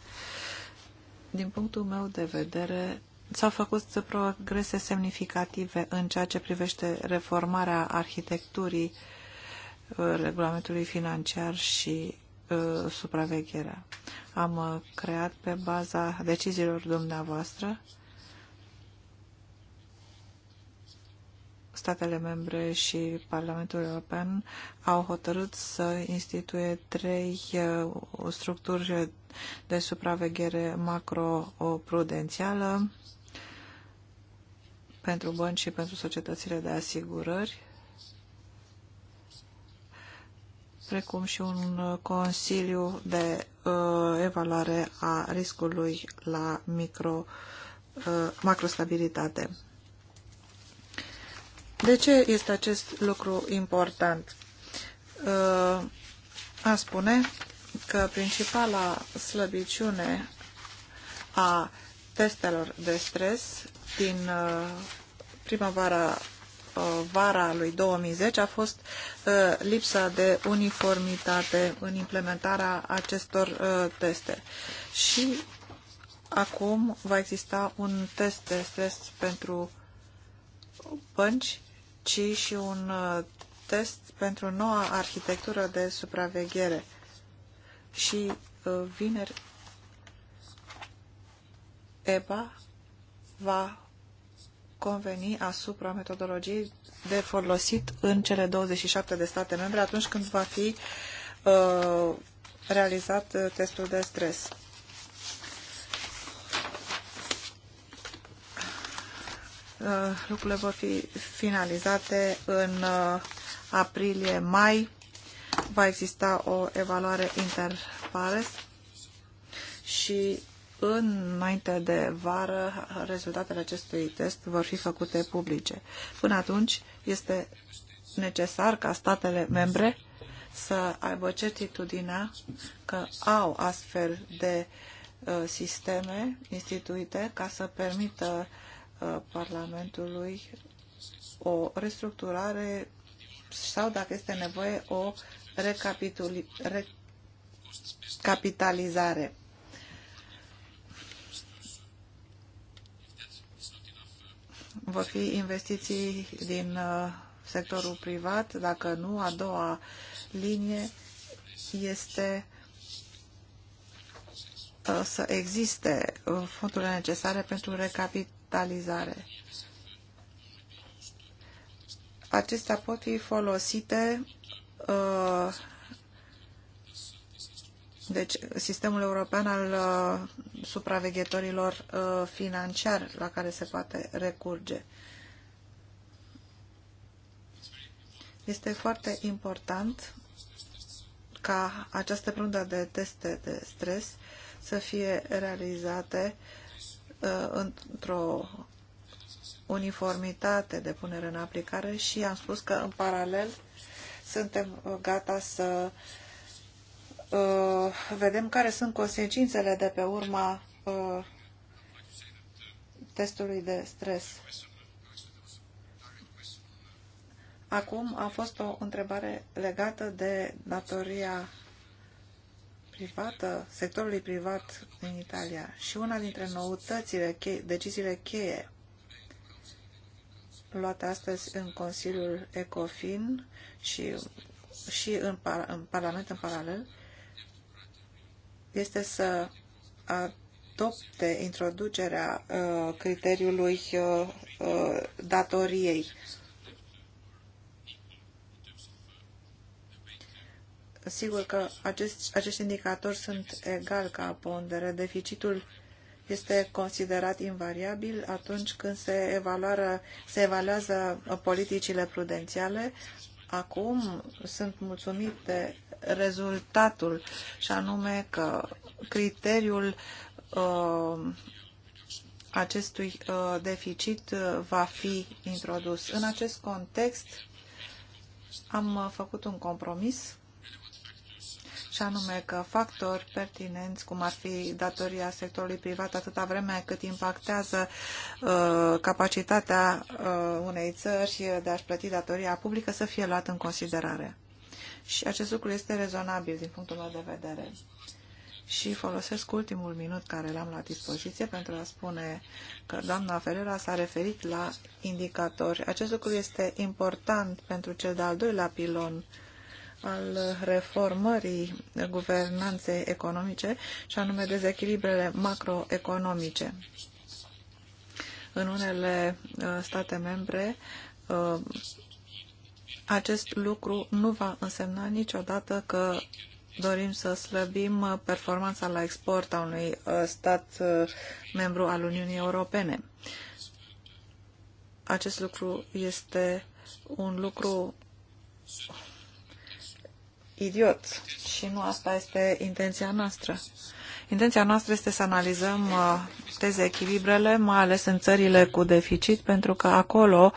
Din punctul meu de vedere, s-au făcut progrese semnificative în ceea ce privește reformarea arhitecturii uh, regulamentului financiar și Uh, supravegherea. Am uh, creat pe baza deciziilor dumneavoastră statele membre și Parlamentul European au hotărât să instituie trei uh, structuri de supraveghere macroprudențială pentru bănci și pentru societățile de asigurări precum și un uh, consiliu de uh, evaluare a riscului la micro, uh, macrostabilitate. De ce este acest lucru important? Uh, a spune că principala slăbiciune a testelor de stres din uh, primăvara Uh, vara lui 2010 a fost uh, lipsa de uniformitate în implementarea acestor uh, teste. Și acum va exista un test de stres pentru bănci, ci și un test pentru noua arhitectură de supraveghere. Și vineri EBA va conveni asupra metodologiei de folosit în cele 27 de state membre atunci când va fi uh, realizat uh, testul de stres. Uh, lucrurile vor fi finalizate în aprilie-mai. Va exista o evaluare interpares și înainte de vară rezultatele acestui test vor fi făcute publice. Până atunci este necesar ca statele membre să aibă certitudinea că au astfel de uh, sisteme instituite ca să permită uh, Parlamentului o restructurare sau, dacă este nevoie, o recapitalizare vor fi investiții din uh, sectorul privat, dacă nu, a doua linie este uh, să existe uh, fondurile necesare pentru recapitalizare. Acestea pot fi folosite deci, sistemul european al uh, supraveghetorilor uh, financiari la care se poate recurge. Este foarte important ca această rundă de teste de stres să fie realizate uh, într-o uniformitate de punere în aplicare și am spus că în paralel suntem uh, gata să uh, Uh, vedem care sunt consecințele de pe urma uh, testului de stres. Acum a fost o întrebare legată de datoria privată, sectorului privat în Italia și una dintre noutățile, deciziile cheie luate astăzi în Consiliul ECOFIN și, și în, par, în Parlament în paralel, este să adopte introducerea uh, criteriului uh, uh, datoriei. Sigur că acest, acești indicatori sunt egal ca pondere. Deficitul este considerat invariabil atunci când se, evaluară, se evaluează politicile prudențiale. Acum sunt mulțumit de rezultatul și anume că criteriul uh, acestui uh, deficit uh, va fi introdus. În acest context am uh, făcut un compromis și anume că factori pertinenți, cum ar fi datoria sectorului privat, atâta vreme cât impactează uh, capacitatea uh, unei țări de a-și plăti datoria publică, să fie luat în considerare și acest lucru este rezonabil din punctul meu de vedere. Și folosesc ultimul minut care l-am la dispoziție pentru a spune că doamna Ferreira s-a referit la indicatori. Acest lucru este important pentru cel de-al doilea pilon al reformării guvernanței economice și anume dezechilibrele macroeconomice. În unele uh, state membre uh, acest lucru nu va însemna niciodată că dorim să slăbim uh, performanța la export a unui uh, stat uh, membru al Uniunii Europene. Acest lucru este un lucru idiot și nu asta este intenția noastră. Intenția noastră este să analizăm dezechilibrele, uh, mai ales în țările cu deficit, pentru că acolo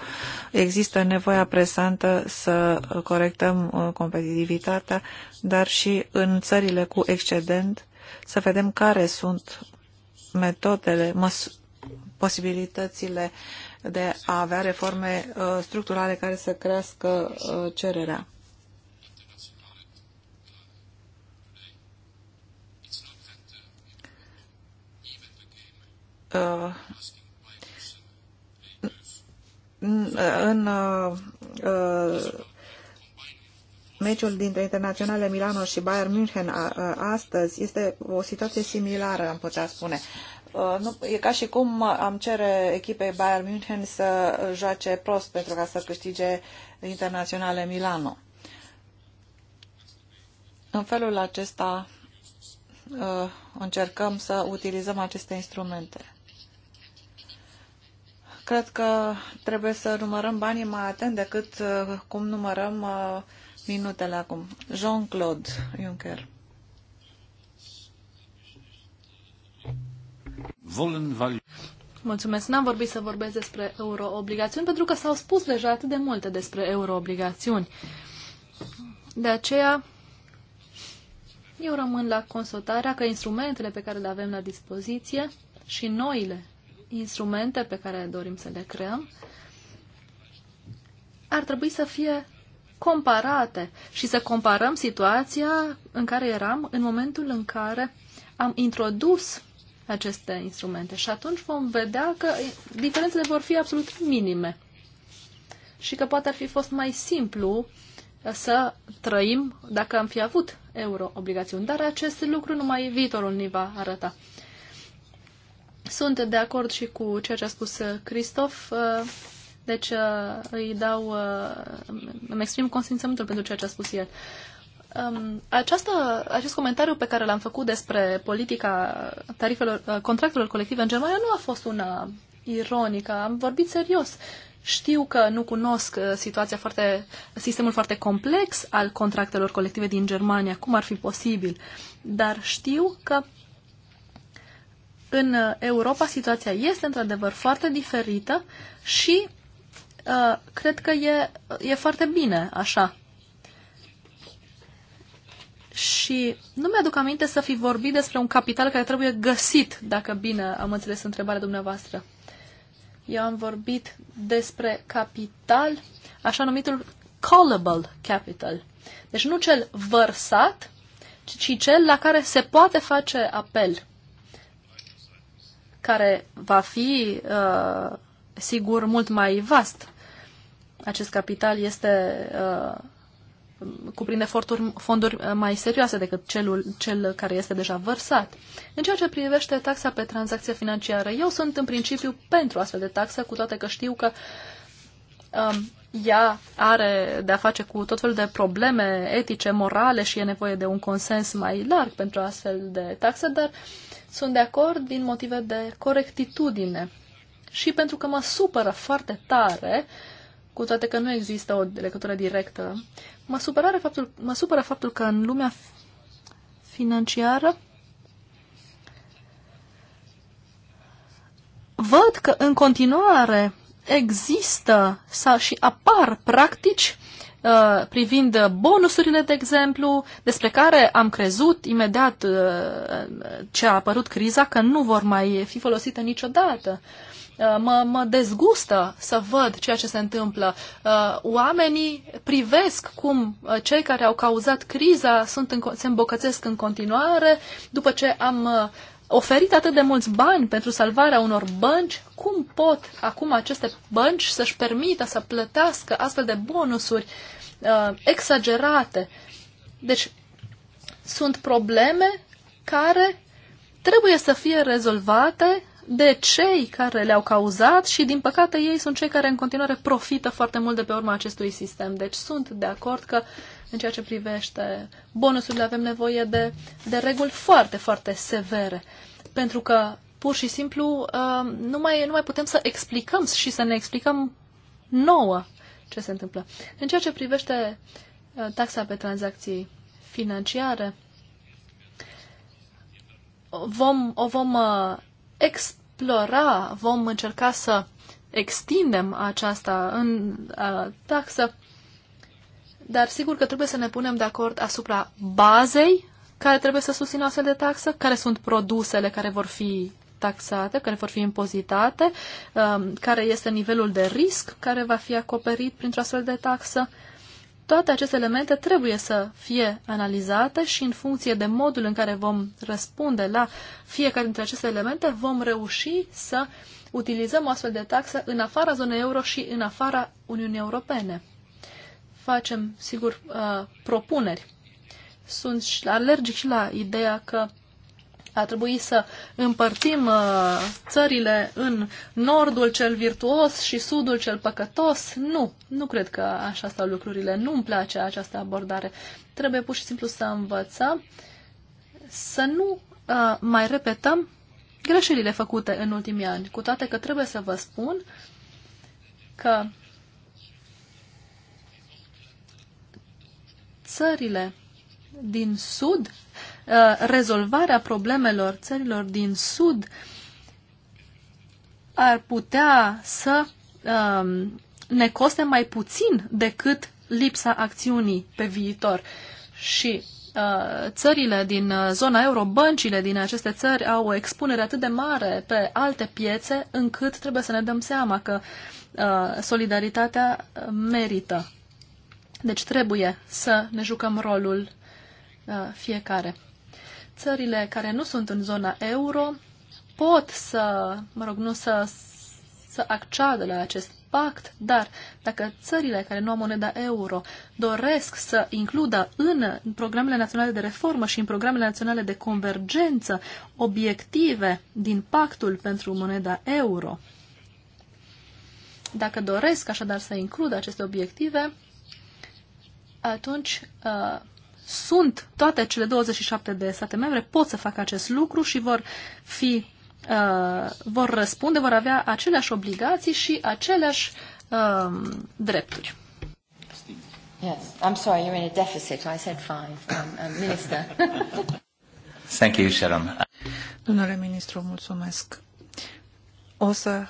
există nevoia presantă să corectăm uh, competitivitatea, dar și în țările cu excedent să vedem care sunt metodele, posibilitățile de a avea reforme uh, structurale care să crească cererea. Uh, în uh, uh, meciul dintre internaționale Milano și Bayern München astăzi este o situație similară, am putea spune. Nu, e ca și cum am cere echipei Bayern München să joace prost pentru ca să câștige internaționale Milano. În felul acesta încercăm să utilizăm aceste instrumente. Cred că trebuie să numărăm banii mai atent decât uh, cum numărăm uh, minutele acum. Jean-Claude Juncker. Mulțumesc. N-am vorbit să vorbesc despre euroobligațiuni pentru că s-au spus deja atât de multe despre euroobligațiuni. De aceea, eu rămân la constatarea că instrumentele pe care le avem la dispoziție și noile instrumente pe care dorim să le creăm ar trebui să fie comparate și să comparăm situația în care eram în momentul în care am introdus aceste instrumente și atunci vom vedea că diferențele vor fi absolut minime și că poate ar fi fost mai simplu să trăim dacă am fi avut euro-obligațiuni. Dar acest lucru numai viitorul ne va arăta. Sunt de acord și cu ceea ce a spus uh, Cristof, uh, deci uh, îi dau, îmi exprim consimțământul pentru ceea ce a spus el. Um, această, acest comentariu pe care l-am făcut despre politica tarifelor, contractelor colective în Germania nu a fost una ironică, am vorbit serios. Știu că nu cunosc situația foarte, sistemul foarte complex al contractelor colective din Germania, cum ar fi posibil, dar știu că în uh, Europa situația este într-adevăr foarte diferită și uh, cred că e, e foarte bine așa. Și nu mi-aduc aminte să fi vorbit despre un capital care trebuie găsit, dacă bine am înțeles întrebarea dumneavoastră. Eu am vorbit despre capital, așa numitul callable capital. Deci nu cel vărsat, ci cel la care se poate face apel care va fi, uh, sigur, mult mai vast. Acest capital este uh, cuprinde forturi, fonduri mai serioase decât celul, cel care este deja vărsat. În ceea ce privește taxa pe tranzacție financiară, eu sunt în principiu pentru astfel de taxă, cu toate că știu că um, ea are de-a face cu tot felul de probleme etice, morale și e nevoie de un consens mai larg pentru astfel de taxă, dar sunt de acord din motive de corectitudine și pentru că mă supără foarte tare, cu toate că nu există o legătură directă, mă, supărare faptul, mă supără faptul că în lumea financiară văd că în continuare există sau și apar practici Uh, privind bonusurile, de exemplu, despre care am crezut imediat uh, ce a apărut criza că nu vor mai fi folosite niciodată. Uh, mă, mă dezgustă să văd ceea ce se întâmplă. Oamenii privesc cum cei care au cauzat criza sunt în, se îmbocățesc în continuare după ce am oferit atât de mulți bani pentru salvarea unor bănci, cum pot acum aceste bănci să-și permită să plătească astfel de bonusuri uh, exagerate? Deci sunt probleme care trebuie să fie rezolvate de cei care le-au cauzat și, din păcate, ei sunt cei care în continuare profită foarte mult de pe urma acestui sistem. Deci sunt de acord că în ceea ce privește bonusurile, avem nevoie de, de reguli foarte, foarte severe. Pentru că, pur și simplu, uh, nu mai, nu mai putem să explicăm și să ne explicăm nouă ce se întâmplă. În ceea ce privește uh, taxa pe tranzacții financiare, vom, o vom uh, explora, vom încerca să extindem aceasta în uh, taxă dar sigur că trebuie să ne punem de acord asupra bazei care trebuie să susțină astfel de taxă, care sunt produsele care vor fi taxate, care vor fi impozitate, um, care este nivelul de risc care va fi acoperit printr-o astfel de taxă. Toate aceste elemente trebuie să fie analizate și în funcție de modul în care vom răspunde la fiecare dintre aceste elemente, vom reuși să utilizăm o astfel de taxă în afara zonei euro și în afara Uniunii Europene facem, sigur, uh, propuneri. Sunt alergic și la ideea că a trebui să împărțim uh, țările în nordul cel virtuos și sudul cel păcătos. Nu, nu cred că așa stau lucrurile. Nu-mi place această abordare. Trebuie pur și simplu să învățăm să nu uh, mai repetăm greșelile făcute în ultimii ani. Cu toate că trebuie să vă spun că țările din Sud, uh, rezolvarea problemelor țărilor din Sud ar putea să um, ne coste mai puțin decât lipsa acțiunii pe viitor. Și uh, țările din uh, zona euro, băncile din aceste țări au o expunere atât de mare pe alte piețe, încât trebuie să ne dăm seama că solidaritatea merită deci trebuie să ne jucăm rolul uh, fiecare. Țările care nu sunt în zona euro pot să, mă rog, nu să, să acceadă la acest pact, dar dacă țările care nu au moneda euro doresc să includă în programele naționale de reformă și în programele naționale de convergență obiective din pactul pentru moneda euro, dacă doresc așadar să includă aceste obiective, atunci uh, sunt toate cele 27 de state membre pot să facă acest lucru și vor fi uh, vor răspunde, vor avea aceleași obligații și aceleași uh, drepturi. Yes, I'm sorry, you're in a deficit. I said five. Um, um minister. Thank you, Sharon. Domnule ministru, mulțumesc. O să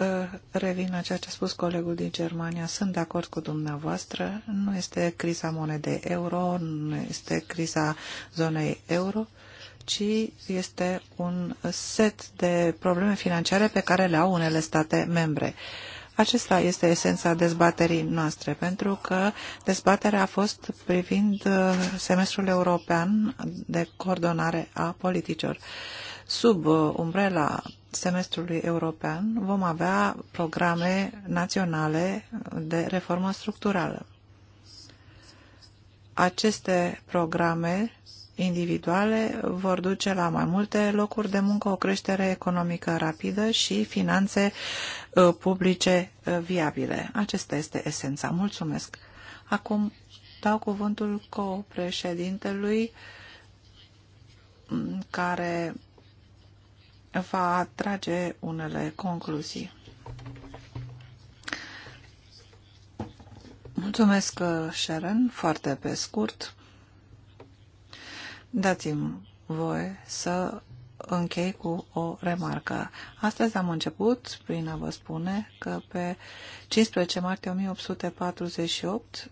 Ă, revin la ceea ce a spus colegul din Germania. Sunt de acord cu dumneavoastră. Nu este criza monedei euro, nu este criza zonei euro, ci este un set de probleme financiare pe care le au unele state membre. Acesta este esența dezbaterii noastre, pentru că dezbaterea a fost privind ă, semestrul european de coordonare a politicilor. Sub ă, umbrela semestrului european vom avea programe naționale de reformă structurală. Aceste programe individuale vor duce la mai multe locuri de muncă, o creștere economică rapidă și finanțe uh, publice uh, viabile. Acesta este esența. Mulțumesc. Acum dau cuvântul co-președintelui mm, care va trage unele concluzii. Mulțumesc, Sharon, foarte pe scurt. Dați-mi voie să închei cu o remarcă. Astăzi am început prin a vă spune că pe 15 martie 1848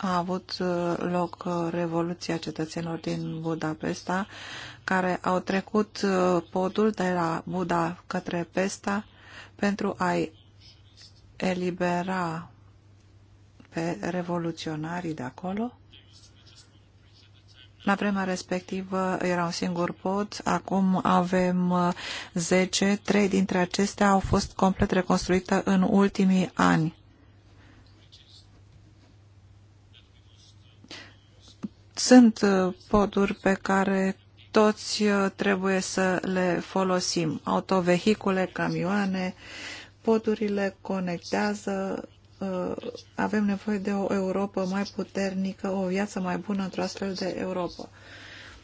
a avut uh, loc uh, Revoluția Cetățenilor din Budapesta, care au trecut uh, podul de la Buda către Pesta pentru a-i elibera pe revoluționarii de acolo. La vremea respectivă era un singur pod, acum avem 10, trei dintre acestea au fost complet reconstruite în ultimii ani. Sunt uh, poduri pe care toți uh, trebuie să le folosim. Autovehicule, camioane, podurile conectează uh, avem nevoie de o Europa mai puternică, o viață mai bună într-o astfel de Europa.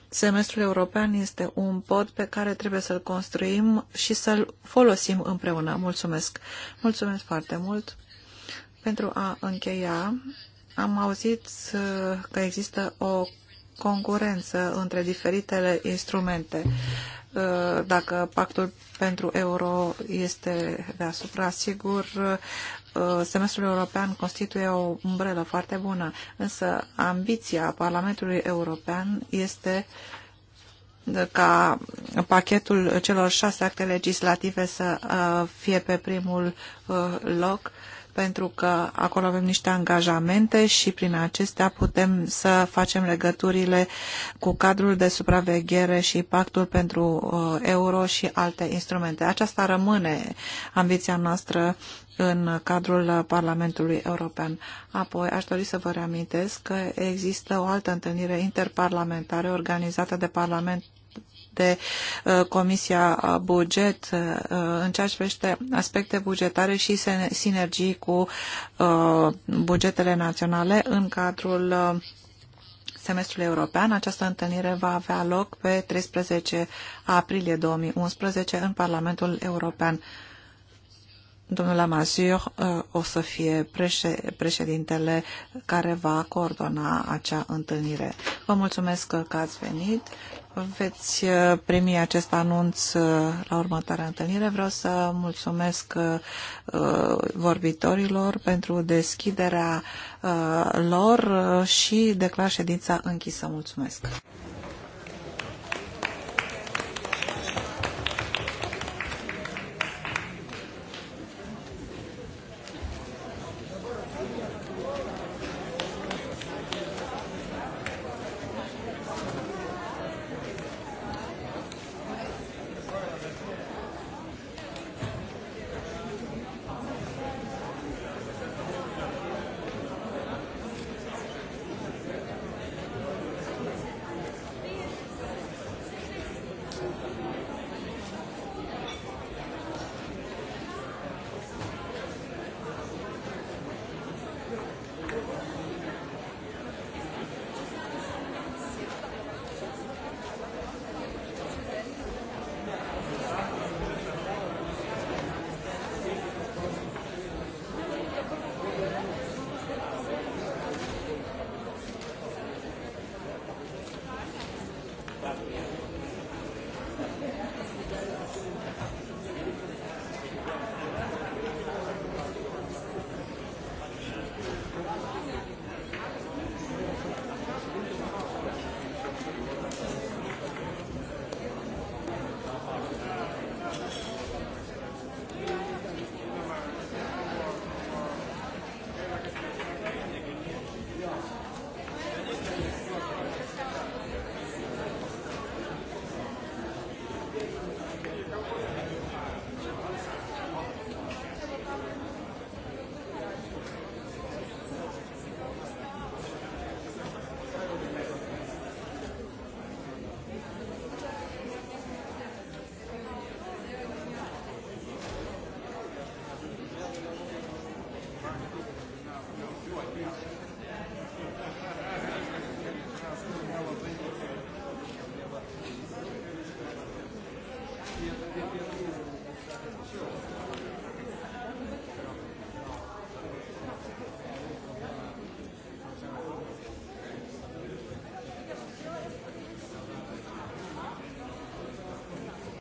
Semestrul european este un pod pe care trebuie să-l construim și să-l folosim împreună. Mulțumesc! Mulțumesc foarte mult! Pentru a încheia, am auzit că există o concurență între diferitele instrumente. Uh, dacă pactul pentru euro este deasupra, sigur, uh, semestrul european constituie o umbrelă foarte bună, însă ambiția Parlamentului European este ca pachetul celor șase acte legislative să uh, fie pe primul loc pentru că acolo avem niște angajamente și prin acestea putem să facem legăturile cu cadrul de supraveghere și pactul pentru uh, euro și alte instrumente. Aceasta rămâne ambiția noastră în cadrul Parlamentului European. Apoi aș dori să vă reamintesc că există o altă întâlnire interparlamentară organizată de Parlament de uh, Comisia Buget uh, în ceea ce privește aspecte bugetare și sinergii cu uh, bugetele naționale în cadrul semestrul european. Această întâlnire va avea loc pe 13 aprilie 2011 în Parlamentul European. Domnul Mazur o să fie președintele care va coordona acea întâlnire. Vă mulțumesc că ați venit veți uh, primi acest anunț uh, la următoarea întâlnire. Vreau să mulțumesc uh, vorbitorilor pentru deschiderea lor și declar ședința închisă. Mulțumesc!